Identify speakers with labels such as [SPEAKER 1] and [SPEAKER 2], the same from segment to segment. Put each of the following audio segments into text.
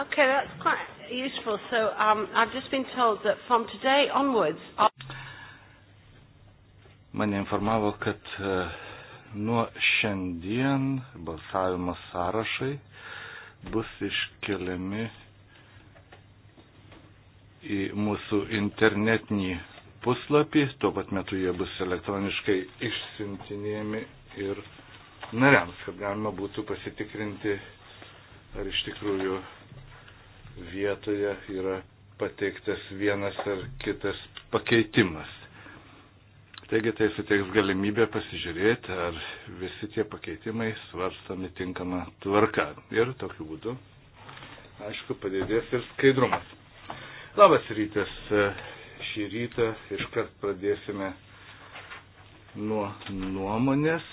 [SPEAKER 1] Okay, that's quite
[SPEAKER 2] useful. So um, I've just been told that from today onwards.
[SPEAKER 3] Mane informavo, kad e, nuo šiandien balsavimo sąrašai bus iškeliami į mūsų internetinį puslapį, tuo pat metu jie bus elektroniškai išsintinėjami ir nariams, kad galima būtų pasitikrinti, ar iš tikrųjų vietoje yra pateiktas vienas ar kitas pakeitimas. Taigi tai suteiks galimybę pasižiūrėti, ar visi tie pakeitimai svarstami tinkama tvarka. Ir tokiu būdu, aišku, padidės ir skaidrumas. Labas rytas. Šį rytą iškart pradėsime nuo nuomonės,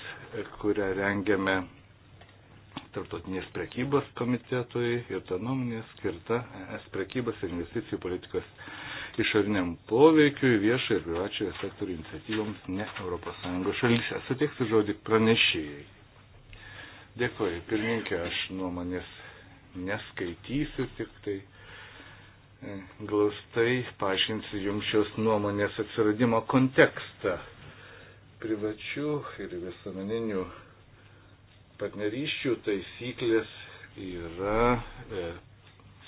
[SPEAKER 3] kurią rengiame Tarptautinės prekybos komitetui ir ta nuomonė skirta es prekybos ir investicijų politikos išoriniam poveikiui viešo ir privačiojo sektorių iniciatyvoms ne ES šalyse. Suteiksiu žodį pranešėjai. Dėkuoju, pirmininkė, aš nuomonės neskaitysiu, tik tai e, glaustai paaiškinsiu jums šios nuomonės atsiradimo kontekstą. Privačių ir visuomeninių partnerysčių taisyklės yra e,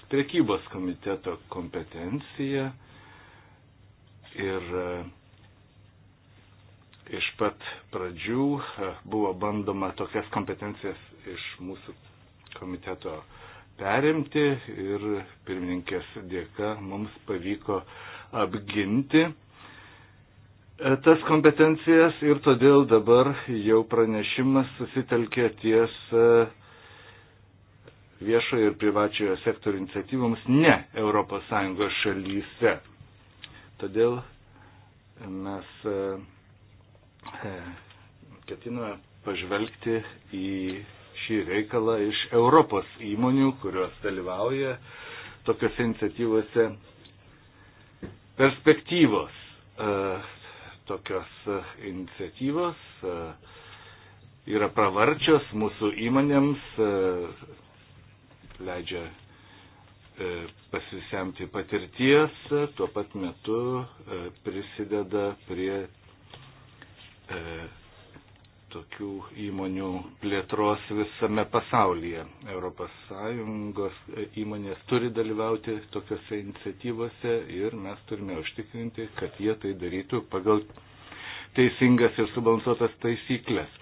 [SPEAKER 3] priekybos komiteto kompetencija ir e, iš pat pradžių e, buvo bandoma tokias kompetencijas iš mūsų komiteto perimti ir pirmininkės dėka mums pavyko apginti E, tas kompetencijas ir todėl dabar jau pranešimas susitelkė ties e, viešojo ir privačiojo sektorių iniciatyvoms ne ES šalyse. Todėl mes e, ketiname pažvelgti į šį reikalą iš Europos įmonių, kurios dalyvauja tokiuose iniciatyvose perspektyvos tokios e, iniciatyvos e, yra pravarčios mūsų įmonėms, e, leidžia pasisemti patirties, tuo pat metu prisideda prie tokių įmonių plėtros visame pasaulyje. ES e, įmonės turi dalyvauti tokiuose iniciatyvose ir mes turime užtikrinti, kad jie tai darytų pagal teisingas ir subalansuotas taisyklės.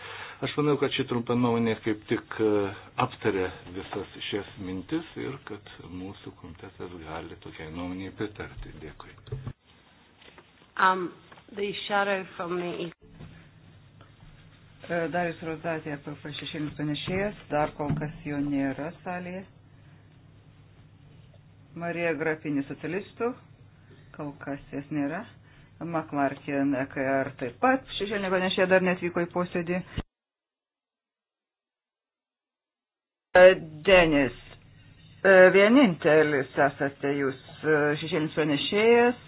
[SPEAKER 3] Aš manau, kad ši trumpa nuomonė kaip tik e, aptarė visas šias mintis ir kad mūsų komitetas gali tokiai nuomonėje pritarti. Dėkui.
[SPEAKER 2] Um, the shadow from the
[SPEAKER 4] E, Darius Rozatė, PP šešėlis panešėjas, dar kol kas jo nėra salėje. Marija Grapinė socialistų, kol kas jas nėra. Maklarkien EKR taip pat šešėlinė panešėja dar netvyko į posėdį. E, Denis, e, vienintelis esate jūs šešėlinis panešėjas,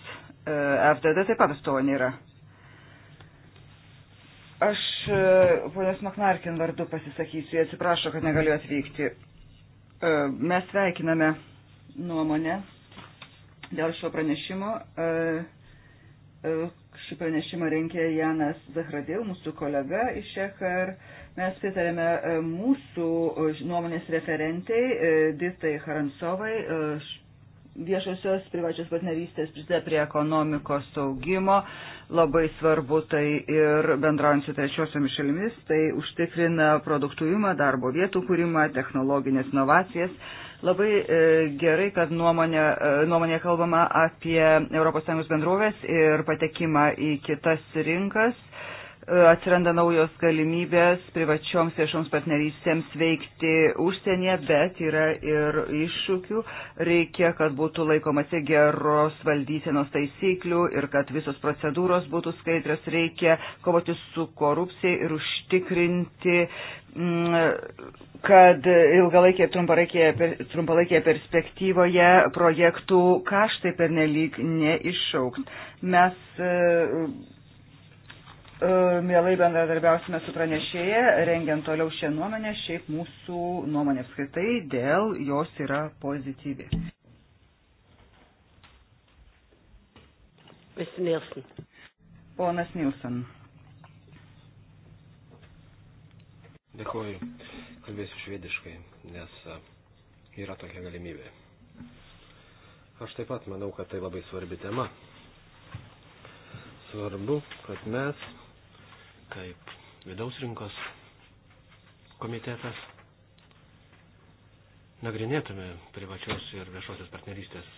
[SPEAKER 4] FDD taip pat atstovo nėra. Aš e, ponios Maknarkin vardu pasisakysiu, jie atsiprašo, kad negaliu atvykti. E, mes sveikiname nuomonę dėl šio pranešimo. E, šį pranešimą rinkė Janas Zahradil, mūsų kolega iš Echar. Mes pritarėme mūsų nuomonės referentai Ditai Harantsovai, viešosios privačios partnerystės prisideda prie ekonomikos saugimo, labai svarbu tai ir bendraujant su trečiosiomis šalimis, tai užtikrina produktivumą, darbo vietų kūrimą, technologinės inovacijas. Labai e, gerai, kad nuomonė, e, nuomonė kalbama apie ES bendrovės ir patekimą į kitas rinkas. E, atsiranda naujos galimybės privačioms viešoms partnerystėms veikti užsienyje, bet yra ir iššūkių. Reikia, kad būtų laikomasi geros valdysenos taisyklių ir kad visos procedūros būtų skaidrios. Reikia kovoti su korupcija ir užtikrinti, mm, kad ilgalaikėje trumpalaikėje, trumpalaikėje perspektyvoje projektų kaštai pernelyg neišauks. Mes e, E, mielai bendradarbiausime su pranešėje, rengiant toliau šią nuomonę, šiaip mūsų nuomonė apskritai dėl jos yra pozityvi. Mr. Nielsen. Ponas Nielsen.
[SPEAKER 5] Dėkuoju. Kalbėsiu švediškai, nes e, yra tokia galimybė. Aš taip pat manau, kad tai labai svarbi tema. Svarbu, kad mes kaip vidaus rinkos komitetas nagrinėtume privačios ir viešosios partnerystės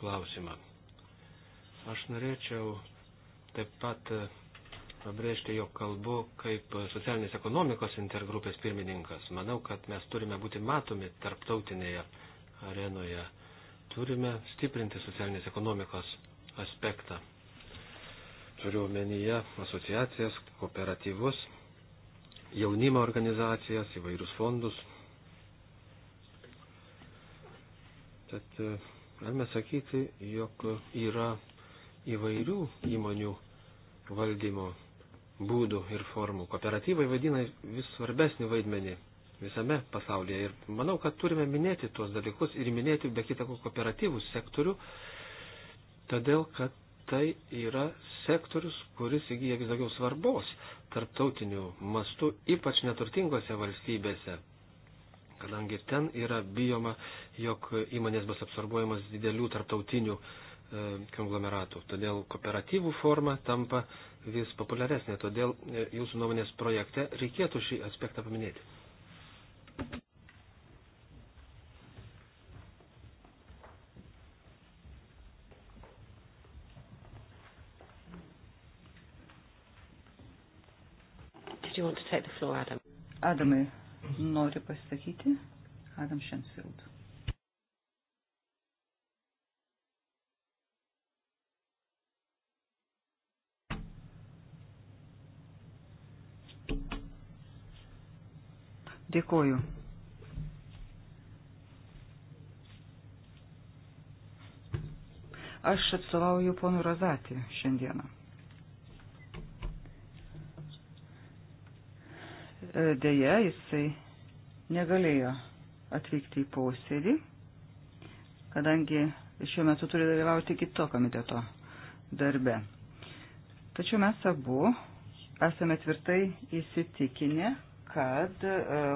[SPEAKER 5] klausimą. Aš norėčiau taip pat e, pabrėžti, jog kalbu kaip socialinės ekonomikos intergrupės pirmininkas. Manau, kad mes turime būti matomi tarptautinėje arenoje. Turime stiprinti socialinės ekonomikos aspektą turiu omenyje asociacijas, kooperatyvus, jaunimo organizacijas, įvairius fondus. Tad e, galime sakyti, jog yra įvairių įmonių valdymo būdų ir formų. Kooperatyvai vaidina vis svarbesnį vaidmenį visame pasaulyje. Ir manau, kad turime minėti tuos dalykus ir minėti be kitako kooperatyvų sektorių, todėl kad tai yra sektorius, kuris įgyja vis daugiau svarbos tarptautinių mastų, ypač neturtingose valstybėse, kadangi ten yra bijoma, jog įmonės bus absorbuojamas didelių tarptautinių e, konglomeratų. Todėl kooperatyvų forma tampa vis populiaresnė, todėl e, jūsų nuomonės projekte reikėtų šį aspektą paminėti.
[SPEAKER 4] do you want to take the floor, Adam? Adamai, nori pasakyti? Adam Shensfield. Dėkoju. Aš atstovauju ponų Razatį šiandieną. E, Deja, jisai negalėjo atvykti į posėdį, kadangi šiuo metu turi dalyvauti kito komiteto darbe. Tačiau mes abu esame tvirtai įsitikinę, kad e,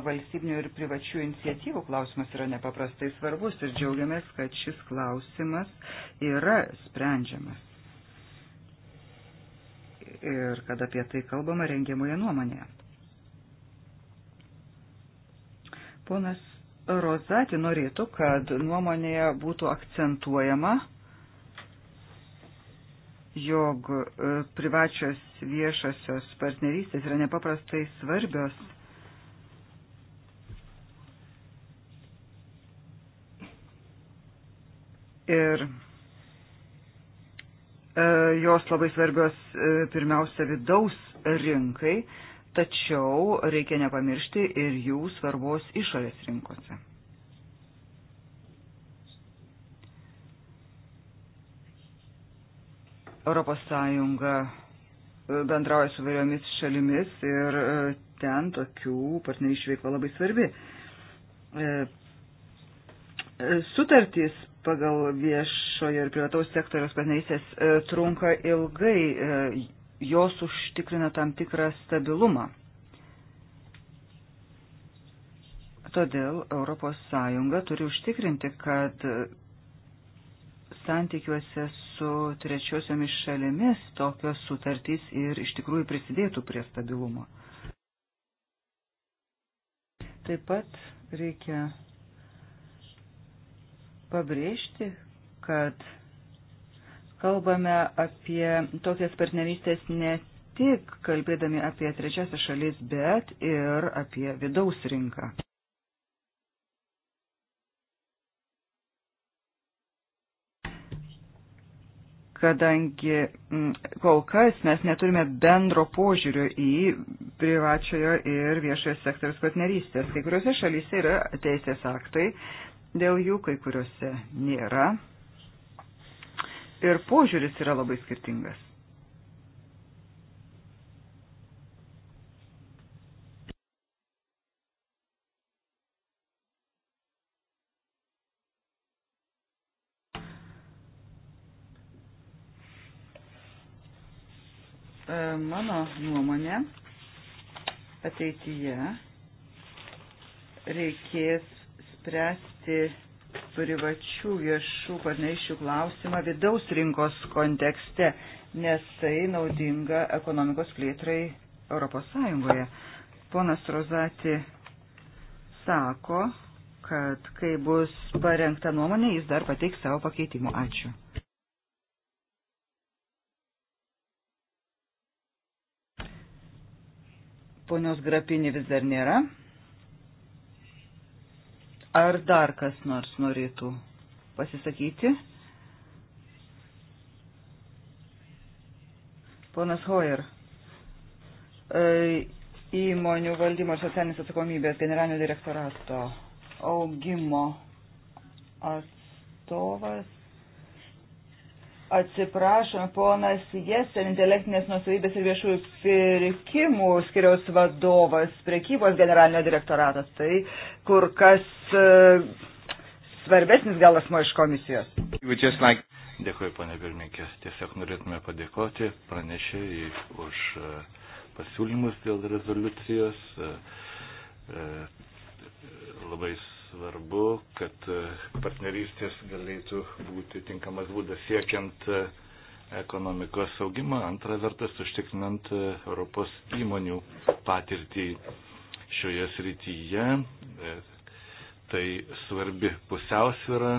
[SPEAKER 4] valstybinių ir privačių iniciatyvų klausimas yra nepaprastai svarbus ir džiaugiamės, kad šis klausimas yra sprendžiamas. Ir kad apie tai kalbama rengiamoje nuomonėje. Ponas Rozati norėtų, kad nuomonėje būtų akcentuojama, jog e, privačios viešosios partnerystės yra nepaprastai svarbios. Ir e, jos labai svarbios e, pirmiausia vidaus rinkai tačiau reikia nepamiršti ir jų svarbos išorės rinkose. Europos Sąjunga e, bendrauja su vairiomis šalimis ir e, ten tokių partnerysčių veikla labai svarbi. E, sutartys pagal viešojo ir privataus sektoriaus partnerystės trunka ilgai, jos užtikrina tam tikrą stabilumą. Todėl ES turi užtikrinti, kad santykiuose su trečiosiomis šalimis tokios sutartys ir iš tikrųjų prisidėtų prie stabilumo. Taip pat reikia pabrėžti, kad kalbame apie tokias partnerystės ne tik kalbėdami apie trečiasią šalis, bet ir apie vidaus rinką. Kadangi mm, kol kas mes neturime bendro požiūrio į privačiojo ir viešojo sektoriaus partnerystės. Kai kuriuose šalyse yra teisės aktai, dėl jų kai kuriuose nėra ir požiūris yra labai skirtingas. E, mano nuomonė ateityje reikės spręsti privačių viešų partnerysčių klausimą vidaus rinkos kontekste, nes tai naudinga ekonomikos plėtrai Europos Sąjungoje. Ponas Rozati sako, kad kai bus parengta nuomonė, jis dar pateiks savo pakeitimų. Ačiū. Ponios grapinė vis dar nėra. Ar dar kas nors norėtų pasisakyti? Ponas Hoyer, e, įmonių valdymo ir socialinės atsakomybės generalinio direktorato augimo atstovas Atsiprašom, ponas Jesen, intelektinės nusavybės ir viešųjų pirkimų skiriaus vadovas, prekybos generalinio direktoratas, tai kur kas uh, svarbesnis gal asmo iš komisijos.
[SPEAKER 3] Like... Dėkui, ponė Birminkė. Tiesiog norėtume padėkoti pranešėjai už e, pasiūlymus dėl rezoliucijos. E, labai svarbu, kad e, partnerystės galėtų būti tinkamas būdas siekiant e, ekonomikos augimą, antra vertas užtikrinant e, Europos įmonių patirtį šioje srityje. Tai svarbi pusiausvyrą.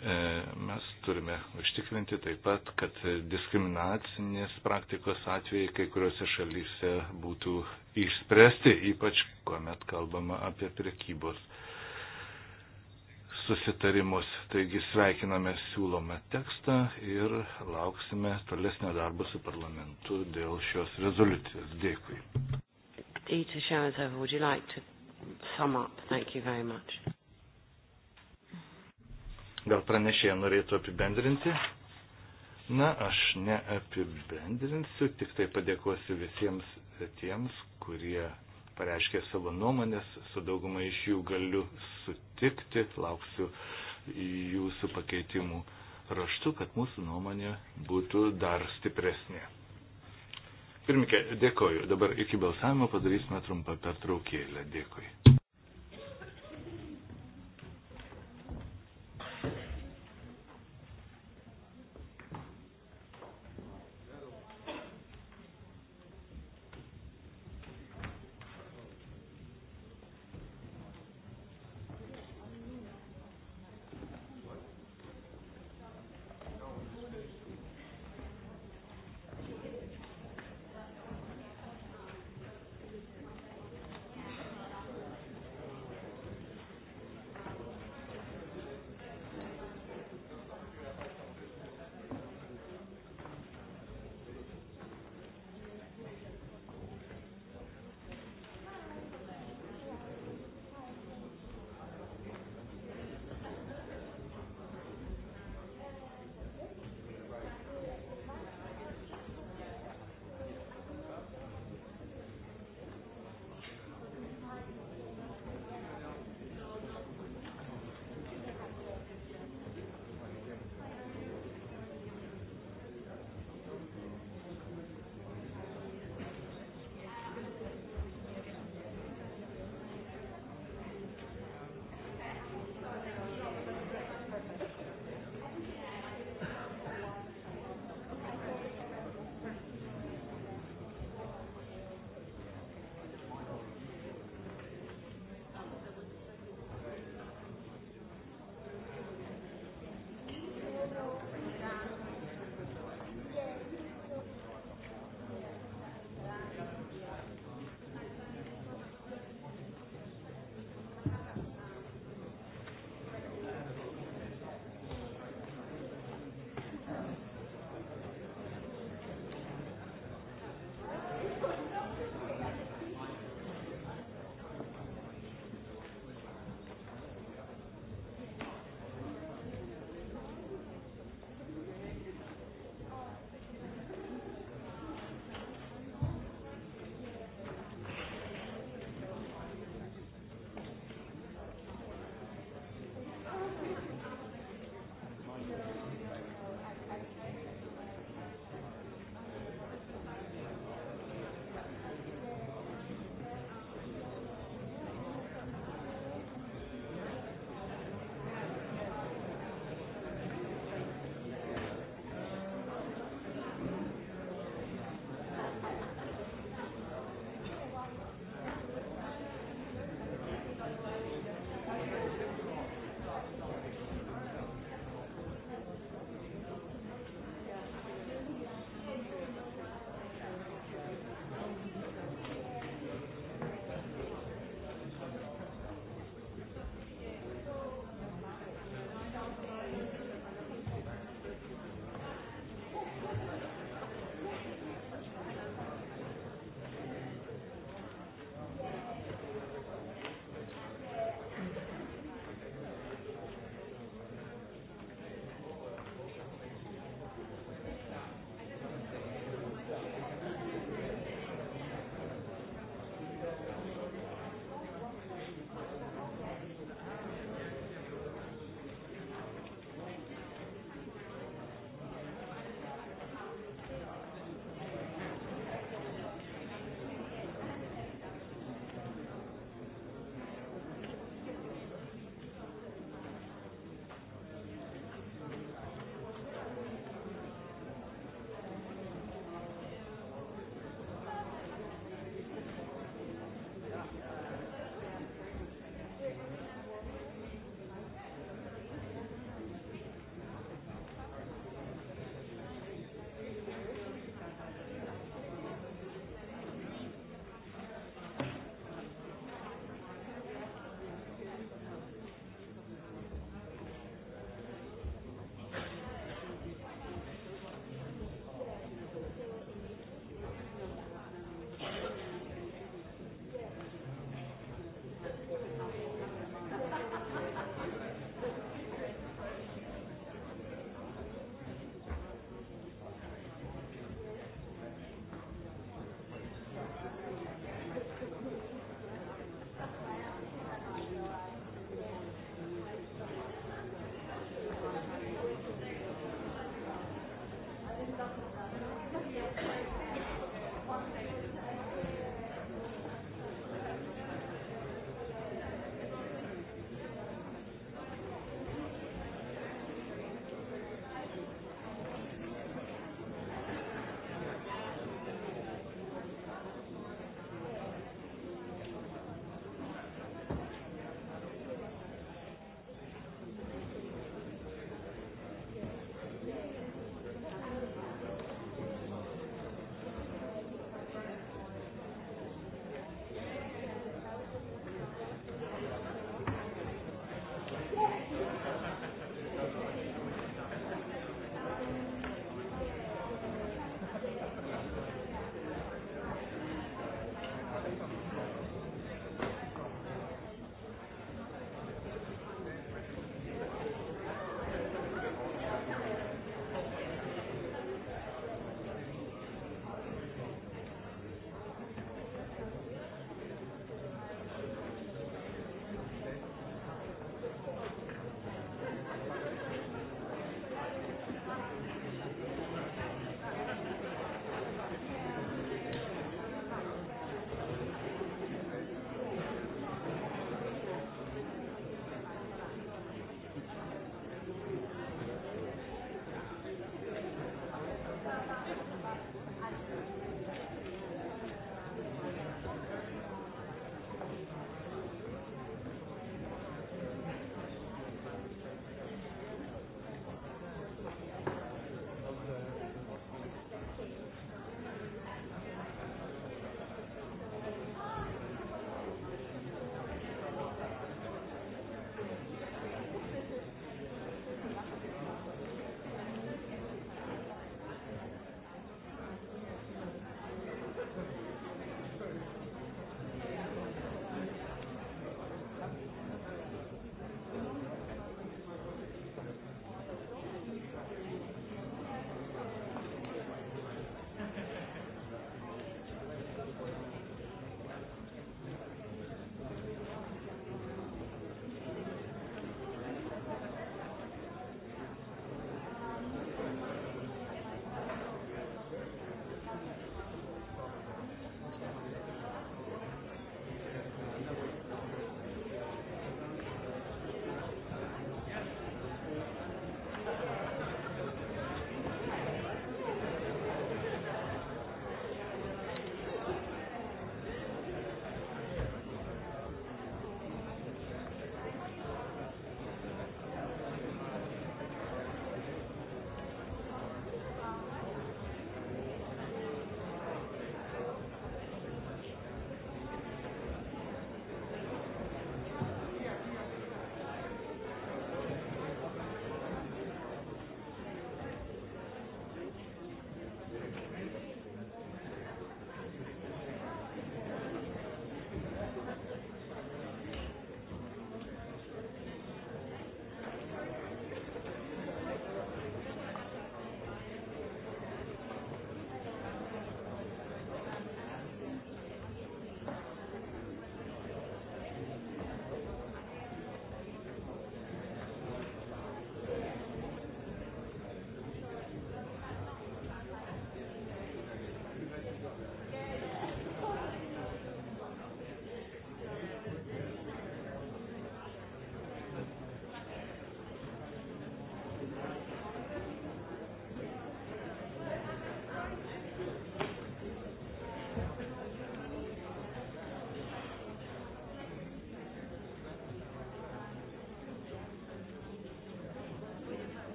[SPEAKER 3] Mes turime užtikrinti taip pat, kad diskriminacinės praktikos atvejai kai kuriuose šalyse būtų išspręsti, ypač kuomet kalbama apie prekybos susitarimus. Taigi sveikiname siūlomą tekstą ir lauksime tolesnio darbo su parlamentu dėl šios rezoliucijos. Dėkui.
[SPEAKER 2] Dita Shazov, would you like to sum up? Thank you very much.
[SPEAKER 3] Gal pranešėja norėtų apibendrinti? Na, aš neapibendrinsiu, tik tai padėkosiu visiems tiems, kurie pareiškė savo nuomonės, su dauguma iš jų galiu sutikti, lauksiu jūsų pakeitimų raštu, kad mūsų nuomonė būtų dar stipresnė. Pirmikė, dėkoju. Dabar iki balsavimo padarysime trumpą pertraukėlę. Dėkui.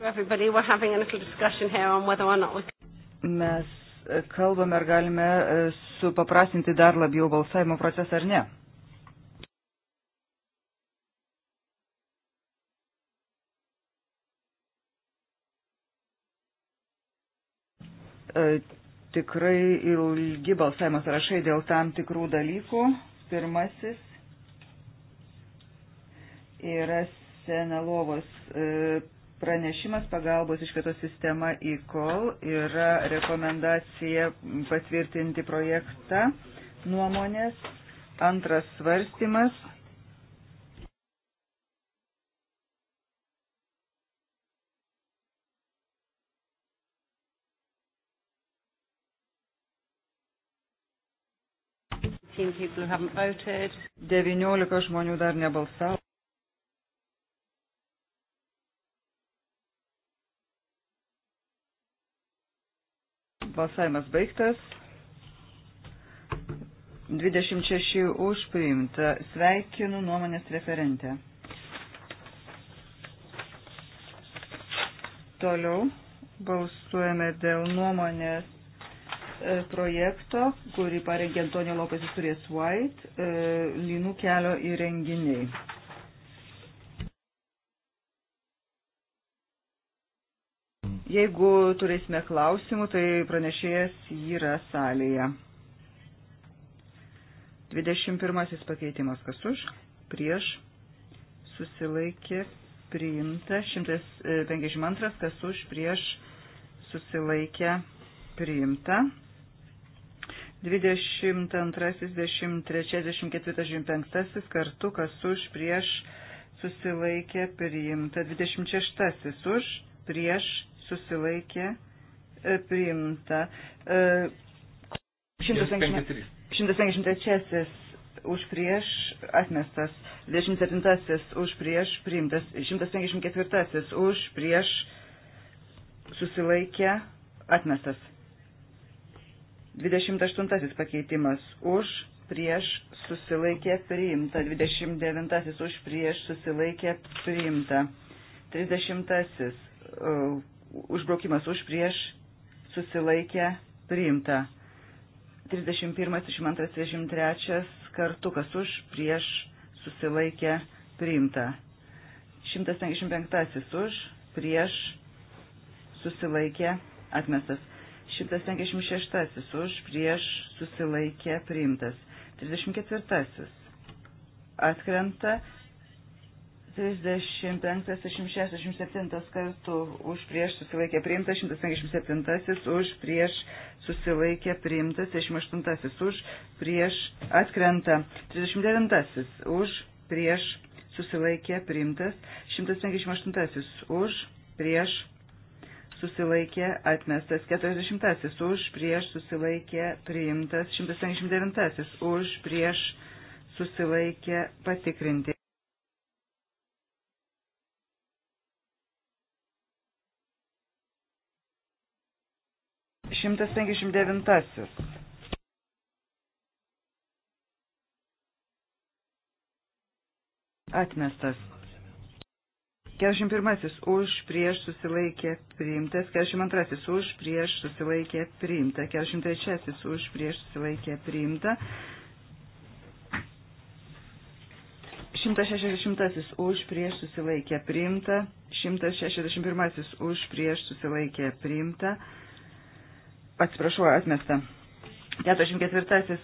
[SPEAKER 2] Everybody, we're having a little discussion here on whether or not we
[SPEAKER 4] Mes e, kalbame, ar galime e, supaprastinti dar labiau balsavimo procesą ar ne. E, tikrai ilgi balsavimo sąrašai dėl tam tikrų dalykų. Pirmasis yra Senelovos Pranešimas pagalbos iškvietos sistema įkol yra rekomendacija patvirtinti projektą nuomonės. Antras svarstymas. Devyniolika žmonių dar nebalsavo. Balsavimas baigtas. 26 už priimta. Sveikinu nuomonės referentę. Toliau balsuojame dėl nuomonės e, projekto, kurį parengė Antonio Lopezis Turės White, e, linų kelio įrenginiai. Jeigu turėsime klausimų, tai pranešėjas yra salėje. 21 pakeitimas kas už, prieš, susilaikė, priimta, 152 kas už, prieš, susilaikė, priimta. 22, 23, 24, 25 kartu kas už, prieš, susilaikė, priimta. 26 už, prieš, susilaikė e, priimta. 153 e, už prieš atmestas, 27 už prieš priimtas, 154 už prieš susilaikė atmestas. 28 pakeitimas už prieš susilaikė priimta, 29 už prieš susilaikė priimta, 30 užbraukimas už prieš susilaikę priimta. 31, 32, 33 kartu, kas už prieš susilaikę priimta. 155 už prieš susilaikę atmestas. 156 už prieš susilaikę priimtas. 34 atkrenta 35, 66, 67 kartų už prieš susilaikė priimtas, 157 už prieš susilaikė priimtas, 68 už prieš atkrenta, 39 už prieš susilaikė priimtas, 158 už prieš susilaikė atmestas, 40 už prieš susilaikė priimtas, 159 už prieš susilaikė patikrinti. 159. Atmestas. 41. Už prieš susilaikė priimtas. 42. Už prieš susilaikė priimta. 43. Už prieš susilaikė priimta. 160 už prieš susilaikė priimta, 161 už prieš susilaikė priimta, atsiprašau, atmesta. 44-asis,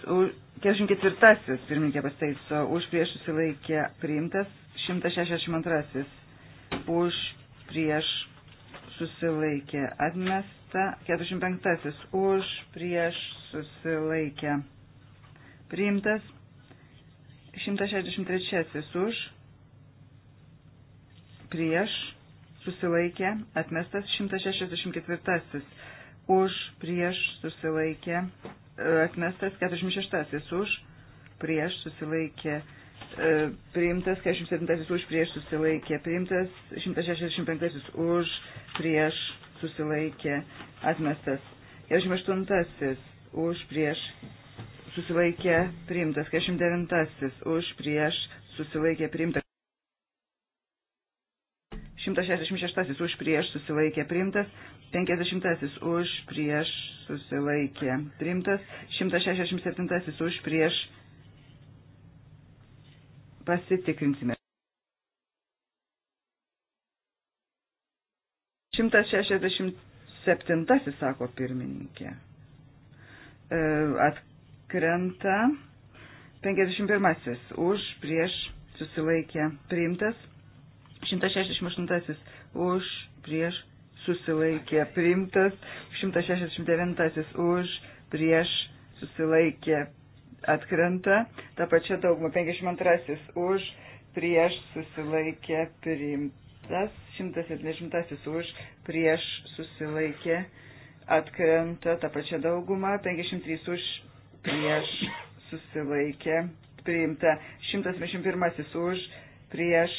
[SPEAKER 4] 44-asis pirmininkė pasteiso, už prieš susilaikė priimtas, 162-asis, už prieš susilaikė atmesta, 45-asis, už prieš susilaikė priimtas, 163-asis, už prieš susilaikė atmestas, 164-asis E, e, už prieš susilaikė atmestas 46 už prieš susilaikė priimtas 47 už prieš susilaikė priimtas 165 už prieš susilaikė atmestas 48 už prieš susilaikė priimtas 49 už prieš susilaikė priimtas 166 už prieš susilaikė priimtas, 50 už prieš susilaikė priimtas, 167 už prieš pasitikrinsime. 167, sako pirmininkė. E, atkrenta 51 už prieš susilaikė priimtas. 168 už prieš susilaikė priimtas, 169 už prieš susilaikė atkrenta, ta pačia dauguma 52 už prieš susilaikė priimtas, 170 už prieš susilaikė atkrenta, ta pačia dauguma 53 už prieš susilaikė priimta, 121 už prieš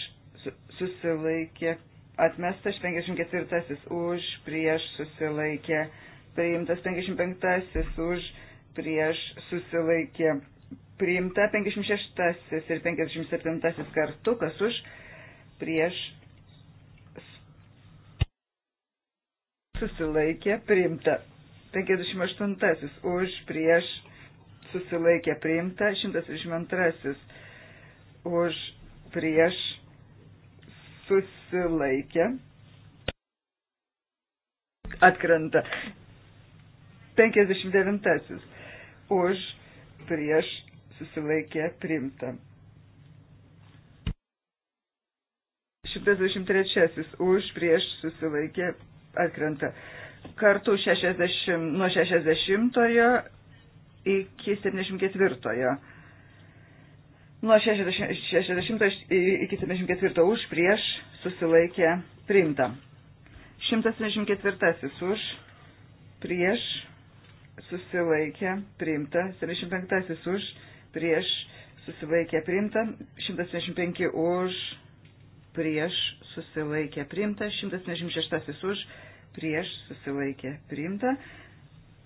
[SPEAKER 4] susilaikė, atmestas 54 už, prieš susilaikė, priimtas 55 už, prieš susilaikė, priimta 56 ir 57 kartu, kas už, prieš susilaikė, priimta 58 už, prieš susilaikė, priimta 122 už, prieš susilaikė, atkrenta. 59. Už, prieš, susilaikė, primta. 123. Už, prieš, susilaikė, atkrenta. Kartu 60, nuo 60 iki 74. Nuo 60, 60 iki 74 už prieš susilaikė priimta. 174 už prieš susilaikė priimta. 75 už prieš susilaikė priimta. 175 už prieš susilaikė priimta. 176 už prieš susilaikė priimta.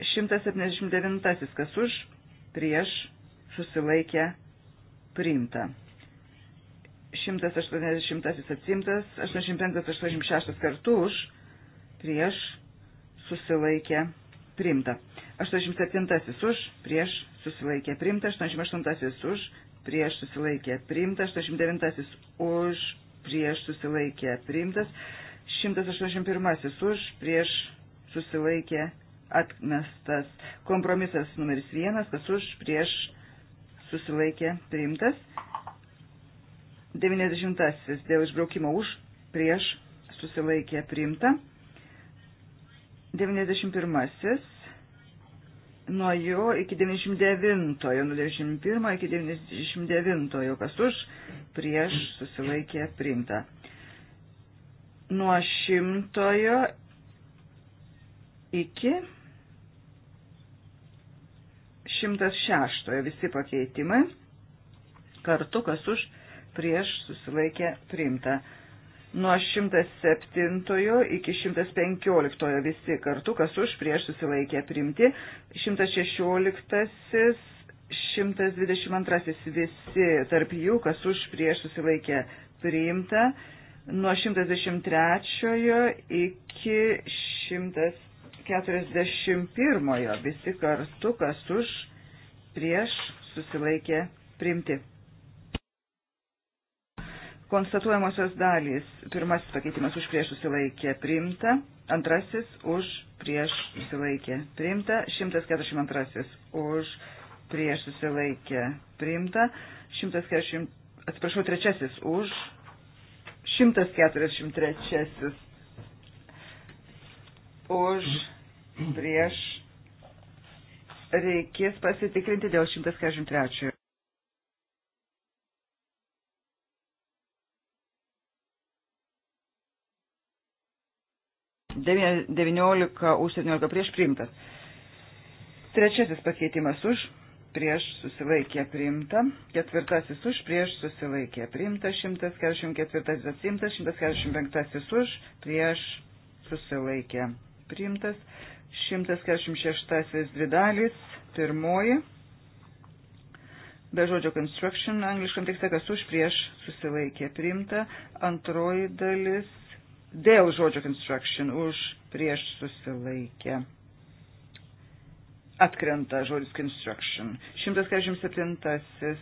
[SPEAKER 4] 179 kas už, prieš, susilaikė, priimta. 180 atsimtas, 85-86 kartu už, prieš, susilaikė, priimta. 87 už, prieš, susilaikė, priimta. 88 už, prieš, susilaikė, priimta. 89 už, prieš, susilaikė, priimtas. 181 už, prieš, susilaikė, atmestas. Kompromisas numeris vienas, kas už prieš susilaikė priimtas. 90 dėl išbraukimo už prieš susilaikė priimta. 91 nuo jo iki 99, nuo 91 iki 99, kas už prieš susilaikė priimta. Nuo šimtojo iki 106 visi pakeitimai kartu, kas už prieš susilaikė priimta. Nuo 107 iki 115 visi kartu, kas už prieš susilaikė priimti. 116, 122 visi tarp jų, kas už prieš susilaikė priimta. Nuo 113 iki 100. 41 visi kartu, kas už, prieš, susilaikė, priimti. Konstatuojamosios dalys. Pirmasis pakeitimas už prieš susilaikė priimta, antrasis už prieš susilaikė priimta, 142 už prieš susilaikė priimta, 140, atsiprašau, trečiasis už 143 už prieš reikės pasitikrinti dėl 143. Devyniolika už 17 prieš priimtas. Trečiasis pakeitimas už prieš susilaikė priimta, ketvirtasis už prieš susilaikė priimta, 144 atsimtas, 145 už prieš susilaikė priimtas, 146 dvi dalys, pirmoji, be žodžio construction, angliškam tekste, kas už prieš susilaikė priimta, antroji dalis, dėl žodžio construction, už prieš susilaikė. Atkrenta žodis construction. 147 e,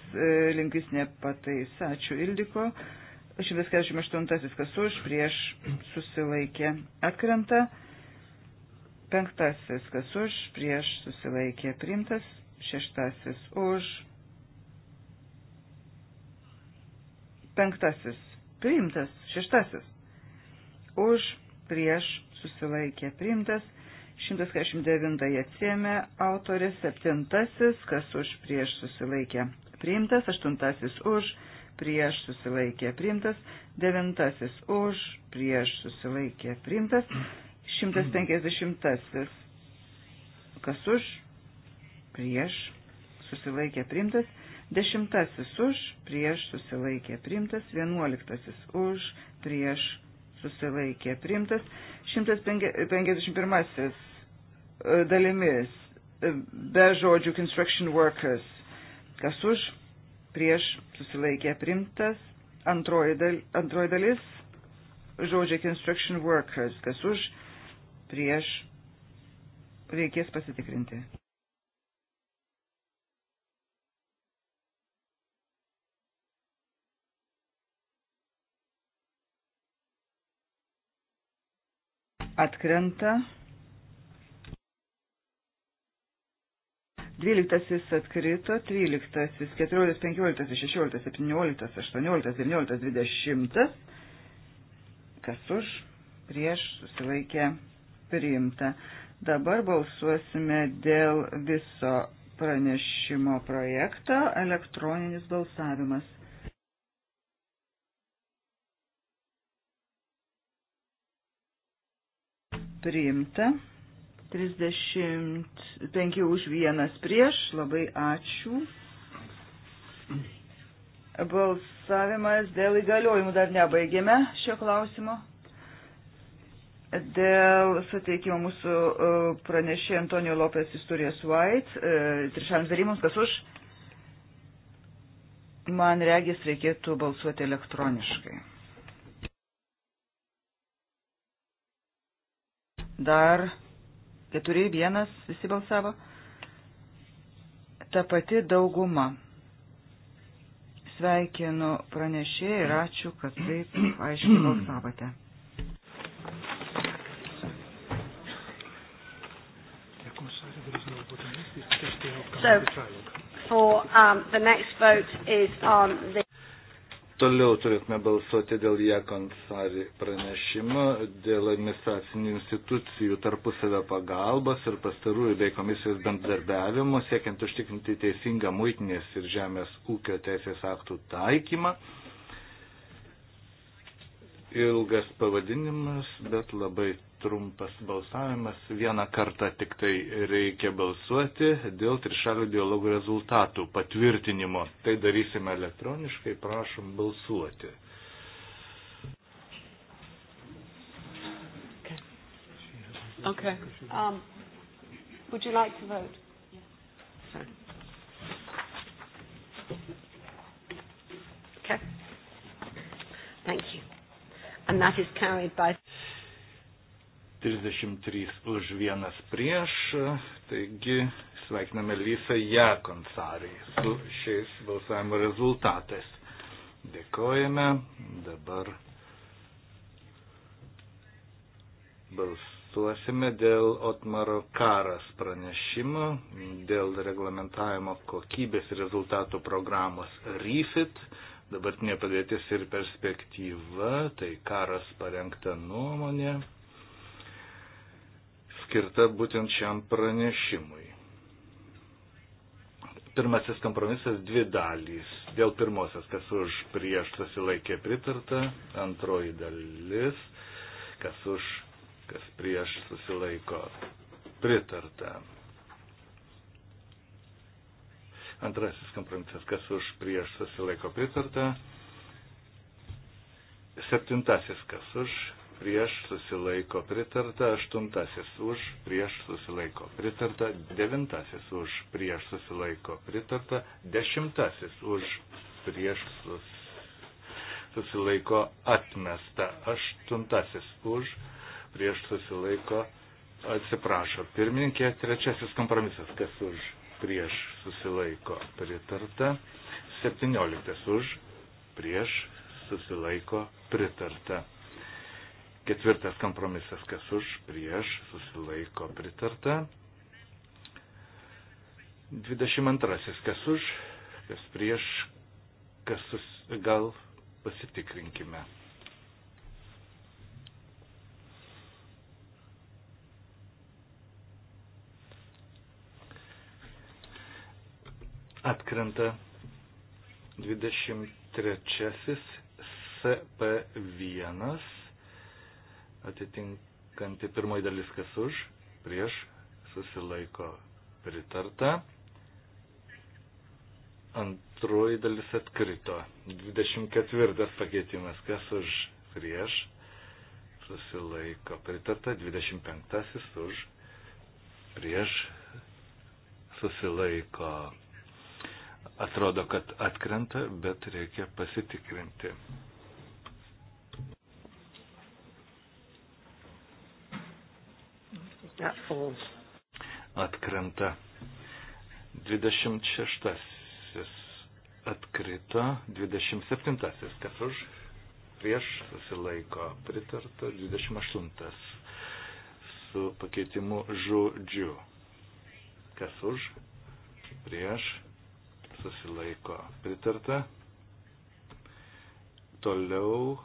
[SPEAKER 4] lingvistinė pataisa, ačiū Ildiko. 148 kas už prieš susilaikė. Atkrenta. Penktasis, kas už, prieš susilaikė priimtas. Šeštasis už. Penktasis, priimtas. Šeštasis. Už, prieš susilaikė priimtas. 149 atsiemė autorės, septintasis, kas už prieš susilaikė priimtas, aštuntasis už prieš susilaikė priimtas, devintasis už prieš susilaikė priimtas, 150. Kas už, prieš, susilaikė primtas. Dešimtasis už, prieš, susilaikė primtas. Vienuoliktasis už, prieš, susilaikė primtas. 151. E, dalimis e, be žodžių construction workers. Kas už, prieš, susilaikė primtas. Antroji, dal, antroji dalis žodžiai construction workers. Kas už, prieš reikės pasitikrinti. Atkrenta. Dvyliktasis atkrito, tryliktasis, keturioliktas, penkioliktas, šešioliktas, septynioliktas, aštuonioliktas, devynioliktas, dvidešimtas. Kas už, prieš, susilaikė, priimta. Dabar balsuosime dėl viso pranešimo projekto elektroninis balsavimas. Priimta. 35 už vienas prieš. Labai ačiū. Balsavimas dėl įgaliojimų dar nebaigėme šio klausimo. Dėl suteikimo mūsų e, pranešė Antonio Lopez istorijas White, e, trišalims darymams, kas už, man regis reikėtų balsuoti elektroniškai. Dar keturi, vienas, visi balsavo. Ta pati dauguma. Sveikinu pranešėjai ir ačiū, kad taip aiškiai balsavote.
[SPEAKER 2] So, for, um, the next vote is on the...
[SPEAKER 3] Toliau turėtume balsuoti dėl Jekonsari pranešimo, dėl administracinių institucijų tarpusavio pagalbos ir pastarųjų bei komisijos bendradarbiavimo, siekiant užtikrinti teisingą muitinės ir žemės ūkio teisės aktų taikymą. Ilgas pavadinimas, bet labai trumpas balsavimas. Vieną kartą tik tai reikia balsuoti dėl trišalių dialogų rezultatų patvirtinimo. Tai darysime elektroniškai, prašom balsuoti.
[SPEAKER 2] Okay. Um, would you like to vote? Yes. Sorry. Okay. Thank you. And that is carried by.
[SPEAKER 3] 33 už vienas prieš, taigi sveikiname visą ją konsarį su šiais balsavimo rezultatais. Dėkojame, dabar balsuosime dėl Otmaro karas pranešimo, dėl reglamentavimo kokybės rezultatų programos REFIT, dabartinė padėtis ir perspektyva, tai karas parengta nuomonė skirta būtent šiam pranešimui. Pirmasis kompromisas - dvi dalys. Dėl pirmosios, kas už prieš susilaikė pritarta, antroji dalis, kas už, kas prieš susilaiko pritarta. Antrasis kompromisas, kas už prieš susilaiko pritarta. Septintasis, kas už prieš susilaiko pritarta, aštuntasis už, prieš susilaiko pritarta, devintasis už, prieš susilaiko pritarta, dešimtasis už, prieš susilaiko atmesta, aštuntasis už, prieš susilaiko atsiprašo. Pirmininkė, trečiasis kompromisas, kas už, prieš susilaiko pritarta, septynioliktas už, prieš susilaiko pritarta. Ketvirtas kompromisas, kas už, prieš, susilaiko pritarta. 22. Kas už, kas prieš, kas sus... gal pasitikrinkime. Atkrenta 23. SP1 atitinkanti pirmoji dalis, kas už, prieš, susilaiko pritarta. Antroji dalis atkrito. 24 pakeitimas, kas už, prieš, susilaiko pritarta. 25 už, prieš, susilaiko. Atrodo, kad atkrenta, bet reikia pasitikrinti. that falls. Atkrenta. 26. Atkrito. 27. Kas už? Prieš susilaiko. Pritarta. 28. Su pakeitimu žodžiu. Kas už? Prieš susilaiko. Pritarta. Toliau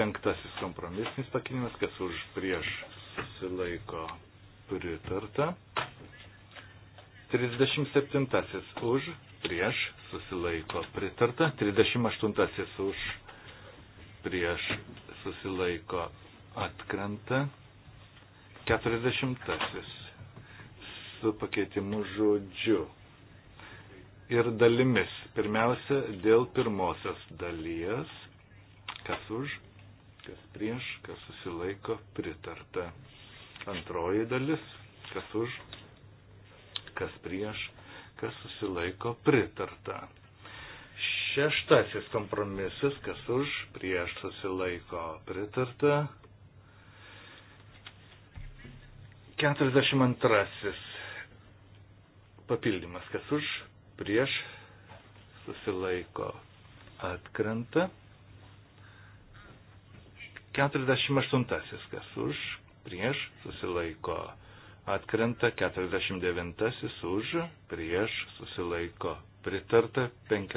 [SPEAKER 3] Penktasis kompromisinis pakinimas, kas už prieš susilaiko pritarta. 37 už prieš susilaiko pritarta. 38 už prieš susilaiko atkrenta. 40 su pakeitimu žodžiu ir dalimis. Pirmiausia, dėl pirmosios dalies, kas už, kas prieš, kas susilaiko, pritarta. Antroji dalis, kas už, kas prieš, kas susilaiko, pritarta. Šeštasis kompromisas, kas už, prieš susilaiko, pritarta. 42. Papildymas, kas už, prieš susilaiko, atkrenta. 48. Kas už, prieš, susilaiko atkrenta. 49. Už, prieš, susilaiko pritarta. 50.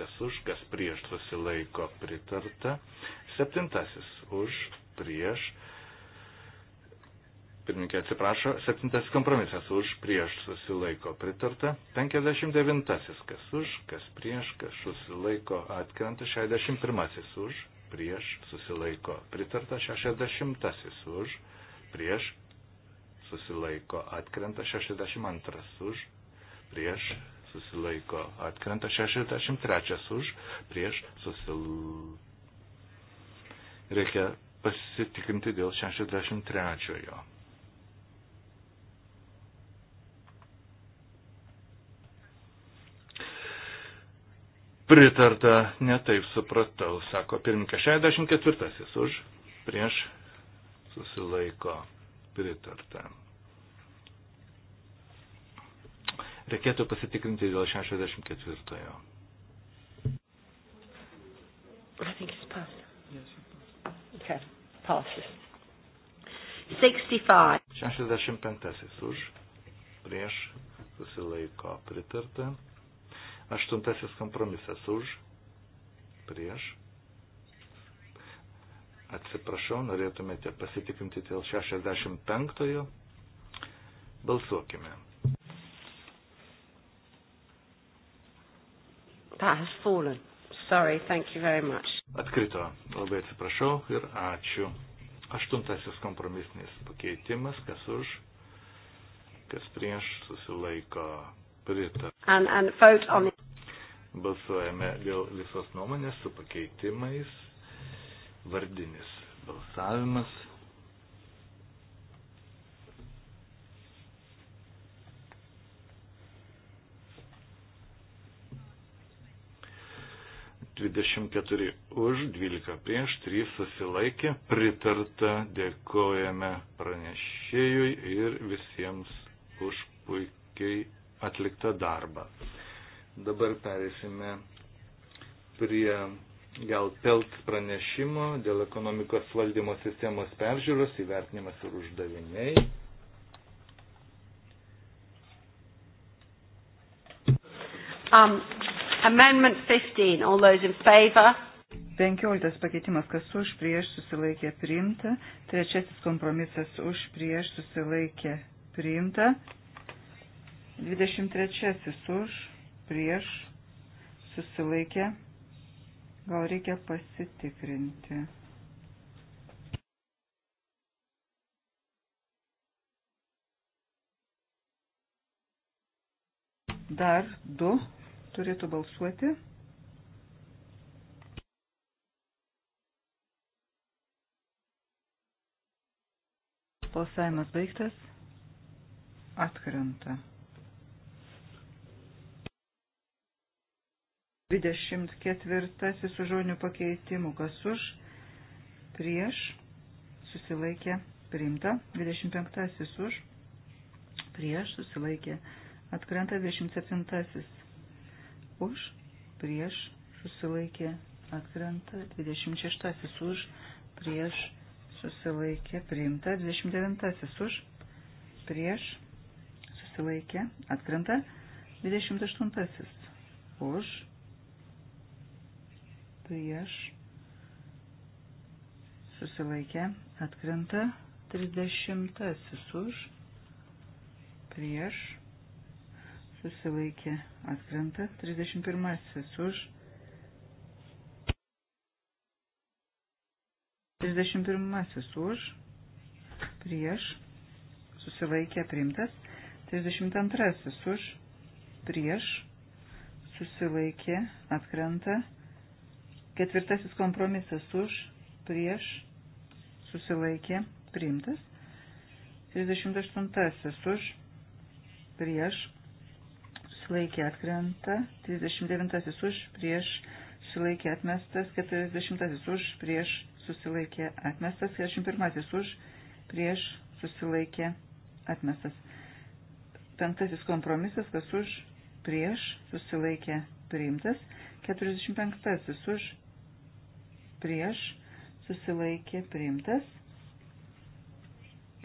[SPEAKER 3] Kas už, kas prieš, susilaiko pritarta. 7. Už, prieš, pirmininkė atsiprašo, septintasis kompromisas už prieš susilaiko pritarta, 59-asis kas už, kas prieš, kas susilaiko atkrenta, 61-asis už prieš susilaiko pritarta 60 už, prieš susilaiko atkrenta 62 už, prieš susilaiko atkrenta 63 už, prieš susilaiko. Reikia pasitikrinti dėl 63. -ojo. Pritarta, netaip supratau, sako pirmininkas 64 už, prieš susilaiko pritarta. Reikėtų pasitikrinti dėl 64. I
[SPEAKER 2] think it's passed. Yes, it passed. Okay, passes. 65.
[SPEAKER 3] 65 už, prieš susilaiko pritarta. Aštuntasis kompromisas už, prieš. Atsiprašau, norėtumėte pasitikrinti dėl 65-ojo. Balsuokime.
[SPEAKER 2] That has fallen. Sorry, thank you very much.
[SPEAKER 3] Atkrito. Labai atsiprašau ir ačiū. Aštuntasis kompromisinis pakeitimas, kas už, kas prieš, susilaiko Pritarta.
[SPEAKER 2] And, and vote on it.
[SPEAKER 3] Balsuojame dėl visos nuomonės su pakeitimais. Vardinis balsavimas. Dvidešimt keturi už, dvylika prieš, trys susilaikė, pritarta, dėkojame pranešėjui ir visiems už puikiai atliktą darbą. Dabar perėsime prie gal PELT pranešimo dėl ekonomikos valdymo sistemos peržiūros įvertinimas ir uždaviniai.
[SPEAKER 2] Um, amendment 15, all those in favor?
[SPEAKER 4] 15 pakeitimas, kas už prieš susilaikė priimta, trečiasis kompromisas už prieš susilaikė priimta, 23 už, prieš, susilaikė, gal reikia pasitikrinti. Dar du turėtų balsuoti. Balsavimas baigtas. Atkrenta. 24 su žodiniu pakeitimu, kas už, prieš, susilaikė, priimta. 25 už, prieš, susilaikė, atkrenta. 27 už, prieš, susilaikė, atkrenta. 26 už, prieš, susilaikė, priimta. 29 už, prieš, susilaikė, atkrenta. 28 už, prieš, susilaikė, atkrenta, 30 už, prieš, susilaikė, atkrenta, 31 už, 31 už, prieš, susilaikė, priimtas, 32 už, prieš, susilaikė, atkrenta, Ketvirtasis kompromisas už, prieš, susilaikė, priimtas. 38-asis už, prieš, susilaikė atkrenta. 39-asis už, prieš, susilaikė atmestas. 40-asis už, prieš, susilaikė atmestas. 41-asis už, prieš, susilaikė atmestas. Penktasis kompromisas, kas už, prieš, susilaikė priimtas. 45-asis už, prieš, susilaikė priimtas.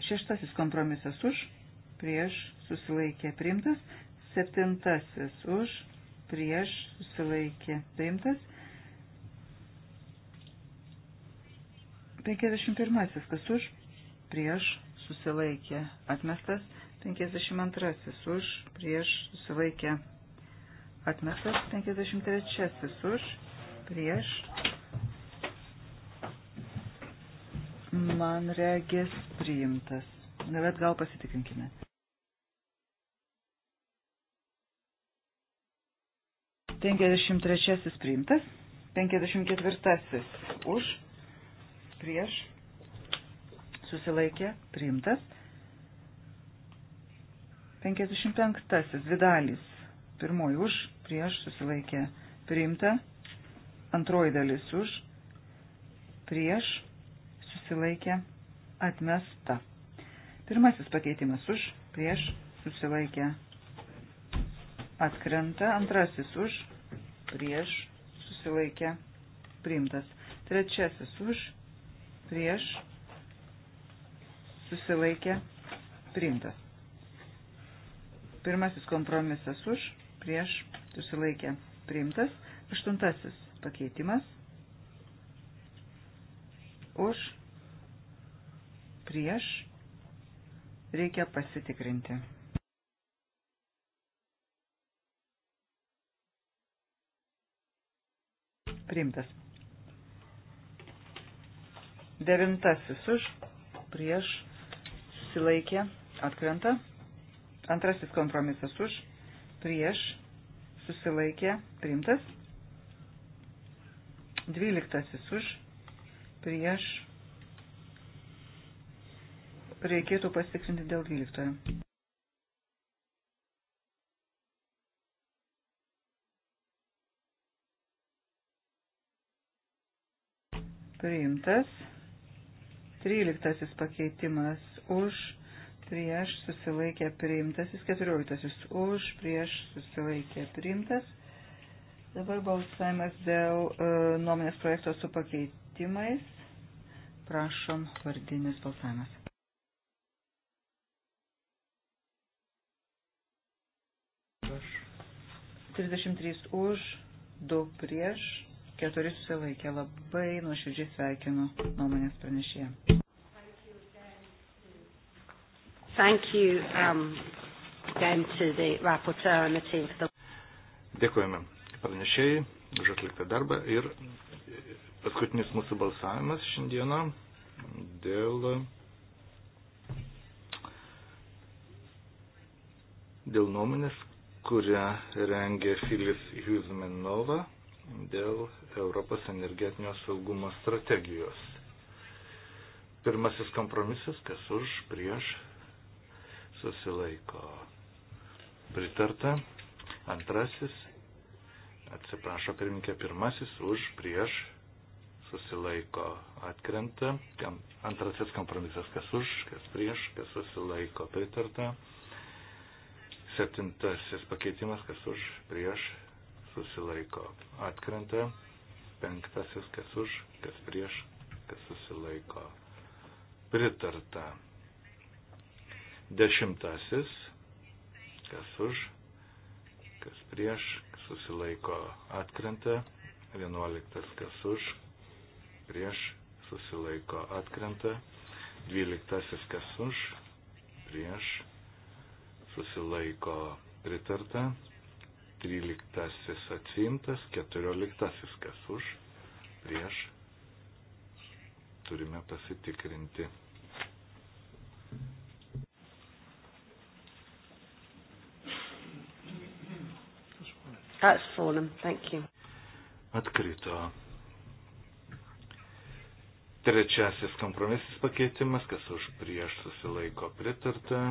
[SPEAKER 4] Šeštasis kompromisas už, prieš, susilaikė priimtas. Septintasis už, prieš, susilaikė priimtas. 51. Kas už, prieš, susilaikė atmestas. 52. Už, prieš, susilaikė atmestas. 53. Už, prieš, man regis priimtas. Bet gal pasitikinkime. Penkiasdešimt trečiasis priimtas. Penkiasdešimt ketvirtasis už, prieš, susilaikė, priimtas. Penkiasdešimt penktasis, dvi dalys. Pirmoji už, prieš, susilaikė, priimta. Antroji dalis už, prieš, susilaikė, atmesta. Pirmasis pakeitimas už, prieš, susilaikė, atkrenta. Antrasis už, prieš, susilaikė, priimtas. Trečiasis už, prieš, susilaikė, priimtas. Pirmasis kompromisas už, prieš, susilaikė, priimtas. Aštuntasis pakeitimas už, prieš, reikia pasitikrinti. Priimtas. Devintasis už, prieš, susilaikė, atkrenta. Antrasis kompromisas už, prieš, susilaikė, priimtas. Dvyliktasis už, prieš, Reikėtų pasitikrinti dėl 12. Priimtas. 13 pakeitimas už, prieš susilaikė priimtas. 14 už, prieš susilaikė priimtas. Dabar balsavimas dėl e, nuomonės projekto su pakeitimais. Prašom, vardinis balsavimas. 33 už, 2 prieš, 4 susilaikė. Labai nuoširdžiai sveikinu nuomonės pranešėją. Thank you um,
[SPEAKER 2] again to the rapporteur and the team for the...
[SPEAKER 3] Dėkojame pranešėjai už atliktą darbą ir paskutinis mūsų balsavimas šiandieną dėl, dėl nuomonės, kurią rengė Filis Hjuzmenova dėl Europos energetinio saugumo strategijos. Pirmasis kompromisas, kas už, prieš, susilaiko. Pritarta. Antrasis, atsiprašo pirminkė, pirmasis už, prieš, susilaiko atkrenta. Antrasis kompromisas, kas už, kas prieš, kas susilaiko pritarta. Septintasis pakeitimas, kas už, prieš, susilaiko, atkrenta. Penktasis, kas už, kas prieš, kas susilaiko, pritarta. Dešimtasis, kas už, kas prieš, kas susilaiko, atkrenta. Vienuoliktas, kas už, prieš, susilaiko, atkrenta. Dvyliktasis, kas už, prieš, susilaiko pritarta, 13 atsimtas, 14 kas už, prieš, turime pasitikrinti.
[SPEAKER 2] That's fallen, thank you.
[SPEAKER 3] Atkrito. Trečiasis kompromisis pakeitimas, kas už prieš susilaiko pritarta.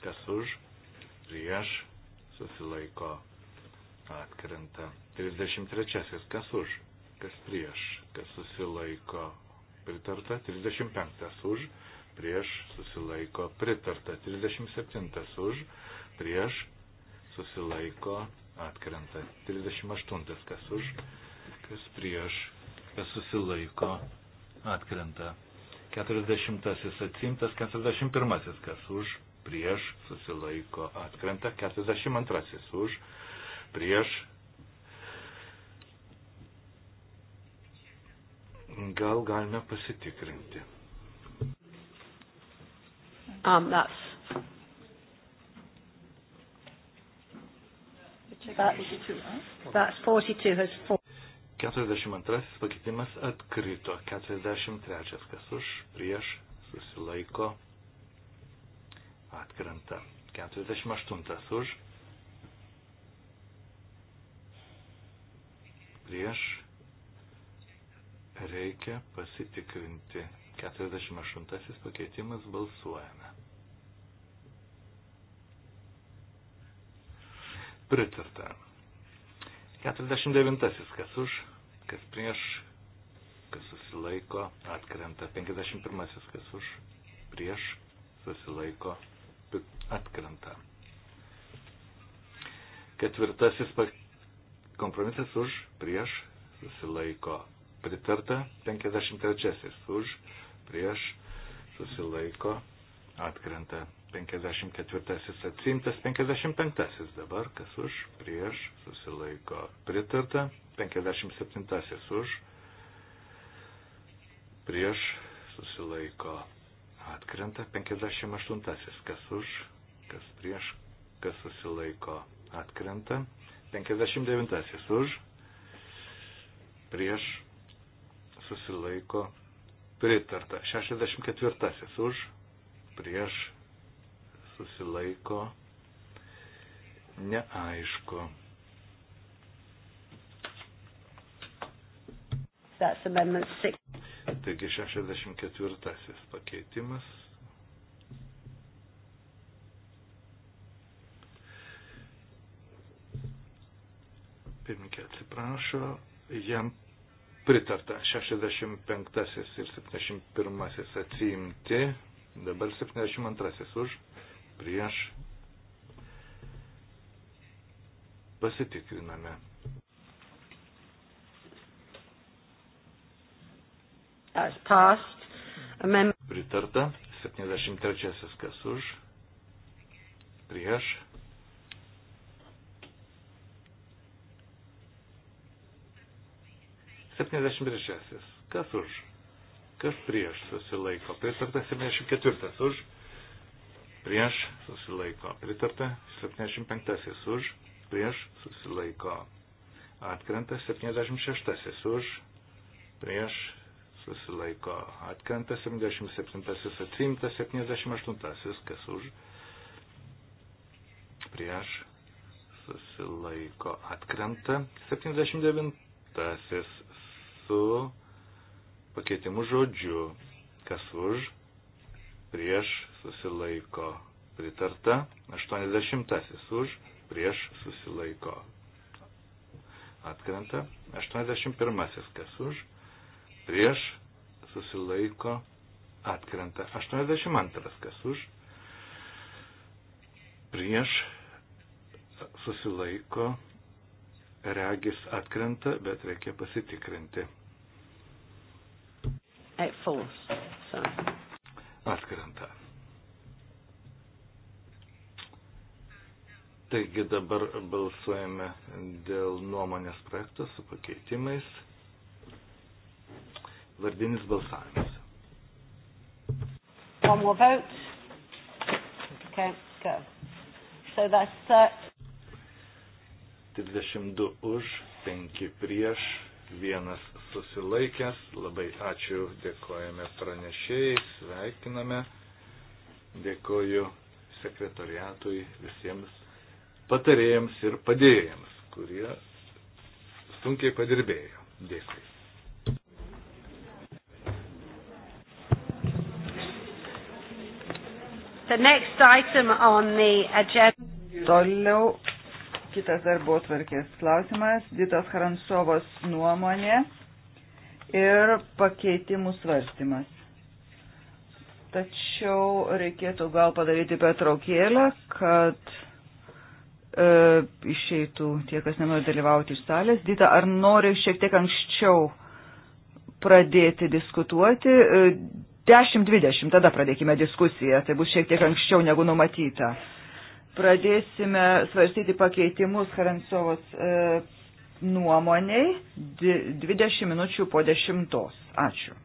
[SPEAKER 3] kas už, prieš, susilaiko atkrenta. 33. kas už, kas prieš, kas susilaiko pritarta. 35. už, prieš, susilaiko pritarta. 37. už, prieš, susilaiko atkrenta. 38. kas už, kas prieš, kas susilaiko atkrenta. 40. atsimtas, 41. kas už, prieš, susilaiko atkrenta, 42 už, prieš. Gal galime pasitikrinti.
[SPEAKER 2] Um, that's That, 42 has fallen.
[SPEAKER 3] 42 pakeitimas atkrito, 43 kas už, prieš, susilaiko, atkrenta. 48 už, prieš, reikia pasitikrinti. 48 pakeitimas balsuojame. Pritarta. 49 kas už, kas prieš, kas susilaiko, atkrenta. 51 kas už, prieš, susilaiko, atkrenta. Ketvirtasis kompromisas už, prieš, susilaiko pritarta. 53 už, prieš, susilaiko atkrenta. 54 atsimtas, 55 dabar, kas už, prieš, susilaiko pritarta, 57 už, prieš, susilaiko atkrenta 58. Kas už, kas prieš, kas susilaiko atkrenta. 59. Už, prieš, susilaiko pritarta. 64. Už, prieš, susilaiko neaišku.
[SPEAKER 2] That's Amendment 6.
[SPEAKER 3] Taigi 64 pakeitimas. Pirmininkė atsiprašo, jam pritarta 65 ir 71 atsiimti, dabar 72 už, prieš pasitikriname. as passed. Amendment. Pritarta. 73 kas už. Prieš. Septyniasdešimt trečiasis. Kas už? Kas prieš susilaiko? Pritarta 74 už. Prieš susilaiko. Pritarta 75 už. Prieš susilaiko. Atkrenta 76 už. Prieš susilaiko atkanta, 77 atsimta, 78 kas už, prieš susilaiko atkrenta, 79 su pakeitimu žodžiu, kas už, prieš susilaiko pritarta, 80 už, prieš susilaiko atkrenta, 81 kas už, prieš, susilaiko, atkrenta. 82, kas už, prieš, susilaiko, regis atkrenta, bet reikia pasitikrinti. It falls. So. Atkrenta. Taigi dabar balsuojame dėl nuomonės projekto su pakeitimais. Vardinis balsavimas. One
[SPEAKER 2] more vote. Okay, go. So that's. Uh...
[SPEAKER 3] 32 už, 5 prieš, vienas susilaikęs. Labai ačiū, dėkojame pranešėjai, sveikiname. Dėkoju sekretoriatui visiems patarėjams ir padėjėjams, kurie sunkiai padirbėjo. Dėkui.
[SPEAKER 4] Toliau kitas darbo tvarkės klausimas, Ditos Haransovos nuomonė ir pakeitimų svarstymas. Tačiau reikėtų gal padaryti petraukėlę, kad e, išeitų tie, kas nenori dalyvauti iš salės. Dita, ar nori šiek tiek anksčiau pradėti diskutuoti? E, 10.20, tada pradėkime diskusiją, tai bus šiek tiek anksčiau negu numatyta. Pradėsime svarstyti pakeitimus Karensovos e, nuomoniai 20 minučių po 10. Ačiū.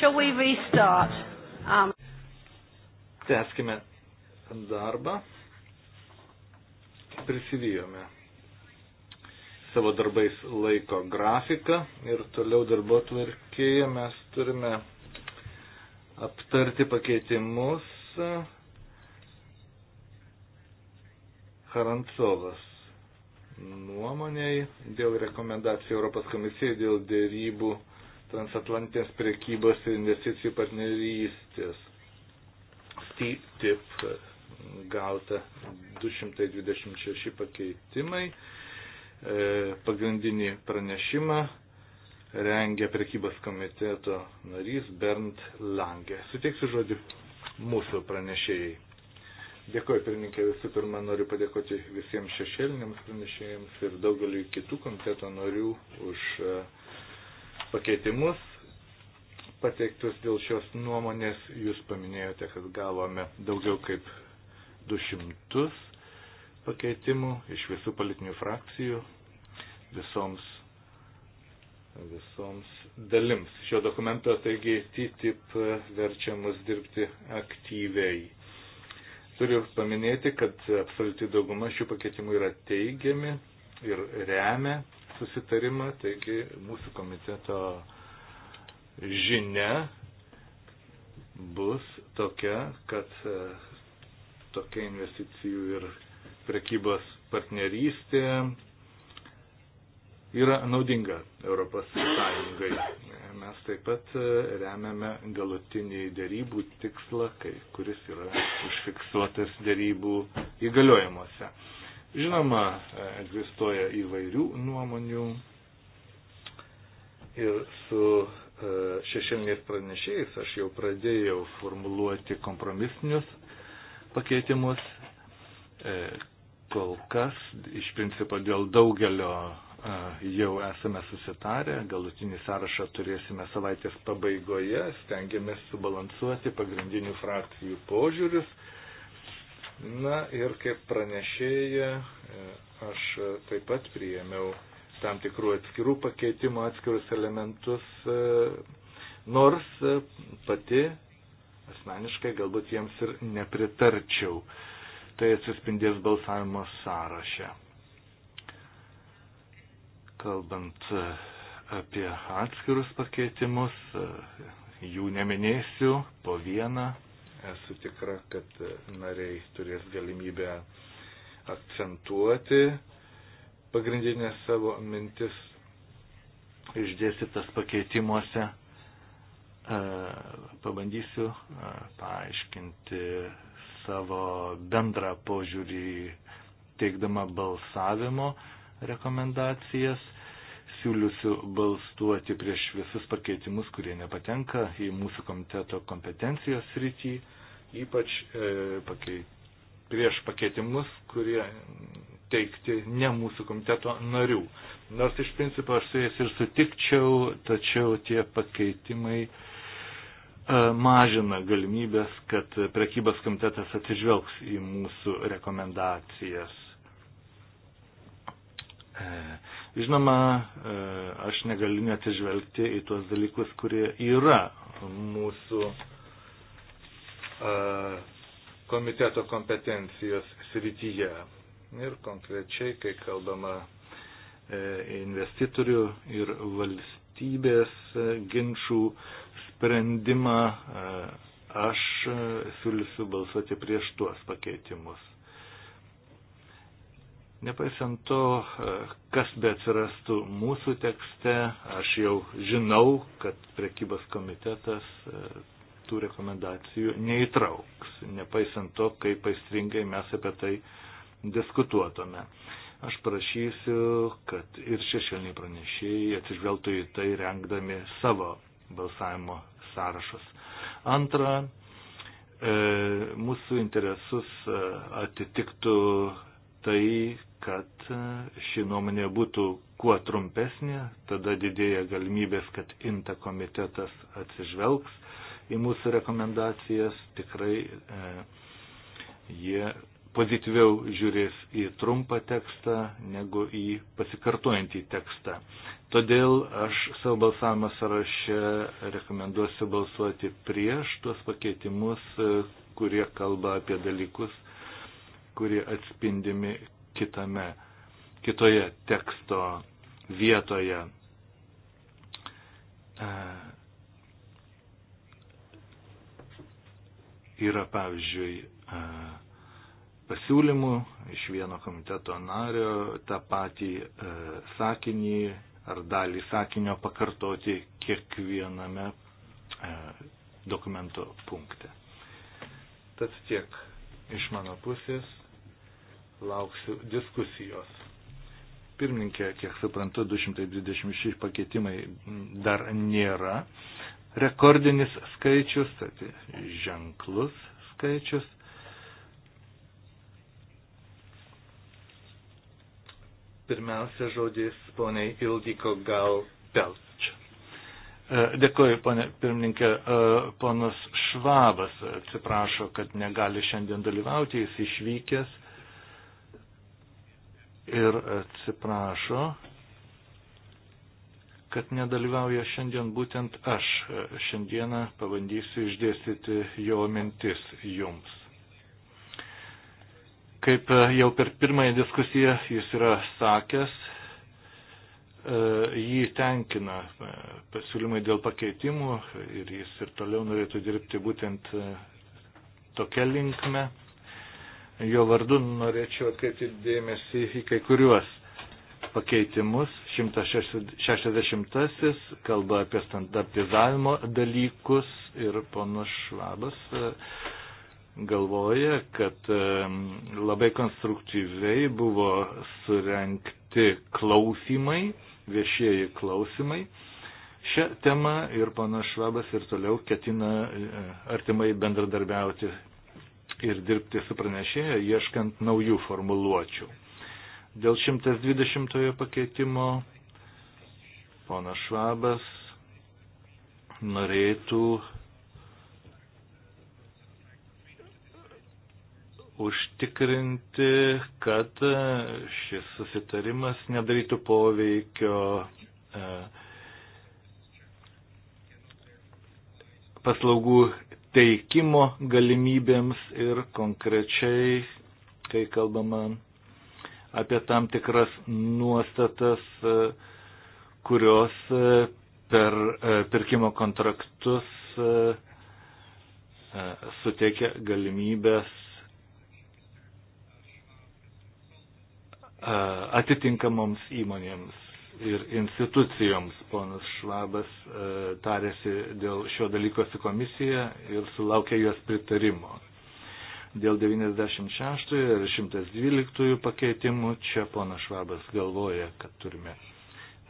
[SPEAKER 2] Shall we restart? Um.
[SPEAKER 3] Tęskime darbą. Prisivijome savo darbais laiko grafiką ir toliau darbo tvarkėje mes turime aptarti pakeitimus. Harantsovas dėl rekomendacijų Europos komisijai dėl dėrybų transatlantinės prekybos ir investicijų partnerystės. TTIP gauta 226 pakeitimai. E, pagrindinį pranešimą rengia prekybos komiteto narys Bernd Lange. Suteiksiu žodį mūsų pranešėjai. Dėkuoju, pirmininkė, visų pirma noriu padėkoti visiems šešėliniams pranešėjams ir daugeliu kitų komiteto narių už e, pakeitimus pateiktus dėl šios nuomonės. Jūs paminėjote, kad gavome daugiau kaip 200 pakeitimų iš visų politinių frakcijų visoms visoms dalims šio dokumento, taigi TTIP verčia mus dirbti aktyviai. Turiu paminėti, kad absoliuti dauguma šių pakeitimų yra teigiami ir remia susitarimą, taigi mūsų komiteto žinia bus tokia, kad e, tokia investicijų ir prekybos partnerystė yra naudinga Europos Sąjungai mes taip pat e, remiame galutinį dėrybų tikslą, kai, kuris yra užfiksuotas dėrybų įgaliojimuose. Žinoma, e, egzistuoja įvairių nuomonių ir su e, šešėliniais pranešėjais aš jau pradėjau formuluoti kompromisinius pakeitimus. Kol kas, iš principo, dėl daugelio jau esame susitarę, galutinį sąrašą turėsime savaitės pabaigoje, stengiamės subalansuoti pagrindinių frakcijų požiūrius. Na ir kaip pranešėja, e, aš taip pat priėmiau tam tikrų atskirų pakeitimų, atskirus elementus, e, nors e, pati asmeniškai galbūt jiems ir nepritarčiau. Tai atsispindės balsavimo sąraše kalbant e, apie atskirus pakeitimus, e, jų neminėsiu po vieną. Esu tikra, kad e, nariai turės galimybę akcentuoti pagrindinės savo mintis išdėstytas pakeitimuose. Pabandysiu paaiškinti savo bendrą požiūrį teikdama balsavimo rekomendacijas. Siūliusiu balstuoti prieš visus pakeitimus, kurie nepatenka į mūsų komiteto kompetencijos rytį, ypač e, pakei, prieš pakeitimus, kurie teikti ne mūsų komiteto narių. Nors iš principo aš su jais ir sutikčiau, tačiau tie pakeitimai e, mažina galimybės, kad prekybos komitetas atsižvelgs į mūsų rekomendacijas. E, žinoma, e, aš negaliu neatsižvelgti į tuos dalykus, kurie yra mūsų e, komiteto kompetencijos srityje. Ir konkrečiai, kai kalbama investitorių ir valstybės ginčių sprendimą, aš siūlysiu balsuoti prieš tuos pakeitimus. Nepaisant to, e, kas be atsirastų mūsų tekste, aš jau žinau, kad prekybos komitetas e, tų rekomendacijų neįtrauks, nepaisant to, kaip aistringai mes apie tai diskutuotume. Aš prašysiu, kad ir šešėliniai pranešėjai atsižvelgtų į tai rengdami savo balsavimo sąrašus. Antra, e, mūsų interesus e, atitiktų tai, kad ši nuomonė būtų kuo trumpesnė, tada didėja galimybės, kad INTA komitetas atsižvelgs į mūsų rekomendacijas, tikrai e, jie pozityviau žiūrės į trumpą tekstą negu į pasikartojantį tekstą. Todėl aš savo balsavimo sąraše rekomenduosiu balsuoti prieš tuos pakeitimus, e, kurie kalba apie dalykus, kurie atspindimi kitame, kitoje teksto vietoje. E, yra, pavyzdžiui, e, pasiūlymų iš vieno komiteto nario tą patį e, sakinį ar dalį sakinio pakartoti kiekviename e, dokumento punkte. Tad tiek iš mano pusės lauksiu diskusijos. Pirmininkė, kiek suprantu, 226 pakeitimai dar nėra. Rekordinis skaičius, tai ženklus skaičius. Pirmiausia žodis poniai Ildiko gal pelt. E, Dėkuoju, ponė pirmininkė. E, ponas Švabas atsiprašo, kad negali šiandien dalyvauti, jis išvykęs ir atsiprašo, kad nedalyvauja šiandien būtent aš. Šiandieną pabandysiu išdėstyti jo mintis jums. Kaip jau per pirmąją diskusiją jis yra sakęs, jį tenkina pasiūlymai dėl pakeitimų ir jis ir toliau norėtų dirbti būtent tokia linkme jo vardu norėčiau atkreipti dėmesį į kai kuriuos pakeitimus. 160 kalba apie standartizavimo dalykus ir ponas Švabas e, galvoja, kad e, labai konstruktyviai buvo surenkti klausimai, viešieji klausimai. Šią temą ir panas Švabas ir toliau ketina e, artimai bendradarbiauti ir dirbti su pranešėja, ieškant naujų formuluočių. Dėl 120 pakeitimo ponas Švabas norėtų užtikrinti, kad šis susitarimas nedarytų poveikio e, paslaugų teikimo galimybėms ir konkrečiai, kai kalbama apie tam tikras nuostatas, e, kurios e, per e, pirkimo kontraktus suteikia galimybės atitinkamoms įmonėms ir institucijoms. Ponas Švabas e, tarėsi dėl šio dalyko su komisija ir sulaukė jos pritarimo. Dėl 96 ir 112 pakeitimų čia ponas Švabas galvoja, kad turime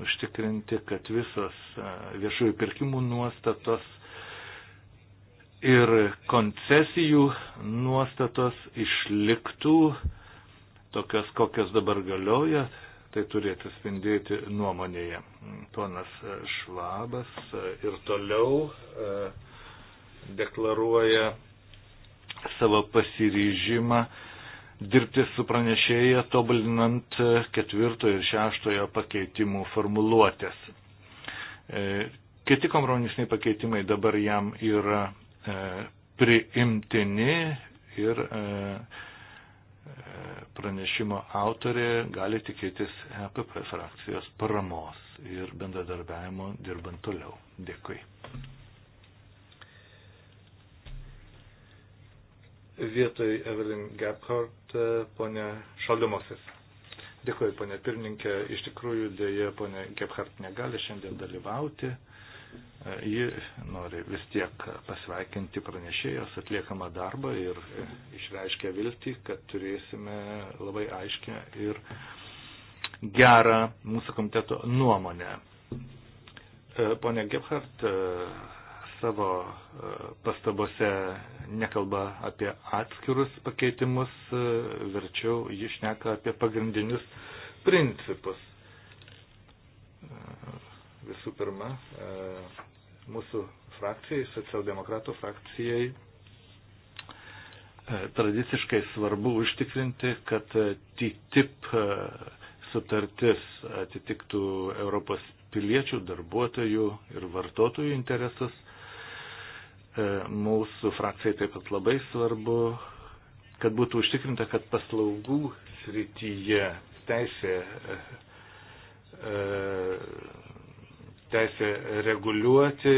[SPEAKER 3] užtikrinti, kad visos e, viešųjų pirkimų nuostatos ir koncesijų nuostatos išliktų tokios, kokios dabar galioja, Tai turėtų spindėti nuomonėje. Ponas Švabas e, ir toliau e, deklaruoja savo pasiryžimą dirbti su pranešėja, tobulinant e, ketvirtojo ir šeštojo pakeitimų formuluotės. Kiti kompromisiniai pakeitimai dabar jam yra priimtini ir pranešimo autorė gali tikėtis EPP frakcijos paramos ir bendradarbiavimo dirbant toliau. Dėkui. Vietoj Evelyn Gephardt, e, ponė Šalimosis. Dėkuoju, ponė pirmininkė. Iš tikrųjų, dėje ponė Gephardt negali šiandien dalyvauti. Ji nori vis tiek pasveikinti pranešėjos atliekamą darbą ir išreiškia viltį, kad turėsime labai aiškę ir gerą mūsų komiteto nuomonę. E, Pone Gebhardt e, savo e, pastabose nekalba apie atskirus pakeitimus, verčiau išneka apie pagrindinius principus Visų pirma, e, mūsų frakcijai, socialdemokratų frakcijai, e, tradiciškai svarbu užtikrinti, kad TTIP e, sutartis atitiktų Europos piliečių, darbuotojų ir vartotojų interesus. Mūsų frakcijai taip pat labai svarbu, kad būtų užtikrinta, kad paslaugų srityje teisė teisę reguliuoti,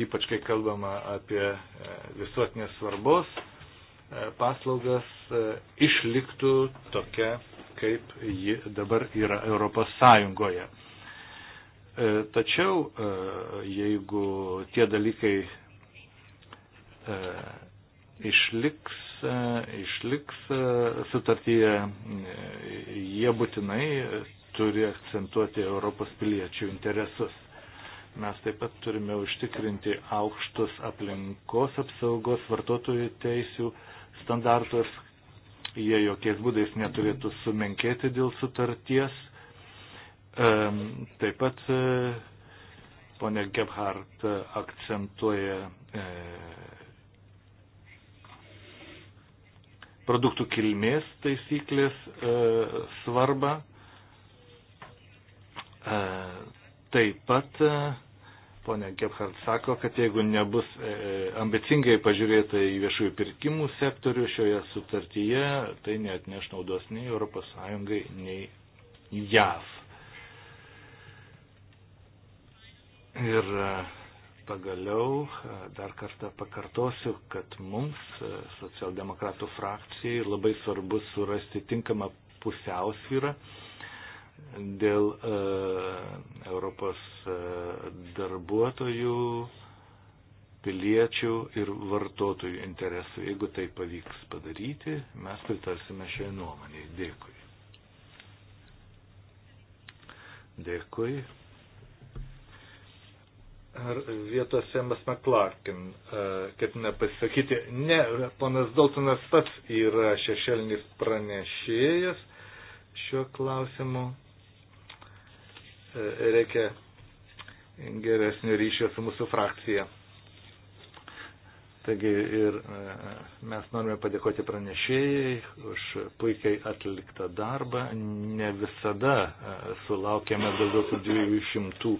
[SPEAKER 3] ypač kai kalbama apie e, visuotinės svarbos e, paslaugas, e, išliktų tokia, kaip ji dabar yra Europos Sąjungoje. Tačiau, jeigu tie dalykai išliks, išliks sutartyje, jie būtinai turi akcentuoti Europos piliečių interesus. Mes taip pat turime užtikrinti aukštus aplinkos apsaugos vartotojų teisių standartus. Jie jokiais būdais neturėtų sumenkėti dėl sutarties. Taip pat e, ponė Gebhardt akcentuoja e, produktų kilmės taisyklės e, svarbą E, taip pat e, ponia Gebhardt sako, kad jeigu nebus e, ambicingai pažiūrėta į viešųjų pirkimų sektorių šioje sutartyje, tai neatneš naudos nei ES, nei JAV. Ir pagaliau dar kartą pakartosiu, kad mums, socialdemokratų frakcijai, labai svarbu surasti tinkamą pusiausvyrą dėl e, Europos e, darbuotojų, piliečių ir vartotojų interesų. Jeigu tai pavyks padaryti, mes pritarsime šiai nuomonėje. Dėkui. Dėkui. Ar vietose mes McClarkin, e, kaip nepasakyti, ne, ponas Daltonas pats yra šešėlinis pranešėjas šiuo klausimu reikia geresnio ryšio su mūsų frakcija. Taigi ir e, mes norime padėkoti pranešėjai už puikiai atliktą darbą. Ne visada e, sulaukėme daugiau kaip 200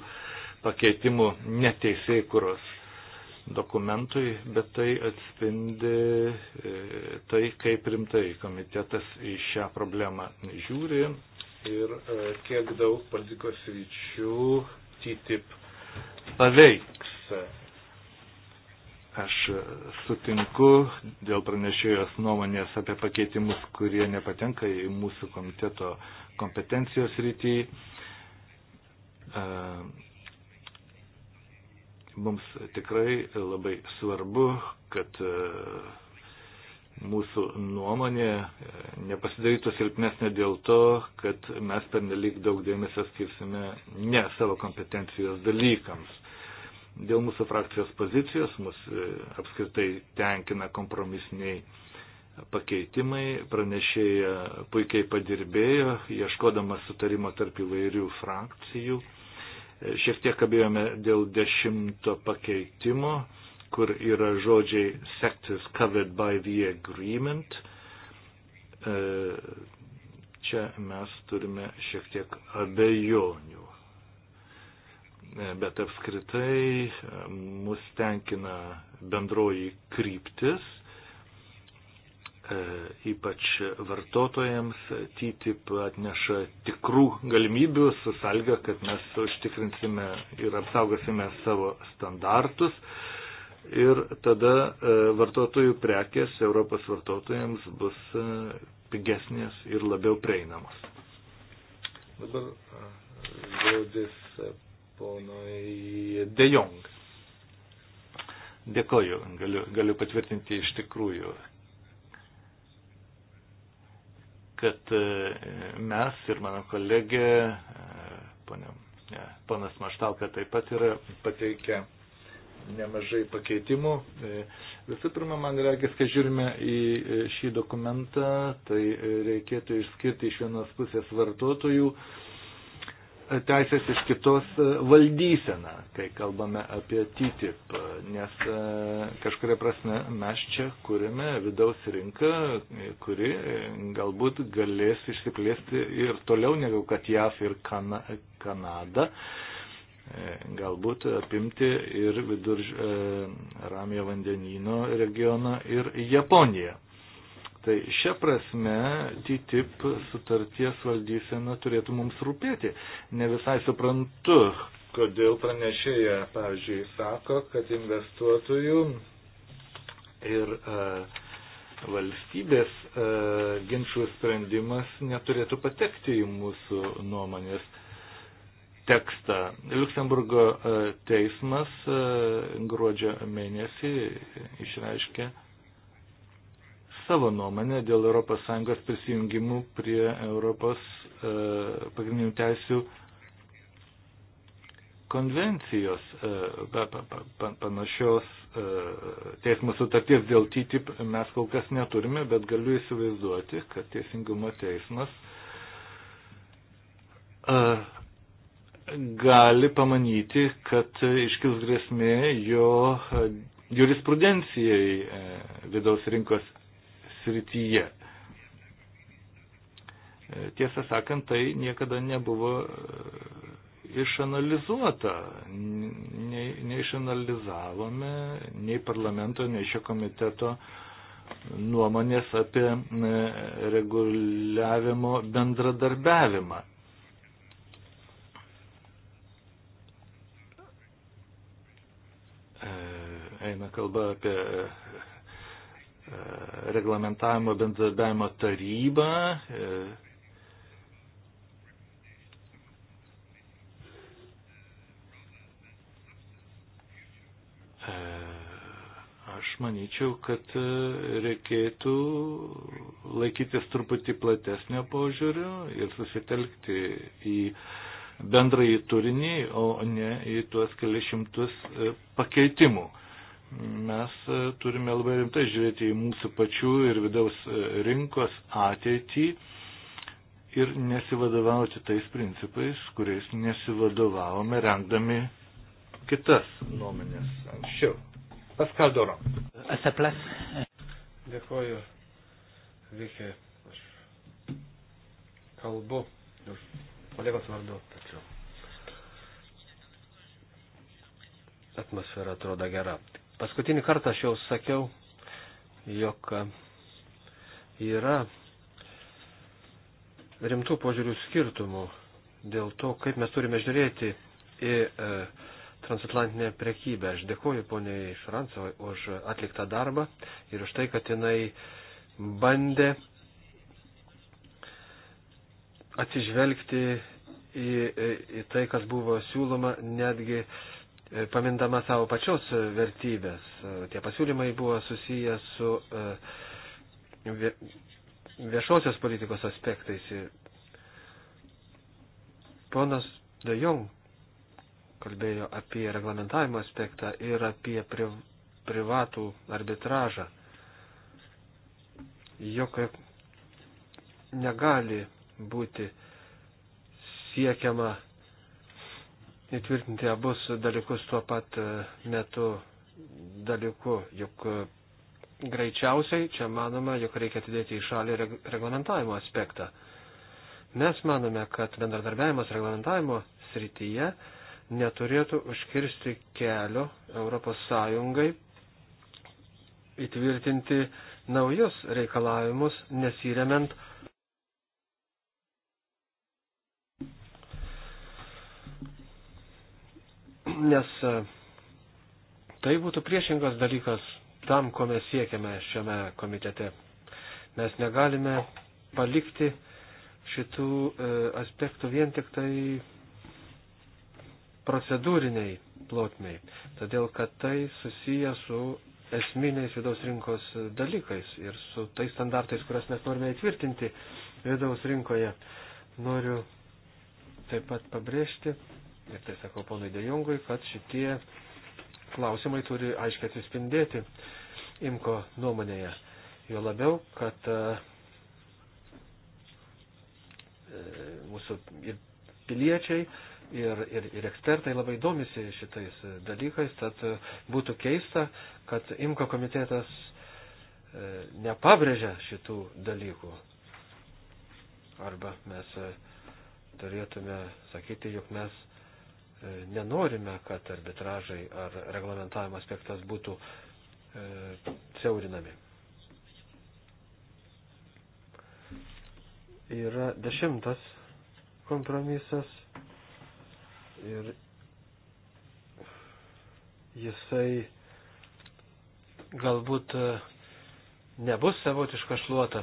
[SPEAKER 3] pakeitimų neteisėkuros dokumentui, bet tai atspindi e, tai, kaip rimtai komitetas į šią problemą žiūri ir e, kiek daug politikos ryčių TTIP paveiks. Aš e, sutinku dėl pranešėjos nuomonės apie pakeitimus, kurie nepatenka į mūsų komiteto kompetencijos rytį. E, mums tikrai labai svarbu, kad mūsų nuomonė e, nepasidarytų silpnesnė dėl to, kad mes pernelyg daug dėmesio skirsime ne savo kompetencijos dalykams. Dėl mūsų frakcijos pozicijos mus e, apskritai tenkina kompromisiniai pakeitimai, pranešėja puikiai padirbėjo, ieškodama sutarimo tarp įvairių frakcijų. E, šiek tiek abėjome dėl dešimto pakeitimo kur yra žodžiai sectors covered by the agreement. E, čia mes turime šiek tiek abejonių. E, bet apskritai e, mus tenkina bendroji kryptis, ypač vartotojams TTIP atneša tikrų galimybių su salga, kad mes užtikrinsime ir apsaugosime savo standartus ir tada e, vartotojų prekės Europos vartotojams bus e, pigesnės ir labiau prieinamos. Dabar e, žodis ponui De Jong. Dėkoju, galiu, galiu patvirtinti iš tikrųjų, kad mes ir mano kolegė, ponė, ponas Maštalka taip pat yra pateikę nemažai pakeitimų. E, visų pirma, man reikės, kai žiūrime į e, šį dokumentą, tai e, reikėtų išskirti iš vienos pusės vartotojų teisės iš kitos valdyseną, kai kalbame apie TTIP, nes kažkuria prasme mes čia kūrėme vidaus rinką, kuri galbūt galės išsiplėsti ir toliau negu kad JAF ir Kana Kanada. E, galbūt apimti ir vidurž e, Ramio vandenino regioną ir Japoniją. Tai šia prasme TTIP sutarties valdysena turėtų mums rūpėti. Ne visai suprantu, kodėl pranešėja, pavyzdžiui, sako, kad investuotojų ir e, valstybės e, ginčių sprendimas neturėtų patekti į mūsų nuomonės tekstą. Luksemburgo e, teismas e, gruodžio mėnesį išreiškė savo nuomonę dėl ES prisijungimų prie Europos e, pagrindinių teisių konvencijos panašios teismo sutarties dėl TTIP mes kol kas neturime, bet galiu įsivaizduoti, kad teisingumo teismas gali pamanyti, kad iškils grėsmė jo jurisprudencijai e, vidaus rinkos srityje. E, tiesą sakant, tai niekada nebuvo e, išanalizuota. Nei, neišanalizavome nei parlamento, nei šio komiteto nuomonės apie reguliavimo bendradarbiavimą. eina kalba apie e, reglamentavimo bendradarbiavimo tarybą. E, e, aš manyčiau, kad reikėtų laikytis truputį platesnio požiūrio ir susitelkti į bendrąjį turinį, o ne į tuos kelišimtus pakeitimų mes e, turime labai rimtai žiūrėti į mūsų pačių ir vidaus e, rinkos ateitį ir nesivadovauti tais principais, kuriais nesivadovavome rengdami kitas nuomonės anksčiau. Pascal Doro. Asaplas. Dėkuoju.
[SPEAKER 5] Vykė, aš kalbu kolegos vardu, tačiau atmosfera atrodo gera. Paskutinį kartą aš jau sakiau, jog yra rimtų požiūrių skirtumų dėl to, kaip mes turime žiūrėti į e, transatlantinę prekybę. Aš dėkoju poniai Šrancovai už atliktą darbą ir už tai, kad jinai bandė atsižvelgti į, į, į tai, kas buvo siūloma netgi E, pamindama savo pačios vertybės. E, tie pasiūlymai buvo susiję su e, viešosios politikos aspektais. Ponas De Jong kalbėjo apie reglamentavimo aspektą ir apie privatų arbitražą. Jok negali būti siekiama įtvirtinti abus dalykus tuo pat e, metu dalyku, juk e, greičiausiai čia manoma, jog reikia atidėti į šalį reglamentavimo aspektą. Mes manome, kad bendradarbiavimas reglamentavimo srityje neturėtų užkirsti kelio ES įtvirtinti naujus reikalavimus, nesiremiant nes e, tai būtų priešingas dalykas tam, ko mes siekiame šiame komitete. Mes negalime palikti šitų e, aspektų vien tik tai procedūriniai plotmiai, todėl kad tai susiję su esminiais vidaus rinkos dalykais ir su tais standartais, kurias mes norime įtvirtinti vidaus rinkoje. Noriu taip pat pabrėžti, ir tai sakau ponui Dejungui, kad šitie klausimai turi aiškiai atsispindėti imko nuomonėje. Jo labiau, kad e, e, mūsų ir piliečiai, ir, ir, ir ekspertai labai domisi šitais e, dalykais, tad būtų keista, kad imko komitetas nepabrėžia šitų dalykų. Arba mes turėtume sakyti, jog mes E, nenorime, kad arbitražai ar reglamentavimo aspektas būtų e, siaurinami. Yra dešimtas kompromisas ir jisai galbūt e, nebus savotiška šluota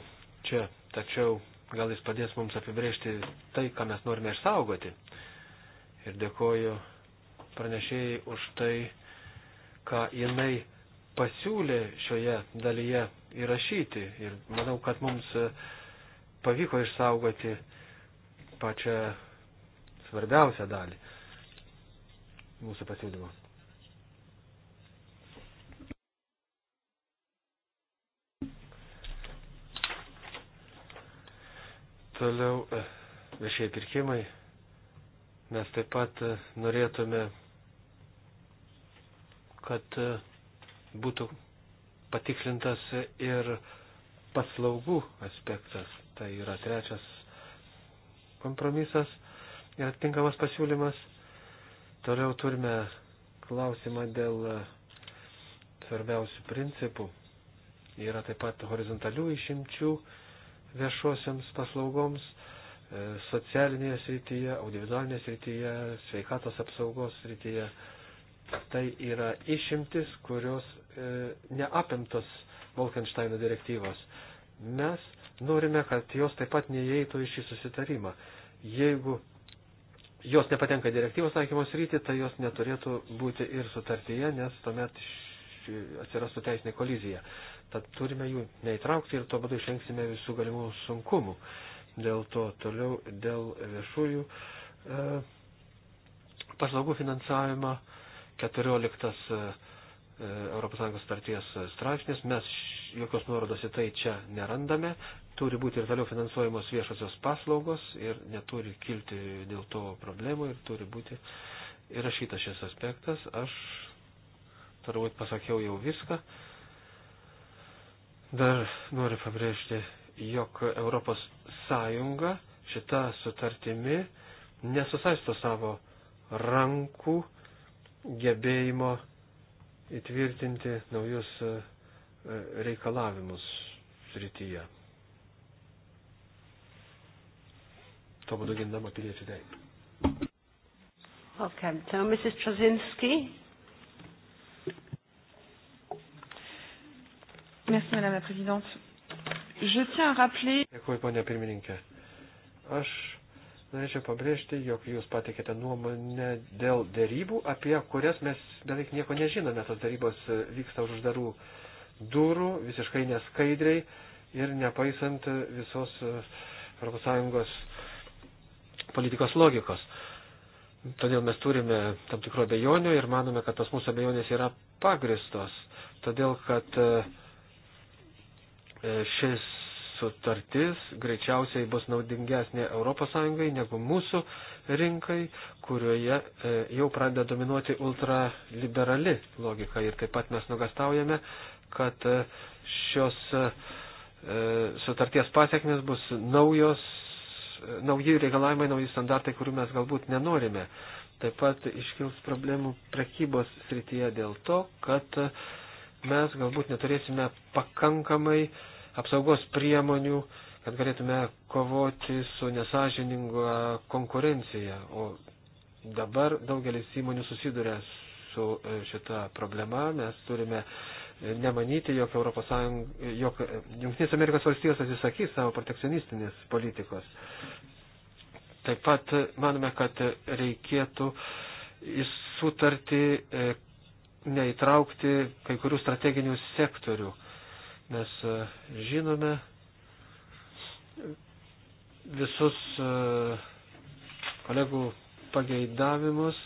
[SPEAKER 5] čia, tačiau gal jis padės mums apibrėžti tai, ką mes norime išsaugoti ir dėkoju pranešėjai už tai, ką jinai pasiūlė šioje dalyje įrašyti. Ir manau, kad mums e, pavyko išsaugoti pačią svarbiausią dalį mūsų pasiūlymo. Toliau e, viešieji pirkimai Mes taip pat e, norėtume, kad e, būtų patikslintas ir paslaugų aspektas. Tai yra trečias kompromisas ir atitinkamas pasiūlymas. Toliau turime klausimą dėl e, svarbiausių principų. Yra taip pat horizontalių išimčių viešuosiams paslaugoms E, socialinėje srityje, audiovizualinėje srityje, sveikatos apsaugos srityje. Tai yra išimtis, kurios e, neapimtos Volkensteino direktyvos. Mes norime, kad jos taip pat neįeitų į šį susitarimą. Jeigu jos nepatenka direktyvos taikymos rytį, tai jos neturėtų būti ir sutartyje, nes tuomet atsirastų teisinė kolizija. Tad turime jų neįtraukti ir tuo būdu išvengsime visų galimų sunkumų. E, dėl to. Toliau dėl viešųjų e, paslaugų finansavimo 14 e, e, ES starties straipsnis. Mes jokios nuorodos į tai čia nerandame. Turi būti ir toliau finansuojamos viešosios paslaugos ir neturi kilti dėl to problemų ir turi būti įrašytas šis aspektas. Aš turbūt pasakiau jau viską. Dar noriu pabrėžti jog Europos Sąjunga šita sutartimi nesusaisto savo rankų gebėjimo įtvirtinti naujus e, reikalavimus srityje. To būdu gindama piliečių teisę.
[SPEAKER 2] Welcome. So, Mrs. Trzynski. Merci, Madame la Présidente. Je tiens à
[SPEAKER 6] rappeler.
[SPEAKER 5] Dėkui, ponia pirmininkė. Aš norėčiau pabrėžti, jog jūs patikėte nuomonę dėl dėrybų, apie kurias mes beveik nieko nežinome. Tos dėrybos vyksta už uždarų durų, visiškai neskaidriai ir nepaisant visos eh, ES politikos logikos. Todėl mes turime tam tikrų abejonių ir manome, kad tos mūsų abejonės yra pagristos. Todėl, kad uh, E, šis sutartis greičiausiai bus naudingesnė ES negu mūsų rinkai, kurioje e, jau pradeda dominuoti ultraliberali logika. Ir taip pat mes nugastaujame, kad e, šios sutarties pasiekmes bus naujos, nauji reikalavimai, nauji standartai, kurių mes galbūt nenorime. Taip pat iškils problemų prekybos srityje dėl to, kad uh, mes galbūt neturėsime pakankamai apsaugos priemonių, kad galėtume kovoti su nesažininga konkurencija. O dabar daugelis įmonių susiduria su e, šita problema. Mes turime e, nemanyti, jog, Sąjung, e, jog Junktinės Amerikos valstijos atsisakys savo protekcionistinės politikos. Taip pat manome, kad reikėtų į sutartį neįtraukti kai kurių strateginių sektorių. Mes e, žinome visus e, kolegų pageidavimus.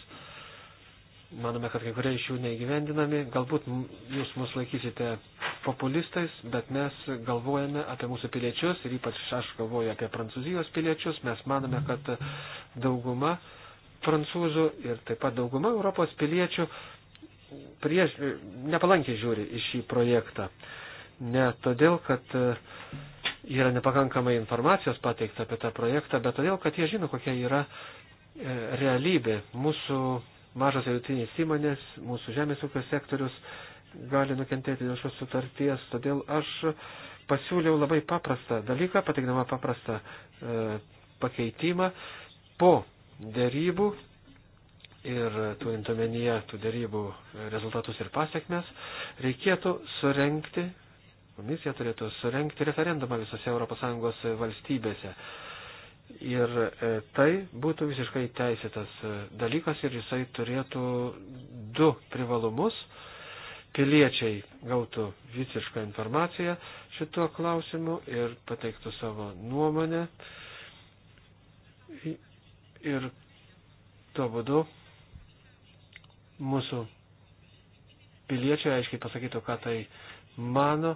[SPEAKER 5] Manome, kad kai kurie iš jų neįgyvendinami. Galbūt jūs mus laikysite populistais, bet mes galvojame apie mūsų piliečius ir ypač aš galvoju apie prancūzijos piliečius. Mes manome, kad dauguma prancūzų ir taip pat dauguma Europos piliečių prieš, nepalankiai žiūri į šį projektą. Ne todėl, kad e, yra nepakankamai informacijos pateikta apie tą projektą, bet todėl, kad jie žino, kokia yra e, realybė. Mūsų mažos vidutinės įmonės, mūsų žemės ūkio sektorius gali nukentėti dėl šios sutarties. Todėl aš pasiūliau labai paprastą dalyką, pateikdama paprastą e, pakeitimą. Po dėrybų ir turint omenyje tų dėrybų rezultatus ir pasiekmes, reikėtų surenkti, komisija turėtų surenkti referendumą visose ES valstybėse. Ir e, tai būtų visiškai teisėtas e, dalykas ir jisai turėtų du privalumus. Piliečiai gautų visišką informaciją šituo klausimu ir pateiktų savo nuomonę. Ir tuo būdu mūsų piliečiai aiškiai pasakytų, ką tai mano.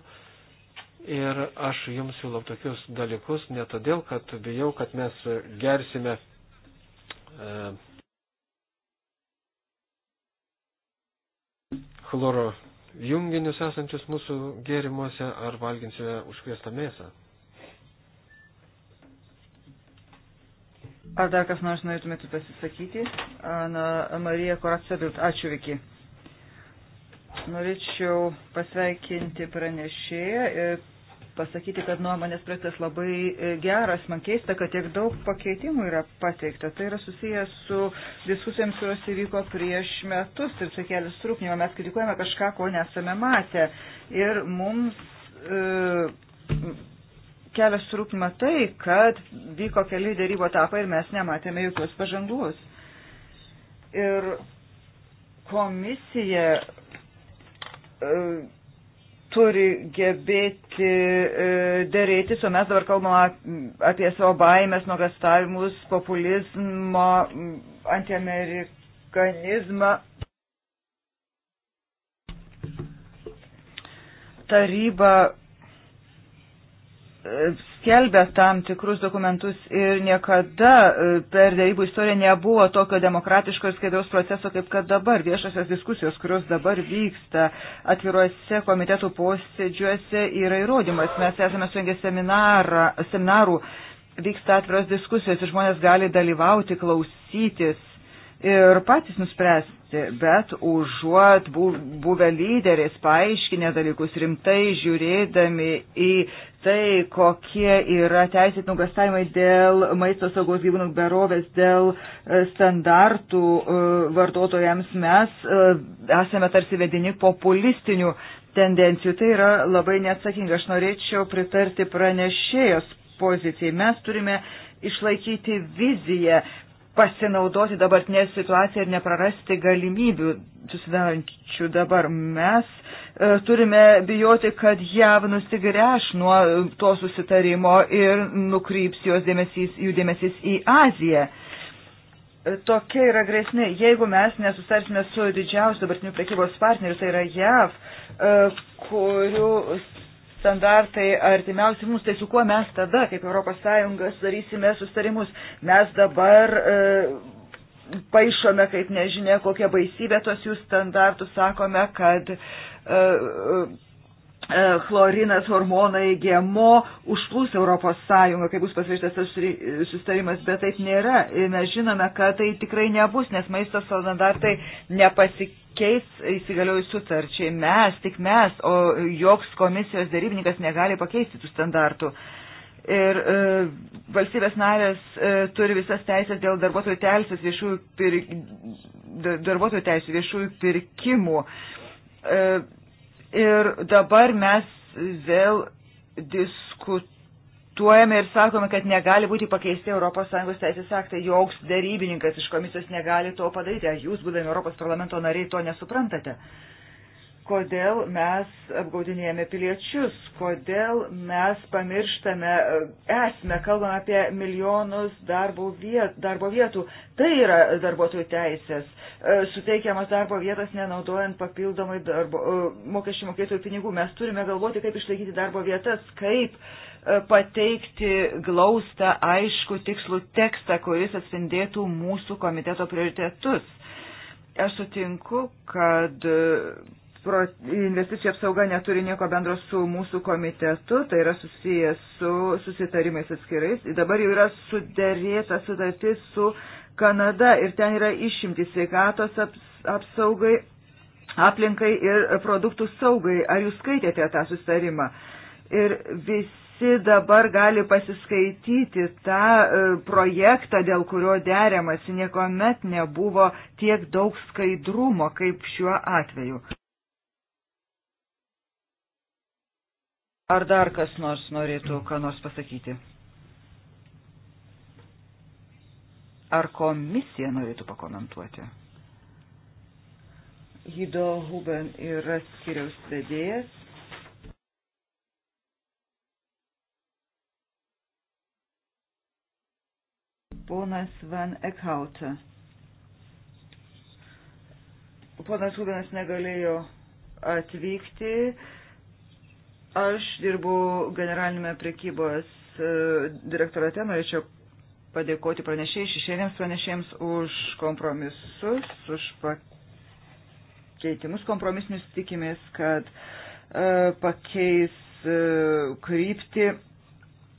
[SPEAKER 5] Ir aš jums siūlau tokius dalykus ne todėl, kad bijau, kad mes gersime. E, chloro junginius esančius mūsų gėrimuose ar valginsime užkviestą mėsą.
[SPEAKER 4] Ar dar kas nors norėtumėte pasisakyti? Ana Marija Koratsabit, ačiū Viki. Norėčiau pasveikinti pranešėją ir pasakyti, kad nuomonės projektas labai geras. Man keista, kad tiek daug pakeitimų yra pateikta. Tai yra susijęs su diskusijams, kurios įvyko prieš metus ir sukelis trūknimo. Mes kritikuojame kažką, ko nesame matę. Ir mums. E, kelia surūpimą tai, kad vyko keli dėrybo etapai ir mes nematėme jokios pažangos. Ir komisija e, turi gebėti e, dėrėtis, o mes dabar kalbame apie savo baimės, nuogastavimus, populizmo, antiamerikanizmą. Taryba skelbia tam tikrus dokumentus ir niekada e, per dėrybų istoriją nebuvo tokio demokratiško ir skaidraus proceso, kaip kad dabar viešasios diskusijos, kurios dabar vyksta atviruose komitetų posėdžiuose, yra įrodymas. Mes esame suengę seminarų, vyksta atviros diskusijos ir žmonės gali dalyvauti, klausytis ir patys nuspręs dirbti, bet užuot buvę lyderiais, paaiškinę dalykus rimtai, žiūrėdami į tai, kokie yra teisėti nugastavimai dėl maisto saugos gyvūnų berovės, dėl e, standartų e, vartotojams, mes e, esame tarsi vedini populistinių tendencijų. Tai yra labai neatsakinga. Aš norėčiau pritarti pranešėjos pozicijai. Mes turime išlaikyti viziją, pasinaudoti dabartinę situaciją ir neprarasti galimybių susidarančių dabar. Mes e, turime bijoti, kad jav nusigręš nuo to susitarimo ir nukryps jos dėmesys, jų dėmesys į Aziją. E, tokia yra grėsmė. Jeigu mes nesustarsime su didžiausiu dabartiniu prekybos partneriu, tai yra JAV, e, kurių standartai artimiausi mums, tai su kuo mes tada, kaip ES, darysime sustarimus. Mes dabar e, paaišome, kaip nežinia, kokią baisybę tos jų standartus sakome, kad e, E, chlorinas, hormonai, GMO užplūs Europos Sąjungą, kai bus pasirašytas tas sustarimas, bet taip nėra. Ir mes žinome, kad tai tikrai nebus, nes maisto standartai nepasikeis įsigaliojus sutarčiai. Mes, tik mes, o joks komisijos darybininkas negali pakeisti tų standartų. Ir e, valstybės narės e, turi visas teisės dėl darbuotojų teisės viešųjų, pir, darbuotojų teisės viešųjų pirkimų. E, Ir dabar mes vėl diskutuojame ir sakome, kad negali būti pakeisti ES teisės aktai, joks darybininkas iš komisijos negali to padaryti, ar jūs, būdami Europos parlamento nariai, to nesuprantate. Uh, kodėl mes apgaudinėjame piliečius, kodėl mes pamirštame e, esmę, kalbame apie milijonus darbo, viet, darbo vietų. Tai yra darbuotojų teisės. E, suteikiamas darbo vietas nenaudojant papildomai darbo, e, mokesčių mokėtojų pinigų. Mes turime galvoti, kaip išlaikyti darbo vietas, kaip pateikti glaustą, aišku, tikslų tekstą, kuris atspindėtų mūsų komiteto prioritetus. Aš sutinku, kad investicijų apsauga neturi nieko bendro su mūsų komitetu, tai yra susijęs su susitarimais atskirais. Dabar jau yra suderėta sudartis su Kanada ir ten yra išimtis sveikatos apsaugai, aplinkai ir produktų saugai. Ar jūs skaitėte tą susitarimą? Ir visi dabar gali pasiskaityti tą e, projektą, dėl kurio deriamasi, niekuomet nebuvo tiek daug skaidrumo kaip šiuo atveju. Ar dar kas nors norėtų ką nors pasakyti? Ar komisija norėtų pakomentuoti? Hido Huben yra skiriaus vedėjas. Ponas Van Ekhautas. Ponas Hubenas negalėjo atvykti, Aš dirbu generalinėme prekybos e, direktorate, norėčiau padėkoti pranešėjai, šešėlėms pranešėjams už kompromisus, už pakeitimus kompromisinius tikimės, kad e, pakeis e, krypti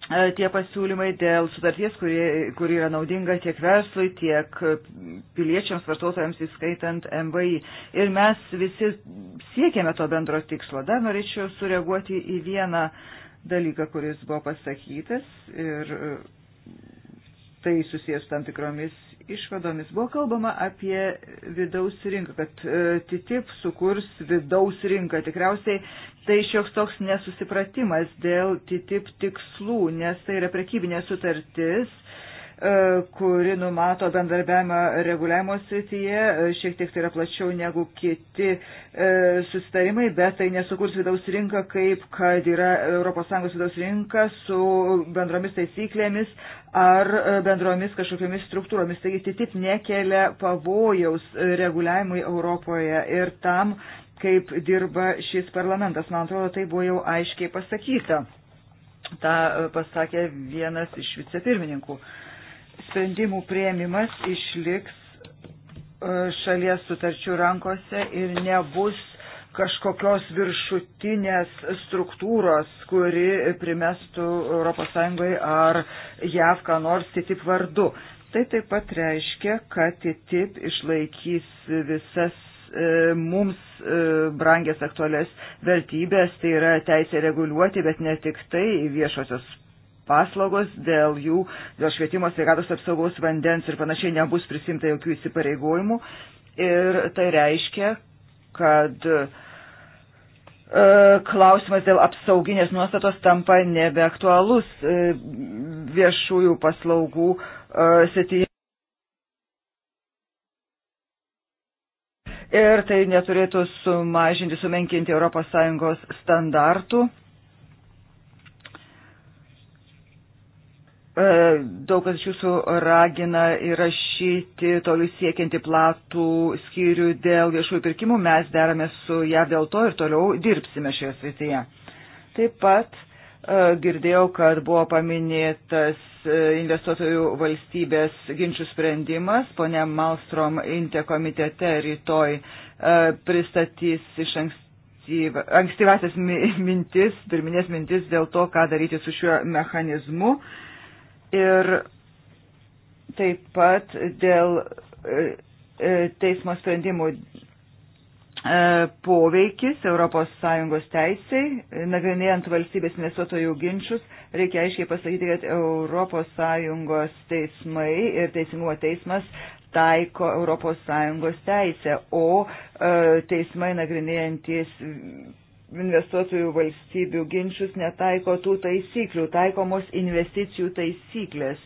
[SPEAKER 4] E, tie pasiūlymai dėl sutarties, kuri, kuri yra naudinga tiek verslui, tiek piliečiams, vartotojams, įskaitant MVI. Ir mes visi siekėme to bendro tikslo. Dar norėčiau sureaguoti į vieną dalyką, kuris buvo pasakytas ir e, tai susijęs tam tikromis išvadomis. Buvo kalbama apie vidaus rinką, kad e, TTIP sukurs vidaus rinką. Tikriausiai tai šioks toks nesusipratimas dėl TTIP tikslų, nes tai yra prekybinė sutartis E, kuri numato bendarbiavimą reguliavimo srityje, e, šiek tiek tai yra plačiau negu kiti e, sustarimai, bet tai nesukurs vidaus rinką, kaip kad yra ES vidaus rinka su bendromis taisyklėmis ar bendromis kažkokiamis struktūromis. Taigi, TTIP nekelia pavojaus reguliavimui Europoje ir tam, kaip dirba šis parlamentas. Man atrodo, tai buvo jau aiškiai pasakyta. Ta pasakė vienas iš vicepirmininkų. Uh, Sprendimų prieimimas išliks e, šalies sutarčių rankose ir nebus kažkokios viršutinės struktūros, kuri primestų ES ar JAV ką nors TTIP vardu. Tai taip pat reiškia, kad TTIP išlaikys visas e, mums e, brangės aktualias vertybės, tai yra teisė reguliuoti, bet ne tik tai viešosios paslaugos, dėl jų, dėl švietimo, sveikatos apsaugos, vandens ir panašiai nebus prisimta jokių įsipareigojimų. Ir tai reiškia, kad e, klausimas dėl apsauginės nuostatos tampa nebeaktualus e, viešųjų paslaugų e, setyje. Ir tai neturėtų sumažinti, sumenkinti ES standartų E, daug kas jūsų ragina įrašyti toliu siekianti platų skyrių dėl viešųjų pirkimų. Mes deramės su ją dėl to ir toliau dirbsime šioje srityje. Taip pat e, girdėjau, kad buvo paminėtas e, investuotojų valstybės ginčių sprendimas. Pone Malstrom Inte komitete rytoj pristatys iš anksto ankstyvasias mintis, pirminės mintis dėl to, ką daryti su šiuo mechanizmu ir taip pat dėl e, e, teismo sprendimų e, poveikis ES teisiai, nagrinėjant valstybės investuotojų ginčius, reikia aiškiai pasakyti, kad ES teismai ir teisingumo teismas taiko ES teisę, o teismai nagrinėjantis investuotojų valstybių ginčius netaiko tų taisyklių, taikomos investicijų taisyklės,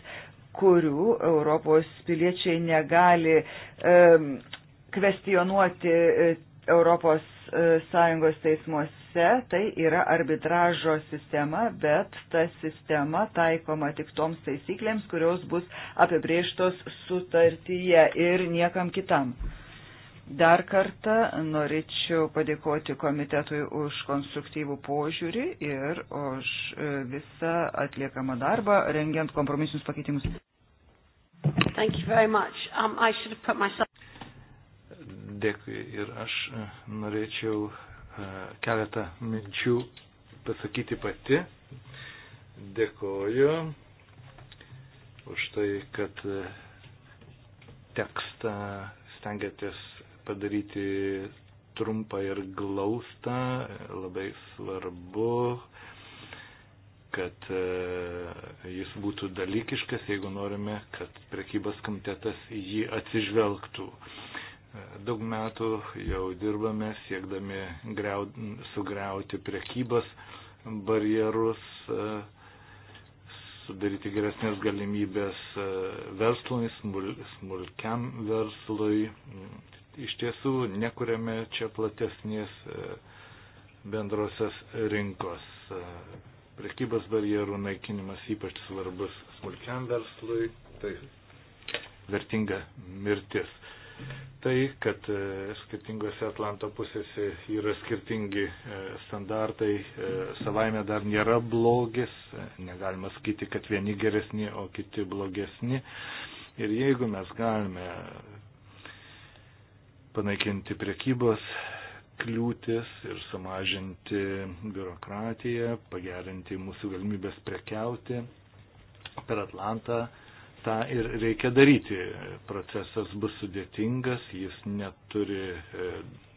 [SPEAKER 4] kurių Europos piliečiai negali e, kvestionuoti Europos e, Sąjungos teismuose. Tai yra arbitražo sistema, bet ta sistema taikoma tik toms taisyklėms, kurios bus apibrieštos sutartyje ir niekam kitam. Dar kartą norėčiau padėkoti komitetui už konstruktyvų požiūrį ir už e, visą atliekamą darbą, rengiant kompromisinius pakeitimus.
[SPEAKER 2] Um,
[SPEAKER 3] myself... Dėkui ir aš e, norėčiau e, keletą minčių pasakyti pati. Dėkoju už tai, kad tekstą stengiatės padaryti trumpą ir glaustą. Labai svarbu, kad e, jis būtų dalykiškas, jeigu norime, kad prekybos komitetas jį atsižvelgtų. E, daug metų jau dirbame siekdami greud, sugriauti prekybos barjerus, e, sudaryti geresnės galimybės verslui, smulkiam verslui, iš tiesų nekuriame čia platesnės e, bendrosios rinkos. E, prekybos barjerų naikinimas ypač svarbus smulkiam verslui, tai vertinga mirtis. Tai, kad e, skirtingose Atlanto pusėse yra skirtingi standartai, savaime dar nėra blogis, negalima sakyti, kad vieni geresni, o kiti blogesni. Ir jeigu mes galime panaikinti priekybos kliūtis ir sumažinti biurokratiją, pagerinti mūsų galimybės prekiauti per Atlantą. Ta ir reikia daryti. Procesas bus sudėtingas, jis neturi, e,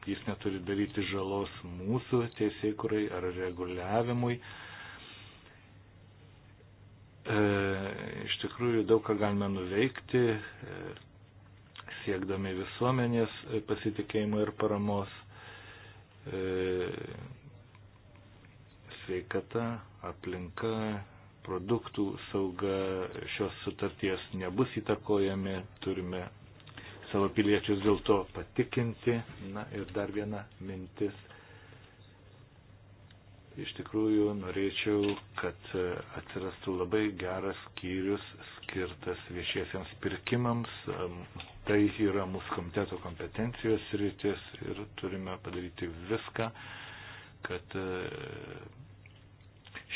[SPEAKER 3] jis neturi daryti žalos mūsų teisėkurai ar reguliavimui. E, iš tikrųjų daug ką galime nuveikti, e, siekdami visuomenės pasitikėjimo ir paramos. E, sveikata, aplinka, produktų sauga šios sutarties nebus įtakojami, turime savo piliečius dėl to patikinti. Na ir dar viena mintis Iš tikrųjų, norėčiau, kad atsirastų labai geras skyrius skirtas viešiesiems pirkimams. Tai yra mūsų komiteto kompetencijos rytis ir turime padaryti viską, kad e,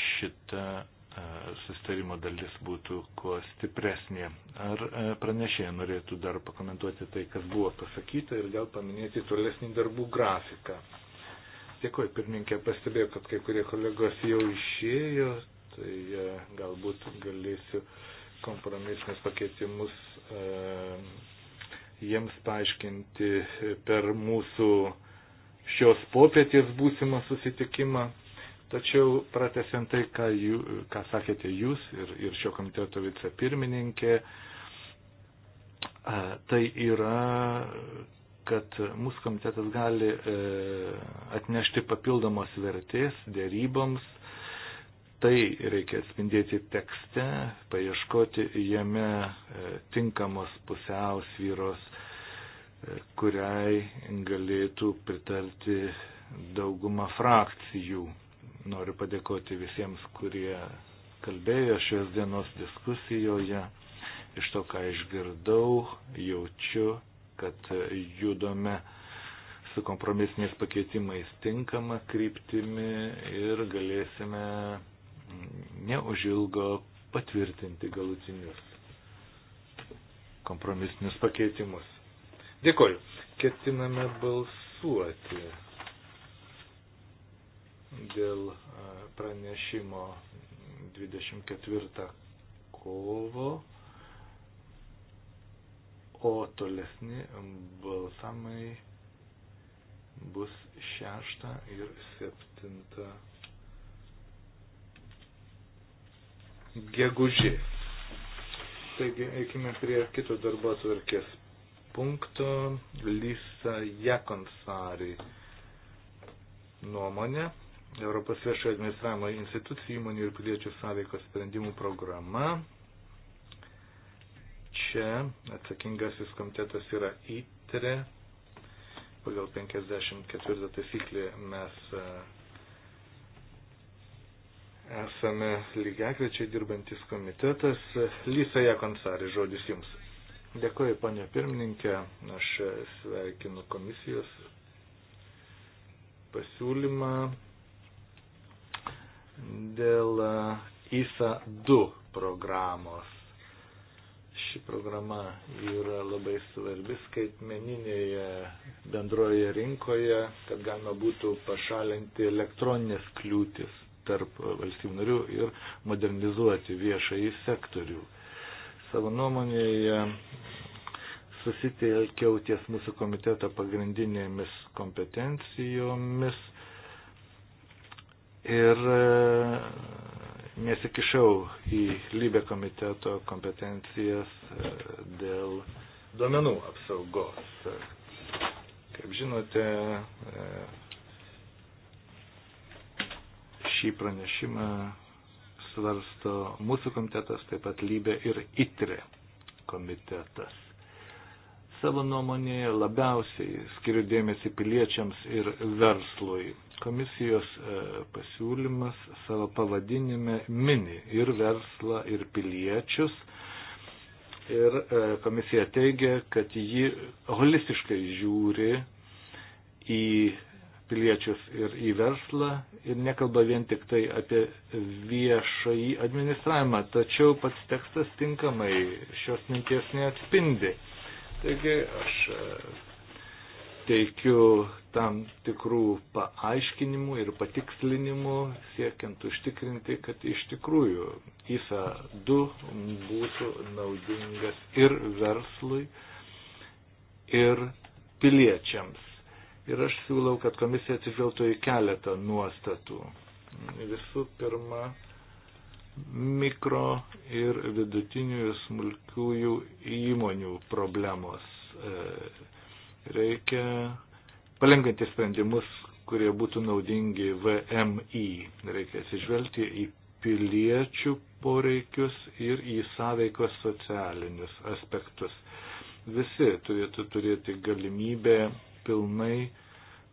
[SPEAKER 3] šita e, sustarimo dalis būtų kuo stipresnė. Ar e, pranešėjai norėtų dar pakomentuoti tai, kas buvo pasakyta ir gal paminėti tolesnį darbų grafiką? Dėkuoju, pirmininkė, pastebėjau, kad kai kurie kolegos jau išėjo, tai e, galbūt galėsiu kompromisinius pakeitimus e, jiems paaiškinti per mūsų šios popietės būsimą susitikimą. Tačiau pratesiant tai, ką, jų, ką sakėte jūs ir, ir šio komiteto vicepirmininkė, e, tai yra kad mūsų komitetas gali e, atnešti papildomos vertės dėryboms. Tai reikia atspindėti tekste, paieškoti jame e, tinkamos pusiausvyros, e, kuriai galėtų pritarti dauguma frakcijų. Noriu padėkoti visiems, kurie kalbėjo šios dienos diskusijoje. Iš to, ką išgirdau, jaučiu kad judome su kompromisiniais pakeitimais tinkama kryptimi ir galėsime neužilgo patvirtinti galutinius kompromisinius pakeitimus. Dėkoju. Ketiname balsuoti dėl pranešimo 24 kovo o tolesni balsamai bus 6 ir 7 gegužės. Taigi eikime prie kito darbo atvarkės punkto. Lisa Jakonsari nuomonė. Europos viešojo administravimo institucijų įmonių ir piliečių sąveikos sprendimų programa čia atsakingasis komitetas yra ITRE. Pagal 54 taisyklį mes e, esame lygiakrečiai dirbantis komitetas. Lysa Jakonsari, žodis jums. Dėkuoju, panė pirmininkė, aš sveikinu komisijos pasiūlymą dėl e, ISA 2 programos ši programa yra labai svarbi skaitmeninėje bendroje rinkoje, kad galima būtų pašalinti elektroninės kliūtis tarp valstybių narių ir modernizuoti viešąjį sektorių. Savo nuomonėje susitelkiau ties mūsų komiteto pagrindinėmis kompetencijomis ir nesikišau į lybę komiteto kompetencijas e, dėl duomenų apsaugos. E, kaip žinote, e, šį pranešimą svarsto mūsų komitetas, taip pat lybė ir ITRE komitetas savo nuomonėje labiausiai skiriu dėmesį piliečiams ir verslui. Komisijos e, pasiūlymas savo pavadinime mini ir verslą, ir piliečius. Ir e, komisija teigia, kad ji holistiškai žiūri į piliečius ir į verslą ir nekalba vien tik tai apie viešąjį administravimą, tačiau pats tekstas tinkamai šios minties neatspindi. Taigi aš e, teikiu tam tikrų paaiškinimų ir patikslinimų, siekiant užtikrinti, kad iš tikrųjų ISA 2 būtų naudingas ir verslui, ir piliečiams. Ir aš siūlau, kad komisija atsižvelgtų į keletą nuostatų. Visų pirma, mikro ir vidutinių ir smulkiųjų įmonių problemos. E, reikia palengvinti sprendimus, kurie būtų naudingi VMI. Reikia atsižvelgti į piliečių poreikius ir į sąveikos socialinius aspektus. Visi turėtų turėti galimybę pilnai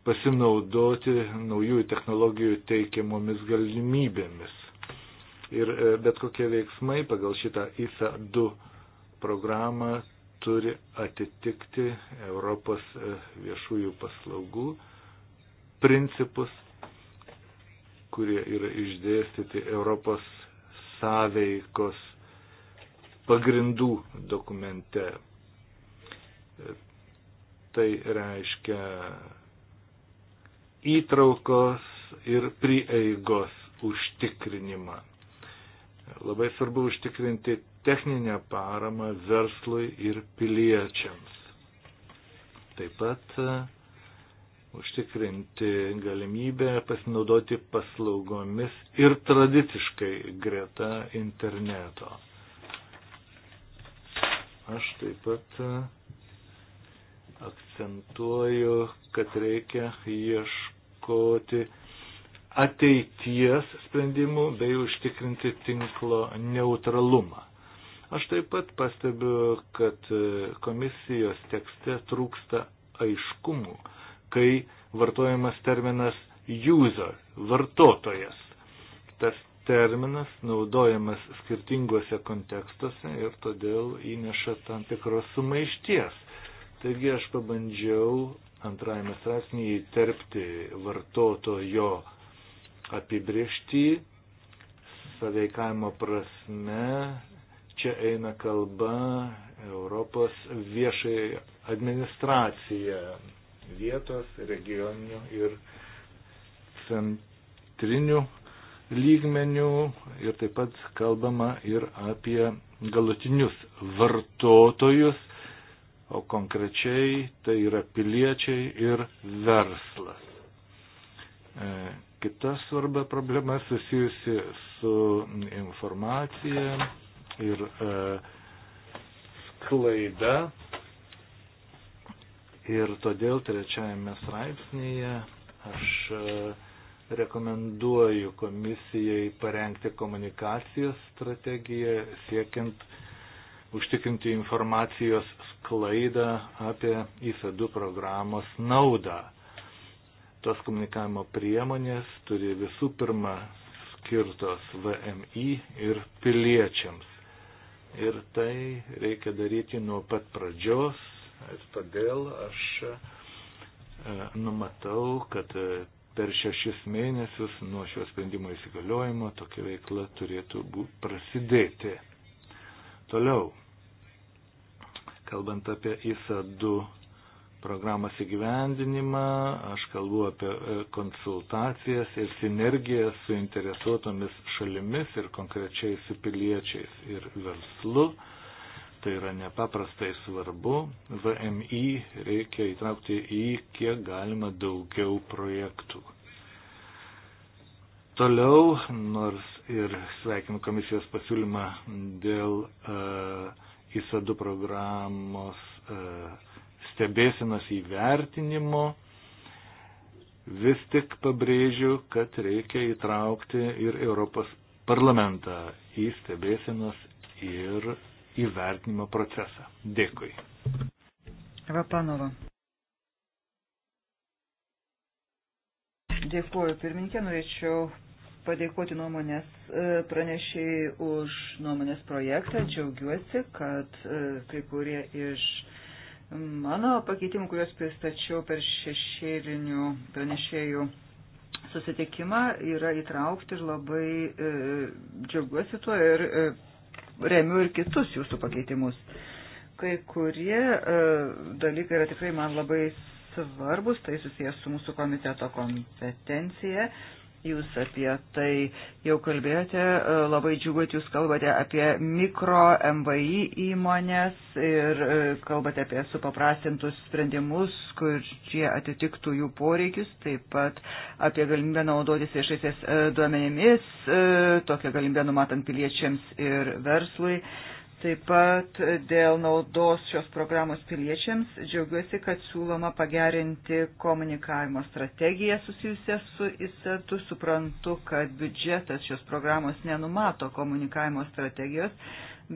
[SPEAKER 3] pasinaudoti naujų technologijų teikiamomis galimybėmis. Ir e, bet kokie veiksmai pagal šitą ISA 2 programą turi atitikti Europos e, viešųjų paslaugų principus, kurie yra išdėstyti Europos sąveikos pagrindų dokumente. E, tai reiškia įtraukos ir prieigos užtikrinimą. Labai svarbu užtikrinti techninę paramą verslui ir piliečiams. Taip pat e, užtikrinti galimybę pasinaudoti paslaugomis ir tradiciškai greta interneto. Aš taip pat e, akcentuoju, kad reikia ieškoti ateities sprendimų bei užtikrinti tinklo neutralumą. Aš taip pat pastebiu, kad e, komisijos tekste trūksta aiškumų, kai vartojamas terminas user, vartotojas. Tas terminas naudojamas skirtinguose kontekstuose ir todėl įneša tam tikros sumaišties. Taigi aš pabandžiau antrajame straipsnėje įterpti vartotojo apibriešti saveikavimo prasme. Čia eina kalba Europos viešai administracija vietos, regioninių ir centrinių lygmenių ir taip pat kalbama ir apie galutinius vartotojus, o konkrečiai tai yra piliečiai ir verslas e, Kita svarba problema susijusi su informacija ir e, sklaida. Ir todėl trečiajame straipsnėje aš e, rekomenduoju komisijai parengti komunikacijos strategiją siekiant užtikrinti informacijos sklaidą apie IFE2 programos naudą Tos komunikavimo priemonės turi visų pirma skirtos VMI ir piliečiams. Ir tai reikia daryti nuo pat pradžios. Ir todėl aš e, numatau, kad e, per šešis mėnesius nuo šio sprendimo įsigaliojimo tokia veikla turėtų prasidėti. Toliau, kalbant apie ISA 2 programos įgyvendinimą, aš kalbu apie e, konsultacijas ir sinergiją su interesuotomis šalimis ir konkrečiai su piliečiais ir verslu. Tai yra nepaprastai svarbu. VMI reikia įtraukti į kiek galima daugiau projektų. Toliau, nors ir sveikinu komisijos pasiūlymą dėl uh, ISA 2 programos uh, stebėsinas įvertinimo, vis tik pabrėžiu, kad reikia įtraukti ir Europos parlamentą į stebėsinos ir įvertinimo procesą. Dėkui.
[SPEAKER 4] Vapanova. Dėkuoju, pirminkė, norėčiau padėkoti nuomonės e, pranešiai už nuomonės projektą. Džiaugiuosi, kad e, kai kurie iš mano pakeitimų, kuriuos pristačiau per šešėlinių pranešėjų susitikimą, yra įtraukti ir labai e, džiaugiuosi tuo ir e, remiu ir kitus jūsų pakeitimus. Kai kurie e, dalykai yra tikrai man labai svarbus, tai susijęs su mūsų komiteto kompetencija. E, Jūs apie tai jau kalbėjote, e, labai džiugu, kad jūs kalbate apie mikro MVI įmonės ir e, kalbate apie supaprastintus sprendimus, kur jie atitiktų jų poreikius, taip pat apie galimybę naudotis viešaisiais e, duomenimis, tokią galimybę numatant piliečiams ir verslui. Taip pat dėl naudos šios programos piliečiams džiaugiuosi, kad siūloma pagerinti komunikavimo strategiją susijusią su įsertu. Suprantu, kad biudžetas šios programos nenumato komunikavimo strategijos,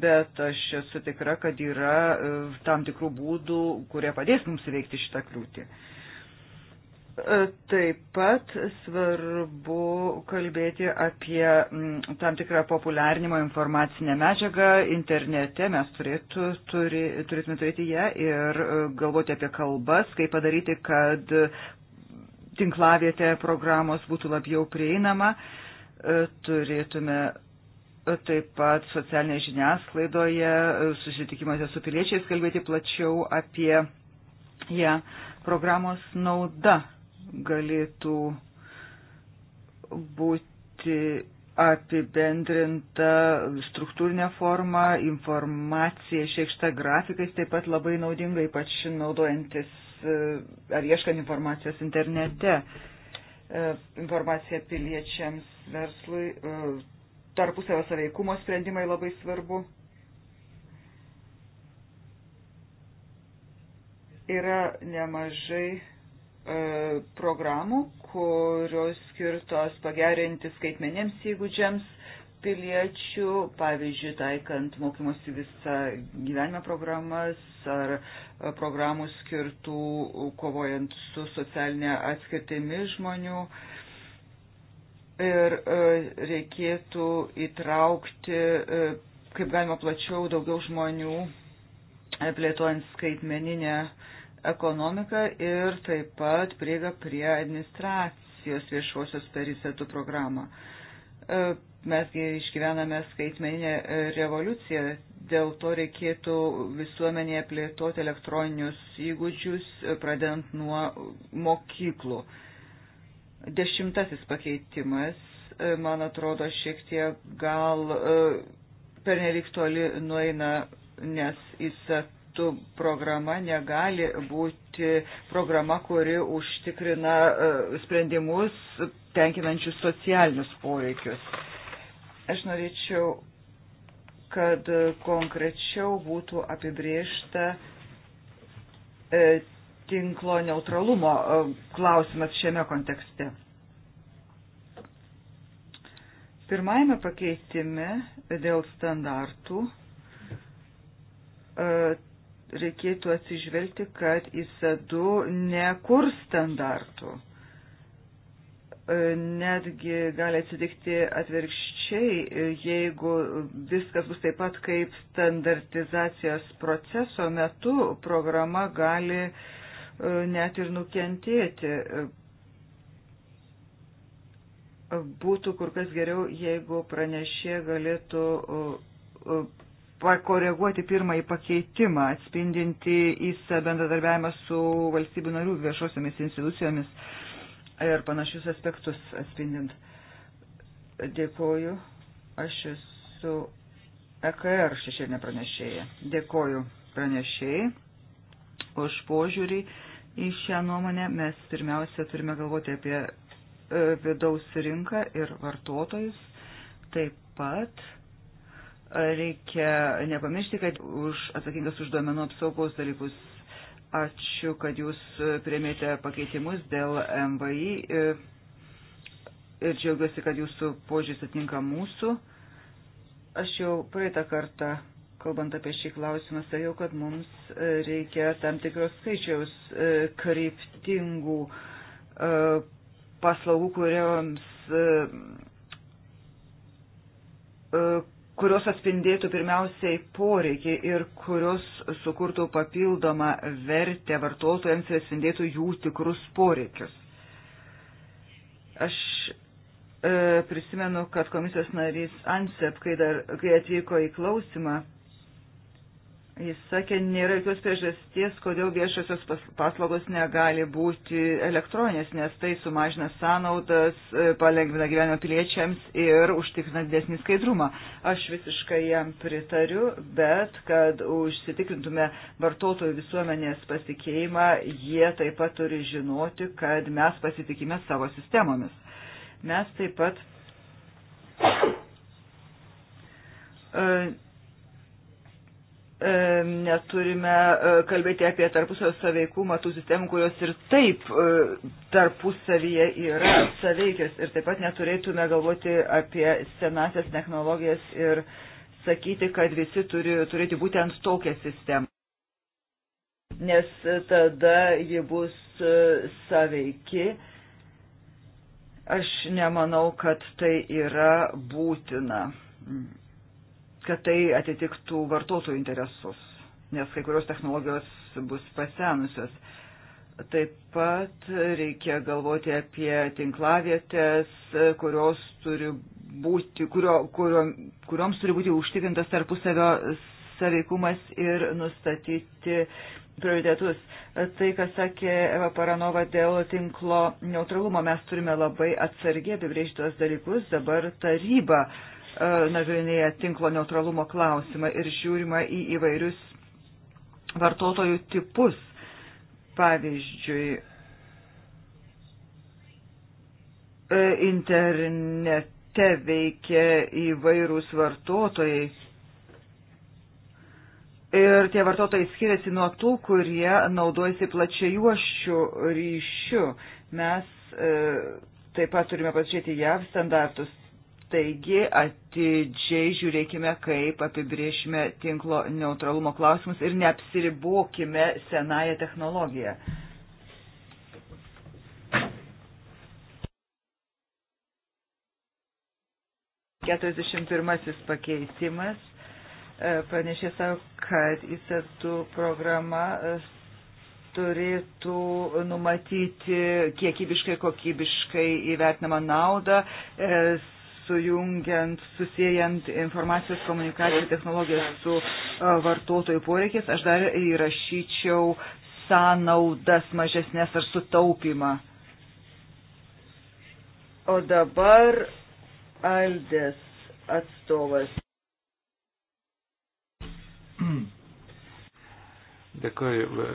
[SPEAKER 4] bet aš esu tikra, kad yra e, tam tikrų būdų, kurie padės mums įveikti šitą kliūtį. E, taip pat svarbu kalbėti apie mm, tam tikrą populiarinimo informacinę medžiagą internete. Mes turėtų, turi, turėtume turėti ją ir e, galvoti apie kalbas, kaip padaryti, kad tinklavietė programos būtų labiau prieinama. E, turėtume taip pat socialinėje žiniasklaidoje, susitikimuose su piliečiais kalbėti plačiau apie ją. Ja, programos nauda galėtų būti apibendrinta struktūrinė forma, informacija išėkšta grafikais taip pat labai naudinga, ypač naudojantis e, ar ieškant informacijos internete. E, informacija piliečiams, verslui, e, tarpusavio saveikumo sprendimai labai svarbu. Yra nemažai E, programų, kurios skirtos pagerinti skaitmenėms įgūdžiams piliečių, pavyzdžiui, taikant mokymosi visą gyvenimą programas ar e, programų skirtų kovojant su socialinė atskirtimi žmonių. Ir e, reikėtų įtraukti, kaip galima plačiau, daugiau žmonių plėtojant skaitmeninę ekonomiką ir taip pat prieiga prie administracijos viešuosios perisetų programą. E, mesgi išgyvename skaitmeninę e, revoliuciją, dėl to reikėtų visuomenėje plėtoti elektroninius įgūdžius, e, pradedant nuo mokyklų. Dešimtasis pakeitimas, man atrodo, šiek tiek gal per nelik toli nueina, nes įsat mastu programa negali būti programa, kuri užtikrina e, sprendimus tenkinančius socialinius poreikius. Aš norėčiau, kad konkrečiau būtų apibriešta e, tinklo neutralumo e, klausimas šiame kontekste. Pirmajame pakeitime dėl standartų reikėtų atsižvelgti, kad įsadu nekurs standartų. E, netgi gali atsitikti atvirkščiai, e, jeigu viskas bus taip pat kaip standartizacijos proceso metu, programa gali e, net ir nukentėti. Būtų kur kas geriau, jeigu pranešė galėtų pakoreguoti pirmąjį pakeitimą, atspindinti įsą bendradarbiavimą su valstybių narių viešosiamis institucijomis ir panašius aspektus atspindint. Dėkoju. Aš esu EKR šešėlinė pranešėja. Dėkoju pranešėjai už požiūrį į šią nuomonę. Mes pirmiausia turime galvoti apie e, vidaus rinką ir vartotojus. Taip pat Reikia nepamiršti, kad už atsakingas už duomenų apsaugos dalykus. Ačiū, kad jūs e, priemėte pakeitimus dėl MVI e, ir džiaugiuosi, kad jūsų požiūris atinka mūsų. Aš jau praeitą kartą kalbant apie šį klausimą, sakiau, kad mums e, reikia tam tikros skaičiaus kryptingų paslaugų, kurioms kurios atspindėtų pirmiausiai poreikiai ir kurios sukurtų papildomą vertę vartotojams ir atspindėtų jų tikrus poreikius. Aš e, prisimenu, kad komisijos narys Ansep, kai, dar, kai atvyko į klausimą, Jis sakė, nėra jokios priežasties, kodėl viešosios paslaugos negali būti elektroninės, nes tai sumažina sąnaudas, e, palengvina gyvenimą piliečiams ir užtikrina didesnį skaidrumą. Aš visiškai jam pritariu, bet kad užsitikrintume vartotojų visuomenės pasikeimą, jie taip pat turi žinoti, kad mes pasitikime savo sistemomis. Mes taip pat. Uh, neturime e, kalbėti apie tarpusavio saveikumą tų sistemų, kurios ir taip e, tarpusavyje yra saveikios ir taip pat neturėtume galvoti apie senasias technologijas ir sakyti, kad visi turi turėti būtent tokią sistemą. Nes tada ji bus e, saveiki. Aš nemanau, kad tai yra būtina mm kad tai atitiktų vartotojų interesus, nes kai kurios technologijos bus pasenusios. Taip pat reikia galvoti apie tinklavietės, kurios turi būti, kurio, kurio, kurioms turi būti užtikrintas tarpusavio saveikumas ir nustatyti prioritetus. Tai, ką sakė Eva Paranova dėl tinklo neutralumo, mes turime labai atsargiai apibrėžti tuos dalykus. Dabar taryba uh, E, nagrinėja tinklo neutralumo klausimą ir žiūrima į įvairius vartotojų tipus. Pavyzdžiui, e, internete veikia įvairūs vartotojai. Ir tie vartotojai skiriasi nuo tų, kurie naudojasi plačiajuošių ryšių. Mes e, taip pat turime pasižiūrėti JAV standartus Taigi atidžiai žiūrėkime, kaip apibriešime tinklo neutralumo klausimus ir neapsiribokime senąją technologiją. Keturiasdešimt pirmasis pakeitimas e, pranešė savo, kad ISATU programa e, turėtų numatyti kiekybiškai, kokybiškai įvertinamą naudą, e, sujungiant, susijęjant informacijos komunikacijų technologijas su e, vartotojų poreikiais, aš dar įrašyčiau sąnaudas mažesnės ar sutaupimą. O dabar Aldės atstovas.
[SPEAKER 3] Dėkoju,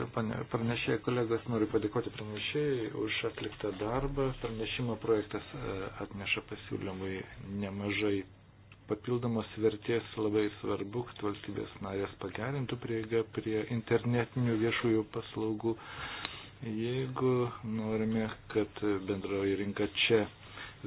[SPEAKER 3] pranešėjai kolegos, noriu padėkoti pranešėjai už atliktą darbą. Pranešimo projektas e, atneša pasiūlymui nemažai papildomos vertės labai svarbu, kad valstybės narės pagerintų prieigą prie internetinių viešųjų paslaugų. Jeigu norime, kad bendroji rinka čia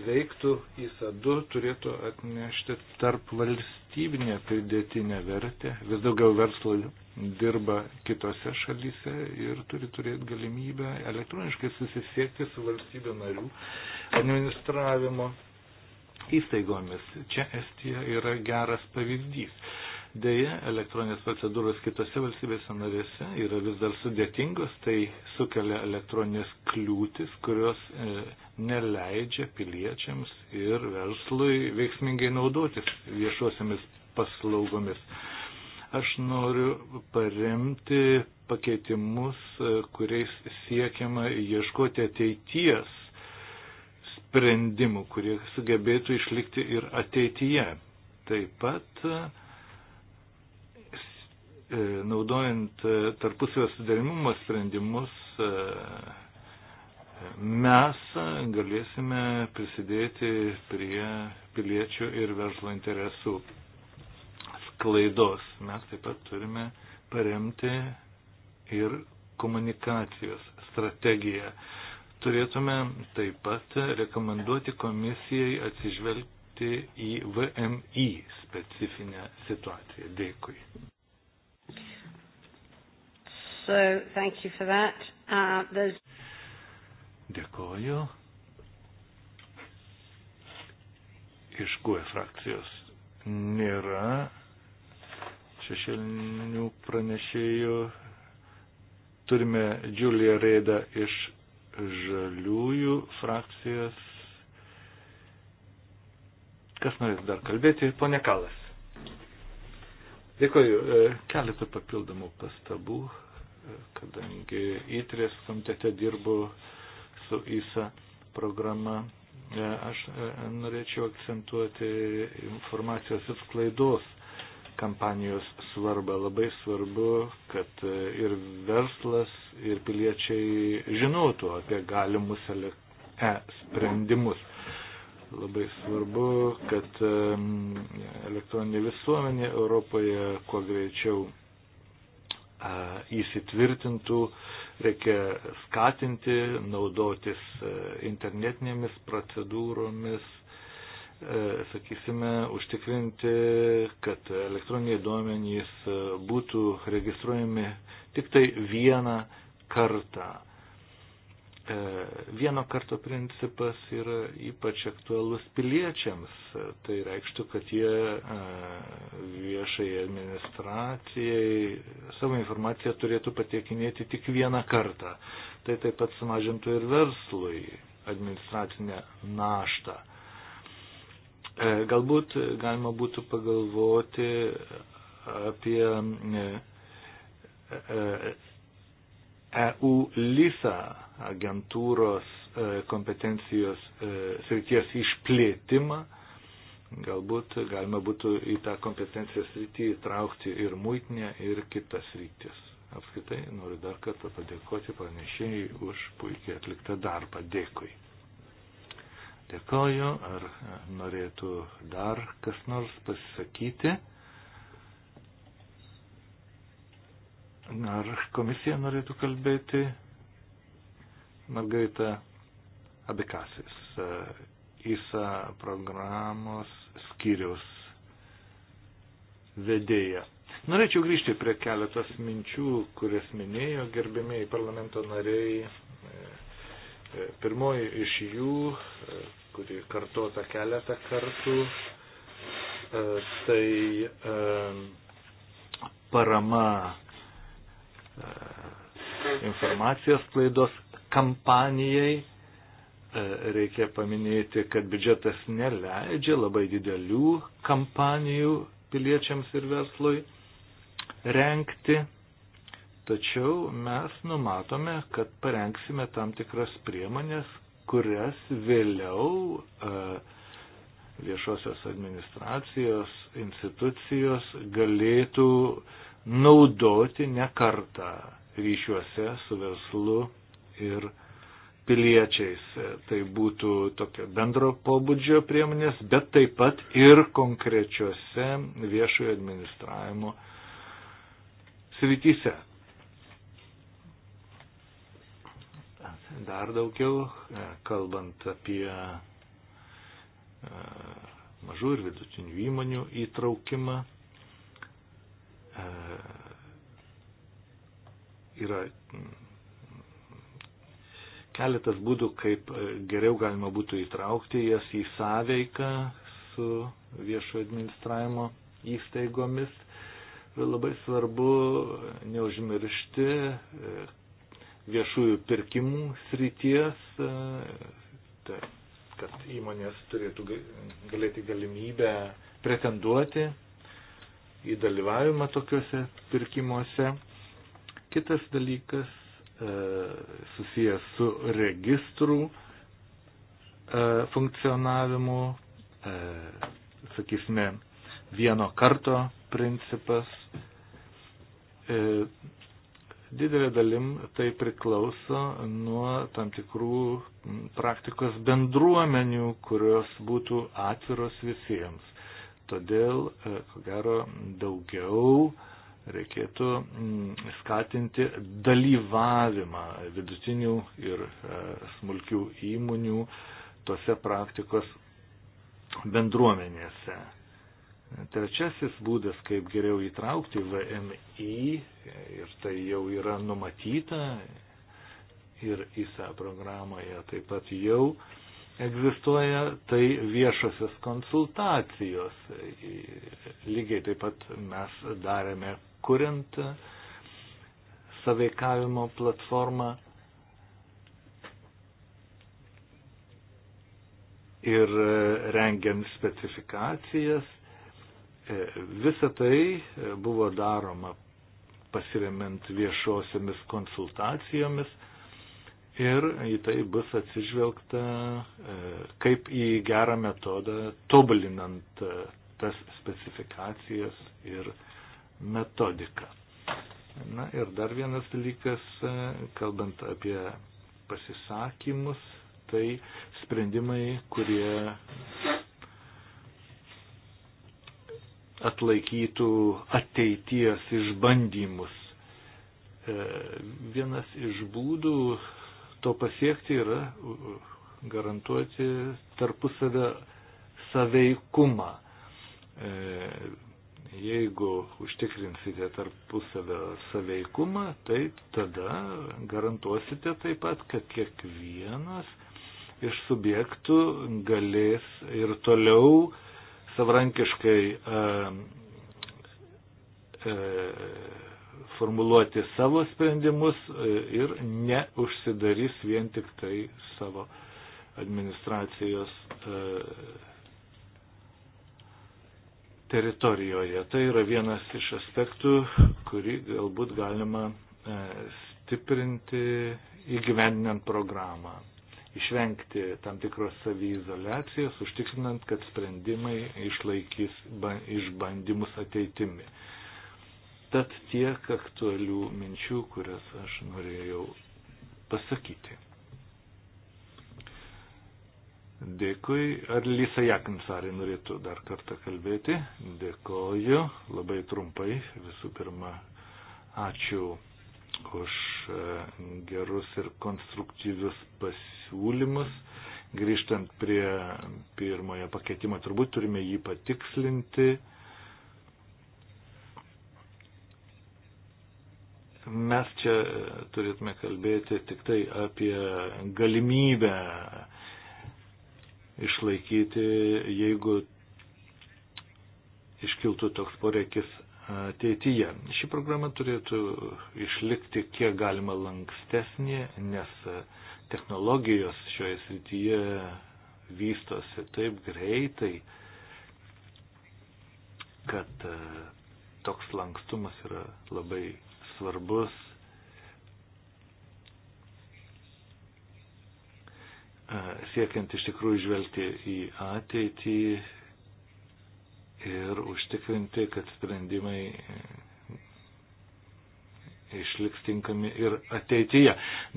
[SPEAKER 3] veiktų, ISA 2 turėtų atnešti tarp valstybinę pridėtinę vertę. Vis daugiau verslo dirba kitose šalyse ir turi turėti galimybę elektroniškai susisiekti su valstybių narių administravimo įstaigomis. Čia Estija yra geras pavyzdys. Deja, elektroninės procedūros kitose valstybėse narėse yra vis dar sudėtingos, tai sukelia elektroninės kliūtis, kurios e, neleidžia piliečiams ir verslui veiksmingai naudotis viešuosiamis paslaugomis. E, Aš noriu paremti pakeitimus, e, kuriais siekiama ieškoti ateities sprendimų, kurie sugebėtų išlikti ir ateityje. Taip pat e, e, naudojant tarpusvės sudarimumo sprendimus, mes galėsime prisidėti prie piliečių ir verslo interesų sklaidos. Mes taip pat turime paremti ir komunikacijos strategiją. Turėtume taip pat rekomenduoti komisijai atsižvelgti į VMI specifinę situaciją. Dėkui.
[SPEAKER 2] So, thank you for that. Uh, there's...
[SPEAKER 3] Dėkoju. Iš GUE frakcijos nėra šešėlinių pranešėjų. Turime Juliją Reidą iš žaliųjų frakcijos. Kas norės dar kalbėti? Pone Kalas. Dėkoju. E, keletą papildomų pastabų, e, kadangi įtrės komitete dirbu su ISA programa. E, aš norėčiau akcentuoti informacijos atsklaidos kampanijos svarbą. Labai svarbu, kad ir verslas, ir piliečiai žinotų apie galimus e sprendimus. Labai svarbu, kad elektroninė visuomenė Europoje kuo greičiau įsitvirtintų, reikia skatinti, naudotis e, internetinėmis procedūromis, E, sakysime, užtikrinti, kad elektroniniai duomenys e, būtų registruojami tik tai vieną kartą. E, vieno karto principas yra ypač aktualus piliečiams. Tai reikštų, kad jie viešai administracijai savo informaciją turėtų patiekinėti tik vieną kartą. Tai taip pat sumažintų ir verslui administracinę naštą. E, galbūt galima būtų pagalvoti apie EU e, e, LISA agentūros kompetencijos srities išplėtimą. Galbūt galima būtų į tą kompetencijos sritį įtraukti ir muitinę, ir kitas sritis. Apskritai noriu dar kartą padėkoti pranešėjai už puikiai atliktą darbą. Dėkui. Dėkoju. Ar norėtų dar kas nors pasisakyti? Ar komisija norėtų kalbėti? Margarita Abikasis, ISA programos skyrius vedėja. Norėčiau grįžti prie keletos minčių, kurias minėjo gerbėmiai parlamento nariai. Pirmoji iš jų kuri kartuota keletą kartų, e, tai e, parama e, informacijos klaidos kampanijai. Reikia paminėti, kad biudžetas neleidžia labai didelių kampanijų piliečiams ir verslui renkti, tačiau mes numatome, kad parengsime tam tikras priemonės, kurias vėliau e, viešosios administracijos institucijos galėtų naudoti ne kartą ryšiuose su verslu ir piliečiais. Tai būtų tokio bendro pobūdžio priemonės, bet taip pat ir konkrečiose viešojo administravimo srityse. dar daugiau, e, kalbant apie e, mažų ir vidutinių įmonių įtraukimą. E, yra keletas būdų, kaip geriau galima būtų įtraukti jas į sąveiką su viešo administravimo įstaigomis. Labai svarbu neužmiršti, viešųjų pirkimų srities, tai, kad įmonės turėtų galėti galimybę pretenduoti į dalyvavimą tokiuose pirkimuose. Kitas dalykas e, susijęs su registrų e, funkcionavimu, sakysime, vieno karto principas Didelė dalim tai priklauso nuo tam tikrų praktikos bendruomenių, kurios būtų atviros visiems. Todėl, e, ko gero, daugiau reikėtų skatinti dalyvavimą vidutinių ir e, smulkių įmonių tose praktikos bendruomenėse. Trečiasis būdas, kaip geriau įtraukti VMI, ir tai jau yra numatyta ir ISA programoje taip pat jau egzistuoja, tai viešosios konsultacijos. Lygiai taip pat mes darėme, kuriant saveikavimo platformą. Ir rengiant specifikacijas E, visa tai e, buvo daroma pasiremiant viešosiamis konsultacijomis ir į tai bus atsižvelgta e, kaip į gerą metodą, tobulinant tas specifikacijas ir metodiką. Na ir dar vienas dalykas, kalbant apie pasisakymus, tai sprendimai, kurie atlaikytų ateities išbandymus. E, vienas iš būdų to pasiekti yra garantuoti tarpusavę saveikumą. E, jeigu užtikrinsite tarpusavę saveikumą, tai tada garantuosite taip pat, kad kiekvienas iš subjektų galės ir toliau savarankiškai e, e, formuluoti savo sprendimus e, ir neužsidarys vien tik tai savo administracijos e, teritorijoje. Tai yra vienas iš aspektų, kurį galbūt galima e, stiprinti įgyvendinant programą išvengti tam tikros saviizolacijos, užtikrinant, kad sprendimai išlaikys išbandymus ateitimi. Tad tiek aktualių minčių, kurias aš norėjau pasakyti. Dėkui. Ar Lisa Jakinsarė norėtų dar kartą kalbėti? Dėkoju. Labai trumpai. Visų pirma, ačiū už gerus ir konstruktyvius pasiūlymus. Grįžtant prie pirmojo pakeitimo, turbūt turime jį patikslinti. Mes čia turėtume kalbėti tik tai apie galimybę išlaikyti, jeigu iškiltų toks poreikis ateityje. Ši programa turėtų išlikti kiek galima lankstesnė, nes technologijos šioje srityje vystosi taip greitai, kad e, toks lankstumas yra labai svarbus. E, siekiant iš tikrųjų žvelgti į ateitį ir užtikrinti, kad sprendimai e, išliks tinkami ir ateityje.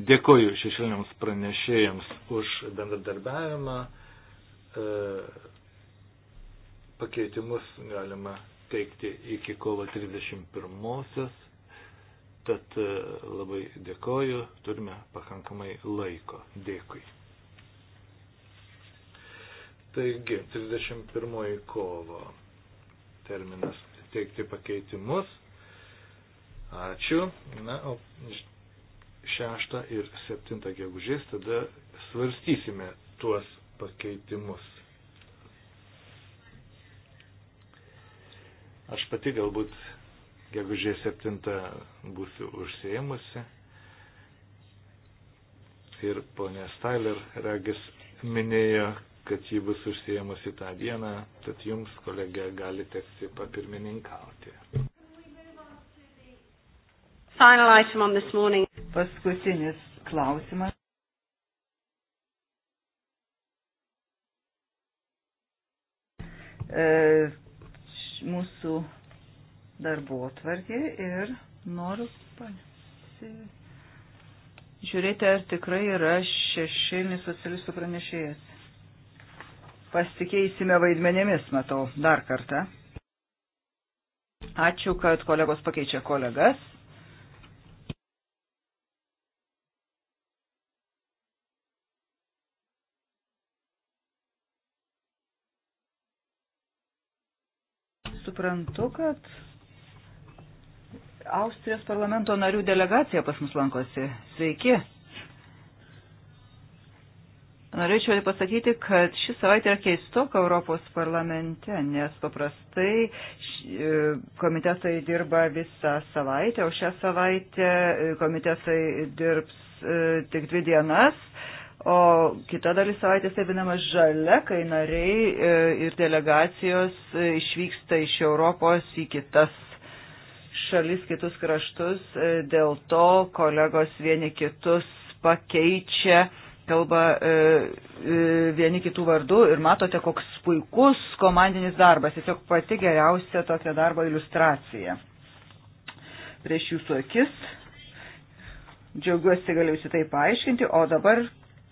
[SPEAKER 3] Dėkoju šešėliams pranešėjams už bendradarbiavimą. E, pakeitimus galima teikti iki kovo 31-osios. Tad e, labai dėkoju, turime pakankamai laiko. Dėkui. Taigi, 31 kovo terminas teikti pakeitimus. Ačiū. Na, o 6 ir 7 gegužės tada svarstysime tuos pakeitimus. Aš pati galbūt gegužės 7 būsiu užsieimusi. Ir ponė Stailer regis minėjo, kad ji bus užsiemusi tą dieną, tad jums, kolegė, gali tekti papirmininkauti.
[SPEAKER 2] Paskutinis klausimas.
[SPEAKER 4] E, mūsų darbo atvarkė ir noriu
[SPEAKER 6] pasižiūrėti,
[SPEAKER 4] ar tikrai yra šešėlinis socialistų pranešėjas. Pasikeisime vaidmenėmis, matau, dar kartą. Ačiū, kad kolegos pakeičia kolegas. Suprantu, kad Austrijos parlamento narių delegacija pas mus lankosi. Sveiki. Norėčiau pasakyti, kad ši savaitė yra keistoka Europos parlamente, nes paprastai e, komitetai dirba visą savaitę, o šią savaitę e, komitetai dirbs e, tik dvi dienas, o kita dalis savaitės taip vadinama žalia, kai nariai ir delegacijos išvyksta iš Europos į kitas šalis, kitus kraštus, dėl to kolegos vieni kitus pakeičia kalba e, e, vieni kitų vardu ir matote, koks puikus komandinis darbas, tiesiog pati geriausia tokio darbo iliustracija. Prieš jūsų akis džiaugiuosi galiausiai tai paaiškinti, o dabar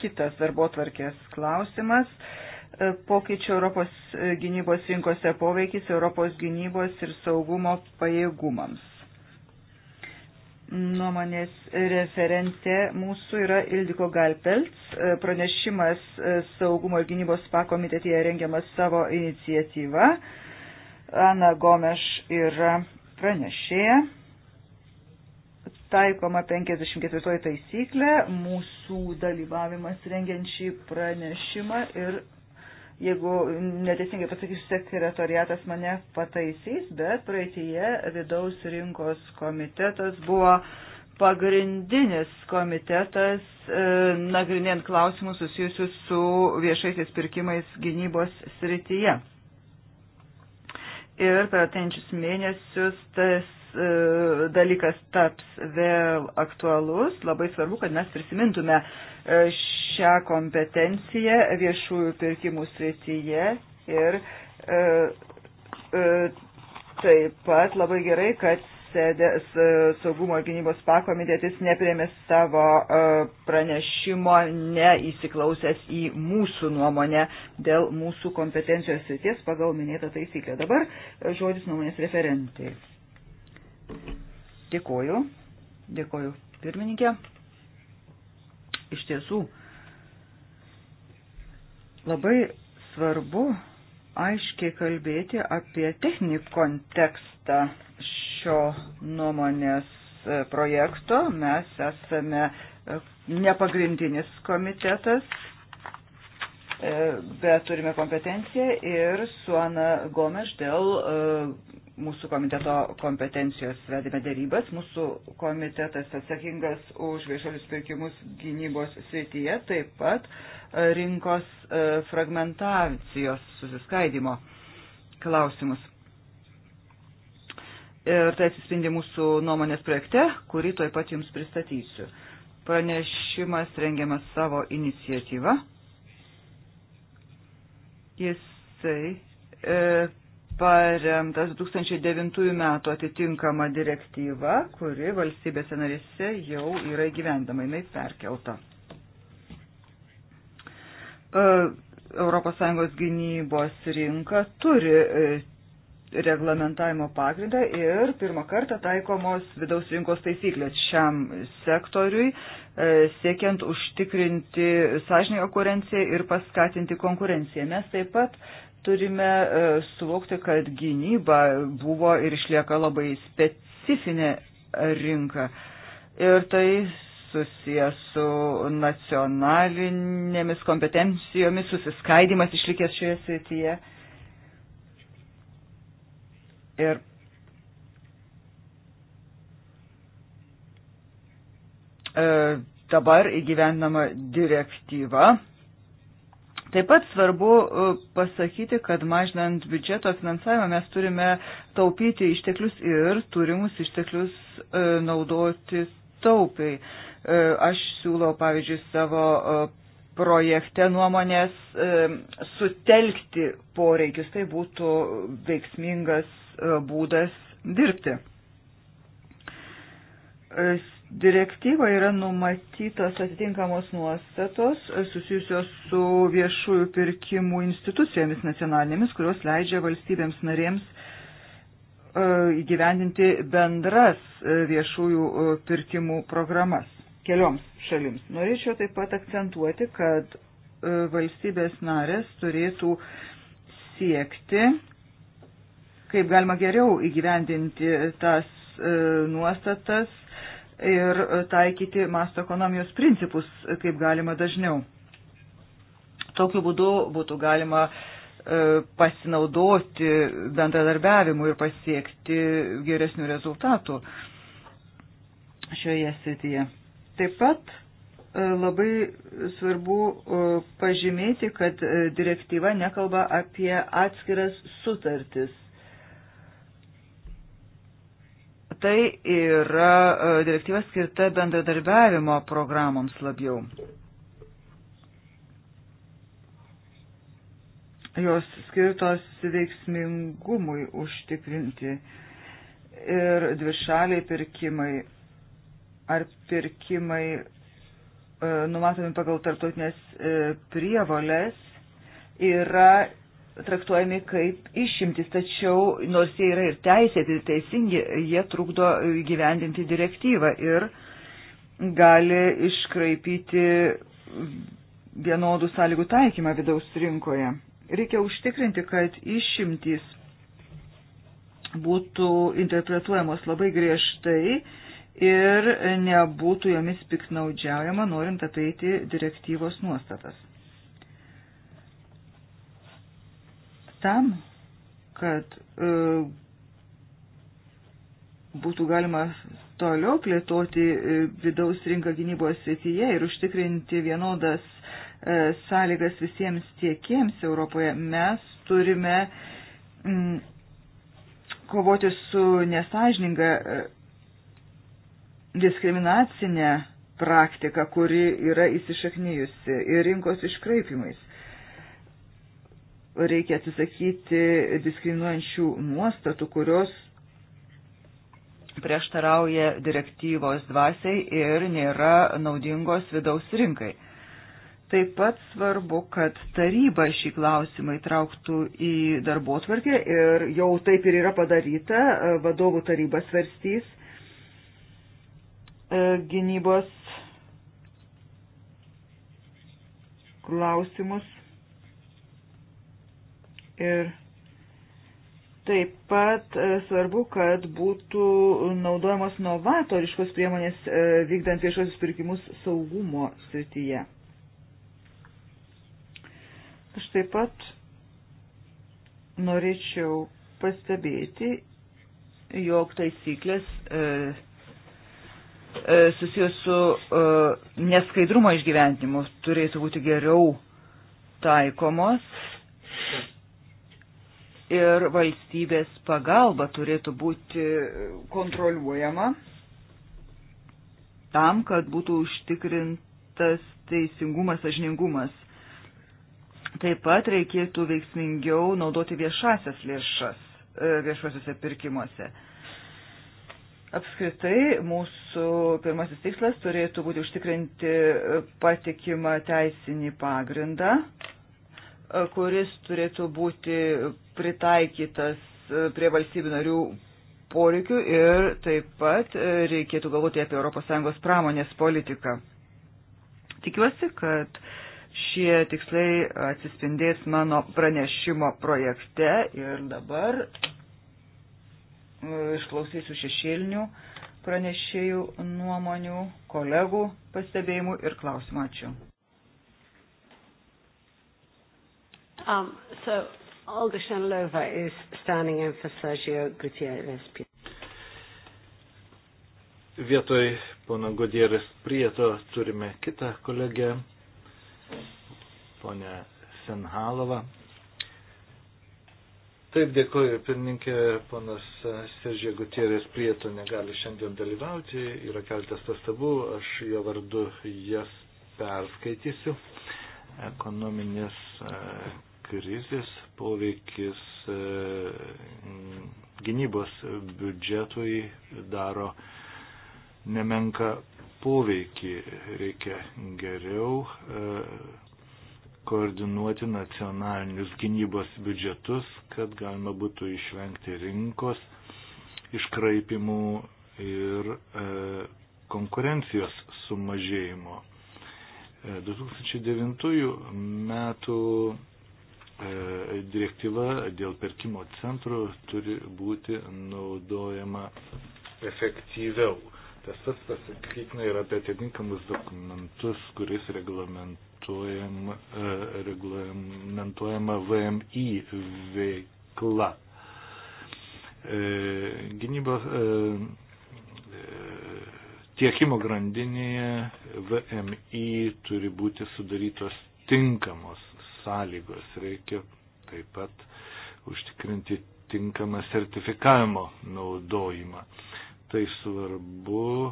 [SPEAKER 4] kitas darbo tvarkės klausimas e, pokyčių Europos gynybos rinkose poveikis Europos gynybos ir saugumo pajėgumams nuomonės referente mūsų yra Ildiko Galpelts. Pranešimas e, saugumo ir gynybos pakomitetėje rengiamas savo iniciatyva. Ana Gomeš yra pranešėja. Taikoma 54 taisyklė, mūsų dalyvavimas rengiant šį pranešimą ir Jeigu neteisingai pasakysiu, sekretariatas mane pataisys, bet praeitie vidaus rinkos komitetas buvo pagrindinis komitetas e, nagrinėjant klausimus susijusius su viešaisiais pirkimais gynybos srityje. Ir per atenčius mėnesius tas e, dalykas taps vėl aktualus. Labai svarbu, kad mes prisimintume E, šią kompetenciją viešųjų pirkimų srityje ir e, e, taip pat labai gerai, kad sėdės saugumo ir gynybos pakomitėtis neprėmė savo pranešimo, neįsiklausęs į mūsų nuomonę dėl mūsų kompetencijos srities pagal minėtą taisyklę. Dabar žodis nuomonės referentai. Dėkoju. Dėkoju pirmininkė iš tiesų labai svarbu aiškiai kalbėti apie techninį kontekstą šio nuomonės e, projekto. Mes esame e, nepagrindinis komitetas, e, bet turime kompetenciją ir su Ana Gomeš dėl mūsų komiteto kompetencijos vedėme dėrybas. Mūsų komitetas atsakingas už viešuolius pirkimus gynybos srityje, taip pat e, rinkos e, fragmentacijos susiskaidimo klausimus. Ir tai atsispindi mūsų nuomonės projekte, kurį toj pat jums pristatysiu. Pranešimas rengiamas savo iniciatyvą. Jisai e, paremtas 2009 metų atitinkama direktyva, kuri valstybėse narėse jau yra įgyvendama, jinai perkelta. ES gynybos rinka turi e, reglamentavimo pagrindą ir pirmą kartą taikomos vidaus rinkos taisyklės šiam sektoriui, e, siekiant užtikrinti sąžininką konkurenciją ir paskatinti konkurenciją. Mes taip pat turime e, suvokti, kad gynyba buvo ir išlieka labai specifinė rinka. Ir tai susijęs su nacionalinėmis kompetencijomis, susiskaidimas išlikęs šioje srityje. Ir e, dabar įgyvendama direktyva Taip pat svarbu e, pasakyti, kad mažinant biudžeto finansavimą mes turime taupyti išteklius ir turimus išteklius e, naudoti taupiai. E, aš siūlau, pavyzdžiui, savo projekte nuomonės sutelkti poreikius. Tai būtų veiksmingas būdas dirbti Direktyva yra numatytos atitinkamos nuostatos susijusios su viešųjų pirkimų institucijomis nacionalinėmis, kurios leidžia valstybėms narėms e, įgyvendinti bendras e, viešųjų e, pirkimų programas kelioms šalims. Norėčiau taip pat akcentuoti, kad valstybės narės turėtų siekti, kaip galima geriau įgyvendinti tas nuostatas ir taikyti masto ekonomijos principus kaip galima dažniau. Tokiu būdu būtų galima e, pasinaudoti bendradarbiavimu ir pasiekti geresnių rezultatų šioje srityje. Taip pat e, labai svarbu e, pažymėti, kad direktyva nekalba apie atskiras sutartis Tai yra e, direktyva skirta bendradarbiavimo programoms labiau. Jos skirtos veiksmingumui užtikrinti ir dvišaliai pirkimai ar pirkimai e, numatomi pagal tarptautinės e, prievolės yra traktuojami kaip išimtis, tačiau nors jie yra ir teisėti, ir teisingi, jie trukdo gyvendinti direktyvą ir gali iškraipyti vienodų sąlygų taikymą vidaus rinkoje. Reikia užtikrinti, kad išimtys būtų interpretuojamos labai griežtai ir nebūtų jomis piknaudžiaujama, norint apeiti direktyvos nuostatas. tam, kad e, būtų galima toliau plėtoti e, vidaus rinką gynybos srityje ir užtikrinti vienodas e, sąlygas visiems tiekiems Europoje, mes turime mm, kovoti su nesažininga e, diskriminacinė praktika, kuri yra įsišaknyjusi ir rinkos iškraipimais reikia atsisakyti diskriminuojančių nuostatų, kurios prieštarauja direktyvos dvasiai ir nėra naudingos vidaus rinkai. Taip pat svarbu, kad taryba šį klausimą įtrauktų į darbo tvarkę ir jau taip ir yra padaryta, vadovų taryba svarstys e, gynybos klausimus Ir taip pat e, svarbu, kad būtų naudojamos novatoriškos priemonės e, vykdant viešosius pirkimus saugumo srityje. Aš taip pat norėčiau pastebėti, jog taisyklės e, e, susijęs su e, neskaidrumo išgyventimu turėtų būti geriau taikomos ir valstybės pagalba turėtų būti kontroliuojama tam, kad būtų užtikrintas teisingumas, sažiningumas. Taip pat reikėtų veiksmingiau naudoti viešasias lėšas e, viešuosiuose pirkimuose. Apskritai, mūsų pirmasis tikslas turėtų būti užtikrinti patikimą teisinį pagrindą kuris turėtų būti pritaikytas e, prie valstybių narių poreikių ir taip pat e, reikėtų galvoti apie ES pramonės politiką. Tikiuosi, kad šie tikslai atsispindės mano pranešimo projekte ir dabar e, išklausysiu šešėlinių pranešėjų nuomonių, kolegų pastebėjimų ir klausimų. Ačiū.
[SPEAKER 2] Um, so Olga Shanlova is standing in for Sergio Gutierrez.
[SPEAKER 3] Vietoj pono Gutierrez Prieto turime kitą kolegę, ponę Senhalovą. Taip, dėkoju, pirmininkė, ponas Seržė Gutierės Prieto negali šiandien dalyvauti, yra keltas pastabų, aš jo vardu jas perskaitysiu. Ekonominės krizės poveikis e, gynybos biudžetui daro nemenka poveikį. Reikia geriau e, koordinuoti nacionalinius gynybos biudžetus, kad galima būtų išvengti rinkos iškraipimų ir e, konkurencijos sumažėjimo. 2009 e, metų E, direktyva dėl pirkimo centrų turi būti naudojama efektyviau. Tas pats pasakytina ir apie atitinkamus dokumentus, kuris e, reglamentuojama, reglamentuojama VMI veikla. E, gynybos tiekimo grandinėje VMI turi būti sudarytos tinkamos sąlygos. Reikia taip pat užtikrinti tinkamą sertifikavimo naudojimą. Tai svarbu e,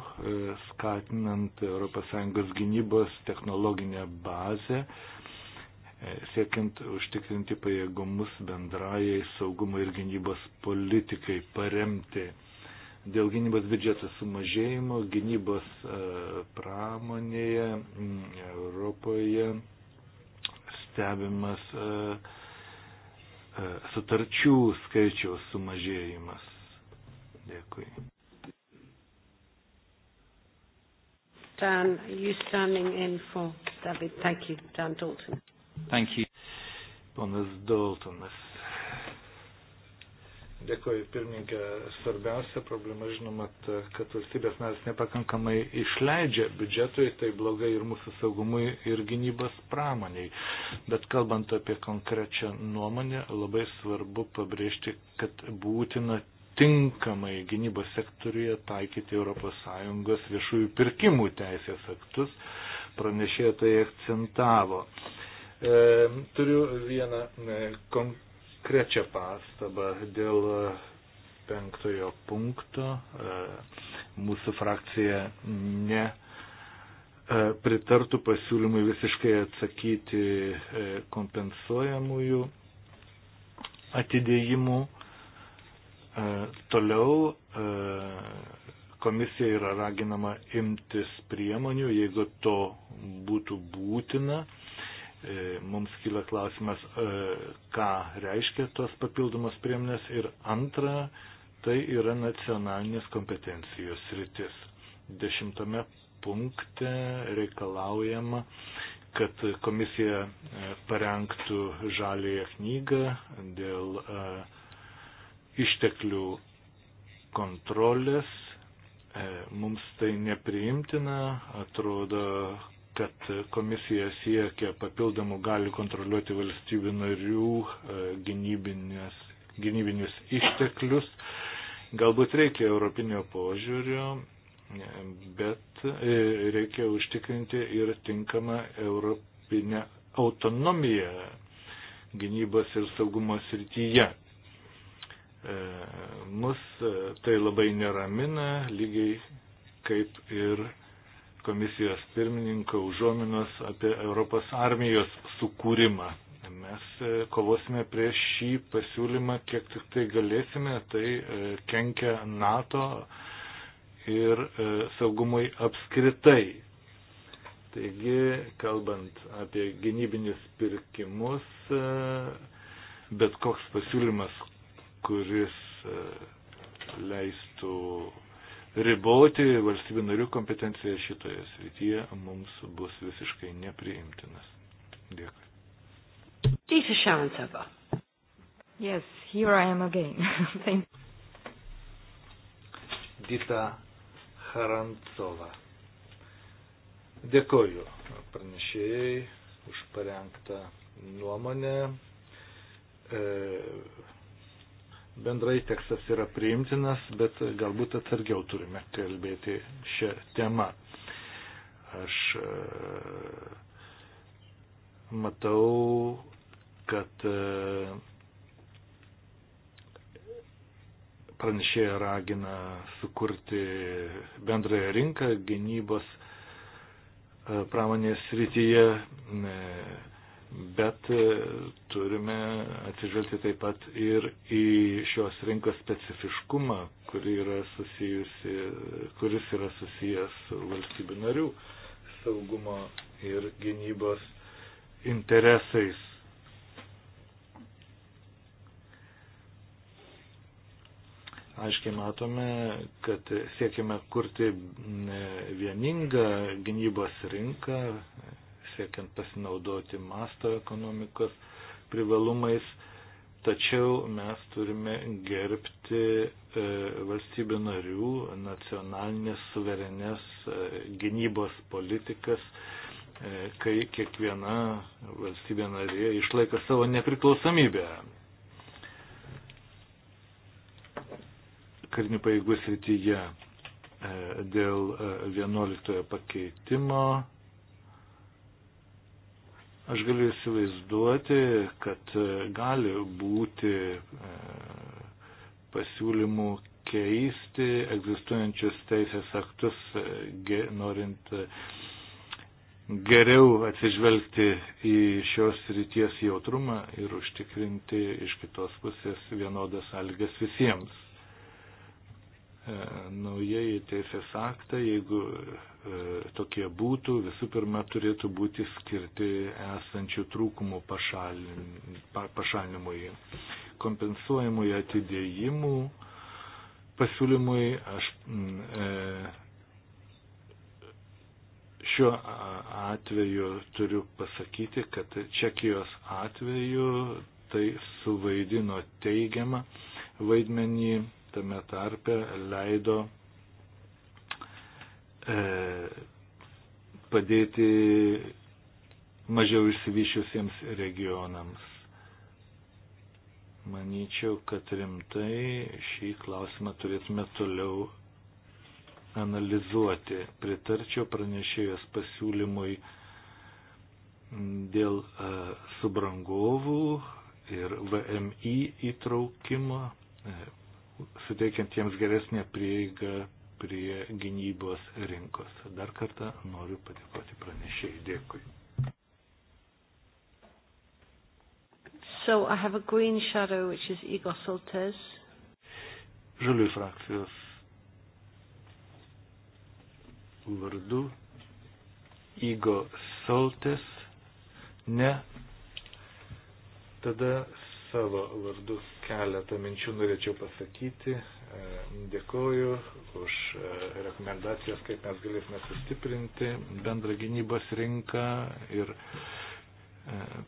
[SPEAKER 3] skatinant ES gynybos technologinę bazę, e, siekiant užtikrinti pajėgumus bendrajai saugumo ir gynybos politikai paremti. Dėl gynybos biudžeto sumažėjimo gynybos e, pramonėje Europoje stebimas e, e, sutarčių skaičiaus sumažėjimas. Dėkui.
[SPEAKER 2] Dan, you standing in for
[SPEAKER 3] David. Thank you, Dan Dalton. Thank you. Ponas Daltonas. Dėkoju, pirmininkė. Svarbiausia problema, žinoma, kad valstybės narės nepakankamai išleidžia biudžetui, tai blogai ir mūsų saugumui, ir gynybos pramoniai. Bet kalbant apie konkrečią nuomonę, labai svarbu pabrėžti, kad būtina tinkamai gynybos sektoriuje taikyti ES viešųjų pirkimų teisės aktus, pranešėjo tai akcentavo. E, turiu vieną e, konkrečią konkrečią pastabą dėl e, penktojo punkto. E, mūsų frakcija ne e, pritartų pasiūlymui visiškai atsakyti kompensuojamųjų atidėjimų. Toliau komisija yra raginama imtis priemonių, jeigu to būtų būtina E, mums kyla klausimas, e, ką reiškia tos papildomos priemonės. Ir antra, tai yra nacionalinės kompetencijos rytis. Dešimtame punkte reikalaujama, kad komisija e, parengtų žalėją knygą dėl išteklių kontrolės. Mums tai nepriimtina, atrodo, kad komisija siekia papildomų galių kontroliuoti valstybių narių e, gynybinius išteklius. Galbūt reikia europinio požiūrio, bet e, reikia užtikrinti ir tinkamą europinę autonomiją gynybos ir saugumo srityje. E, mus tai labai neramina, lygiai kaip ir komisijos pirmininko užuominos apie Europos armijos sukūrimą. Mes e, kovosime prieš šį pasiūlymą, kiek tik tai galėsime, tai e, kenkia NATO ir e, saugumui apskritai. Taigi, kalbant apie gynybinius pirkimus, bet koks pasiūlymas, kuris leistų riboti valstybių narių kompetenciją šitoje srityje mums bus visiškai nepriimtinas. Dėkui. Tiesi Šarantseva.
[SPEAKER 2] Yes, here I am again. Thank
[SPEAKER 3] Dita Harantsova. Dėkoju pranešėjai už parengtą nuomonę. E, bendrai tekstas yra priimtinas, bet galbūt atsargiau turime kalbėti šią temą. Aš e, matau, kad e, pranešėja ragina sukurti bendrąją rinką gynybos e, pramonės rytyje. Ne, bet e, turime atsižvelgti taip pat ir į šios rinkos specifiškumą, kuri yra susijusi, kuris yra susijęs su valstybių narių saugumo ir gynybos interesais. Aiškiai matome, kad siekime kurti vieningą gynybos rinką, siekiant pasinaudoti masto ekonomikos privalumais, tačiau mes turime gerbti e, valstybių narių nacionalinės suverenės e, gynybos politikas, e, kai kiekviena valstybė narė išlaiko savo nepriklausomybę. Karinių pajėgų srityje dėl 11 pakeitimo Aš galiu įsivaizduoti, kad e, gali būti e, pasiūlymų keisti egzistuojančius teisės aktus, e, norint geriau atsižvelgti į šios ryties jautrumą ir užtikrinti iš kitos pusės vienodas algas visiems. E, naujieji teisės aktai, jeigu e, tokie būtų, visų pirma, turėtų būti skirti esančių trūkumų pašalinimui, kompensuojimui atidėjimų pasiūlymui. Aš e, šiuo atveju turiu pasakyti, kad Čekijos atveju tai suvaidino teigiamą vaidmenį tame tarpe leido e, padėti mažiau išsivyšiusiems regionams. Manyčiau, kad rimtai šį klausimą turėtume toliau analizuoti. Pritarčiau pranešėjos pasiūlymui dėl e, subrangovų ir VMI įtraukimo. E, suteikiant jiems geresnę prieigą prie gynybos rinkos. Dar kartą noriu padėkoti pranešėjai. Dėkui.
[SPEAKER 2] So I have a green shadow, which is Igor Soltes.
[SPEAKER 3] Žaliųjų frakcijos vardu Igor Soltes. Ne. Tada savo vardu keletą minčių norėčiau pasakyti. E, dėkoju už e, rekomendacijas, kaip mes galėsime sustiprinti bendrą gynybos rinką ir e,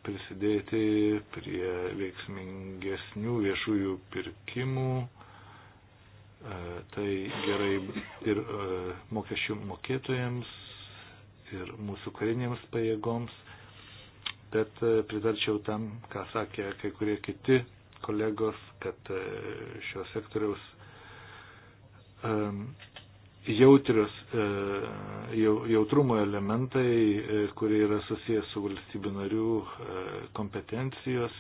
[SPEAKER 3] prisidėti prie veiksmingesnių viešųjų pirkimų. Tai gerai ir mokesčių mokėtojams, ir mūsų karinėms pajėgoms bet e, pritarčiau tam, ką sakė kai kurie kiti kolegos, kad e, šios sektoriaus jautrius e, jautrumo elementai, kurie yra susijęs su valstybių narių kompetencijos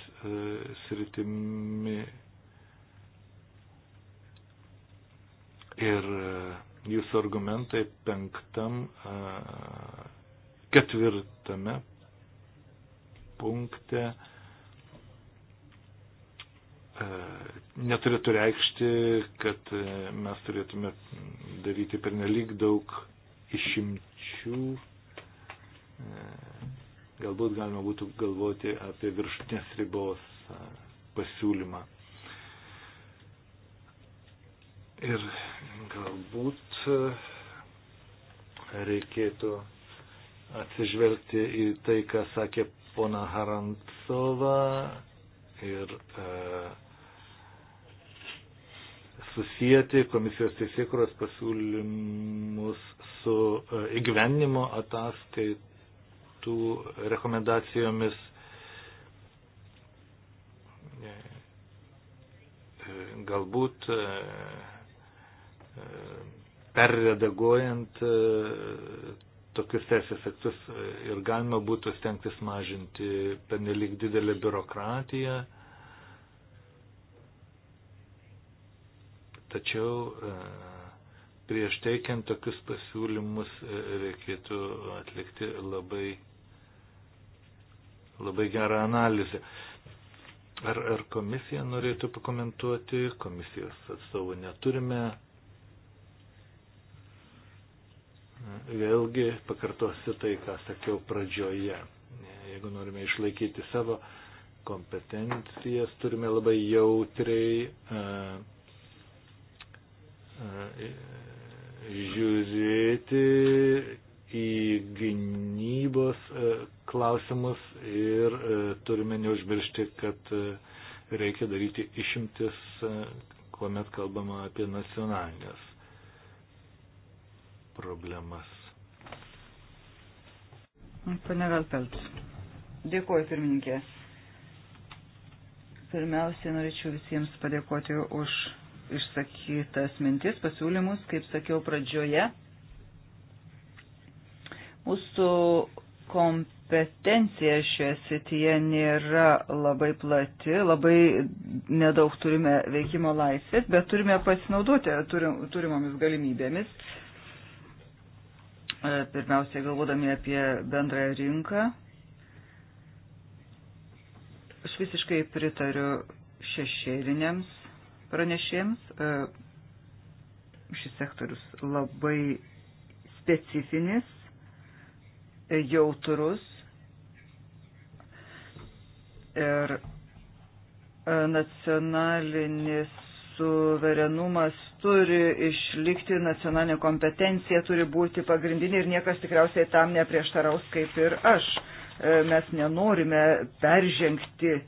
[SPEAKER 3] sritimi. Ir jūsų argumentai penktam, ketvirtame punkte e, neturėtų reikšti, kad e, mes turėtume daryti per nelik daug išimčių. E, galbūt galima būtų galvoti apie viršutinės ribos pasiūlymą. Ir galbūt reikėtų atsižvelgti į tai, ką sakė pona Harantsovą ir e, susijęti komisijos teisėkuros pasiūlymus su e, įgyvenimo ataskaitų rekomendacijomis. E, e galbūt e, e, perredaguojant e, tokius teisės aktus e, ir galima būtų stengtis mažinti penelik didelę biurokratiją. Tačiau e, prieš teikiant tokius pasiūlymus e, reikėtų atlikti labai, labai gerą analizę. Ar, ar komisija norėtų pakomentuoti? Komisijos atstovų neturime. Vėlgi pakartosiu tai, ką sakiau pradžioje. Jeigu norime išlaikyti savo kompetencijas, turime labai jautriai žiūrėti į gynybos klausimus ir turime neužmiršti, kad reikia daryti išimtis, kuomet kalbama apie nacionalinės problemas.
[SPEAKER 4] Pane Velpelts. Dėkuoju, pirmininkė. Pirmiausiai norėčiau visiems padėkoti už išsakytas mintis, pasiūlymus, kaip sakiau pradžioje. Mūsų kompetencija šioje srityje nėra labai plati, labai nedaug turime veikimo laisvės, bet turime pasinaudoti turim, turimomis galimybėmis E, pirmiausiai galvodami apie bendrąją rinką. Aš visiškai pritariu šešėliniams pranešėms. E, šis sektorius labai specifinis, e, jautrus ir nacionalinis suverenumas turi išlikti, nacionalinė kompetencija turi būti pagrindinė ir niekas tikriausiai tam neprieštaraus kaip ir aš. E, mes nenorime peržengti e,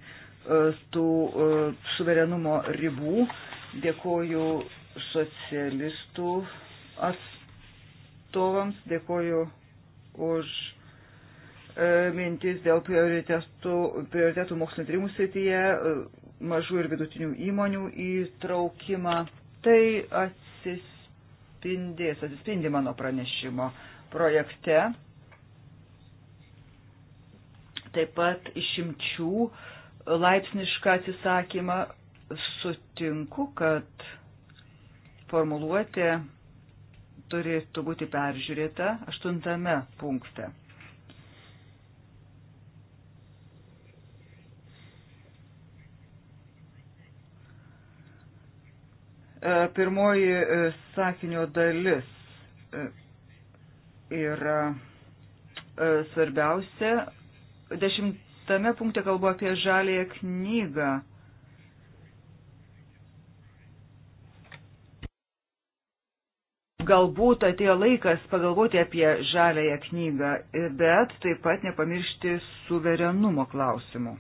[SPEAKER 4] tų e, suverenumo ribų. Dėkoju socialistų atstovams, dėkoju už mintis dėl prioritetų, prioritetų mokslinio tyrimų srityje mažų ir vidutinių įmonių įtraukimą. Tai atsispindės, atsispindi mano pranešimo projekte. Taip pat išimčių laipsnišką atsisakymą sutinku, kad formuluotė turėtų būti peržiūrėta aštuntame punkte. E, pirmoji e, sakinio dalis e, yra svarbiausia. Dešimtame punkte kalbu apie žalėją knygą. Galbūt atėjo laikas pagalvoti apie žalėją knygą, bet taip pat nepamiršti suverenumo klausimų.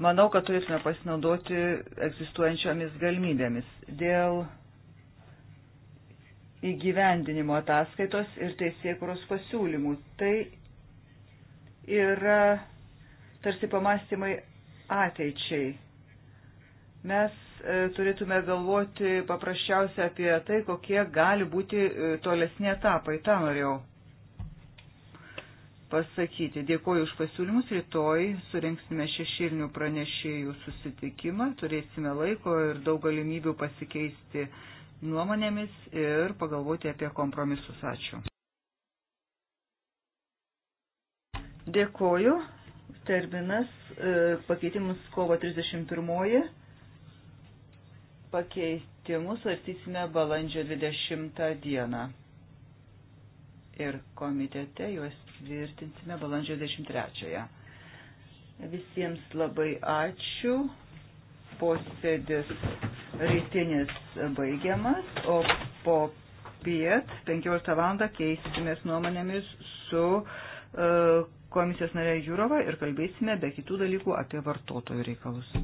[SPEAKER 4] Manau, kad turėtume pasinaudoti egzistuojančiomis galimybėmis dėl įgyvendinimo ataskaitos ir teisėkuros pasiūlymų. Tai yra tarsi pamastymai ateičiai. Mes e, turėtume galvoti paprasčiausia apie tai, kokie gali būti e, tolesni etapai. Ta norėjau pasakyti. Dėkoju už pasiūlymus. Rytoj surinksime šešilinių pranešėjų susitikimą. Turėsime laiko ir daug galimybių pasikeisti nuomonėmis ir pagalvoti apie kompromisus. Ačiū. Dėkoju. Terminas e, pakeitimus kovo 31. Pakeitimus svarstysime balandžio 20 dieną. Ir komitete juos patvirtinsime balandžio 23-ąją. Visiems labai ačiū. Posėdis rytinis baigiamas, o po piet 15 val. keisimės nuomonėmis su uh, komisijos narė Jūrova ir kalbėsime be kitų dalykų apie vartotojų reikalus.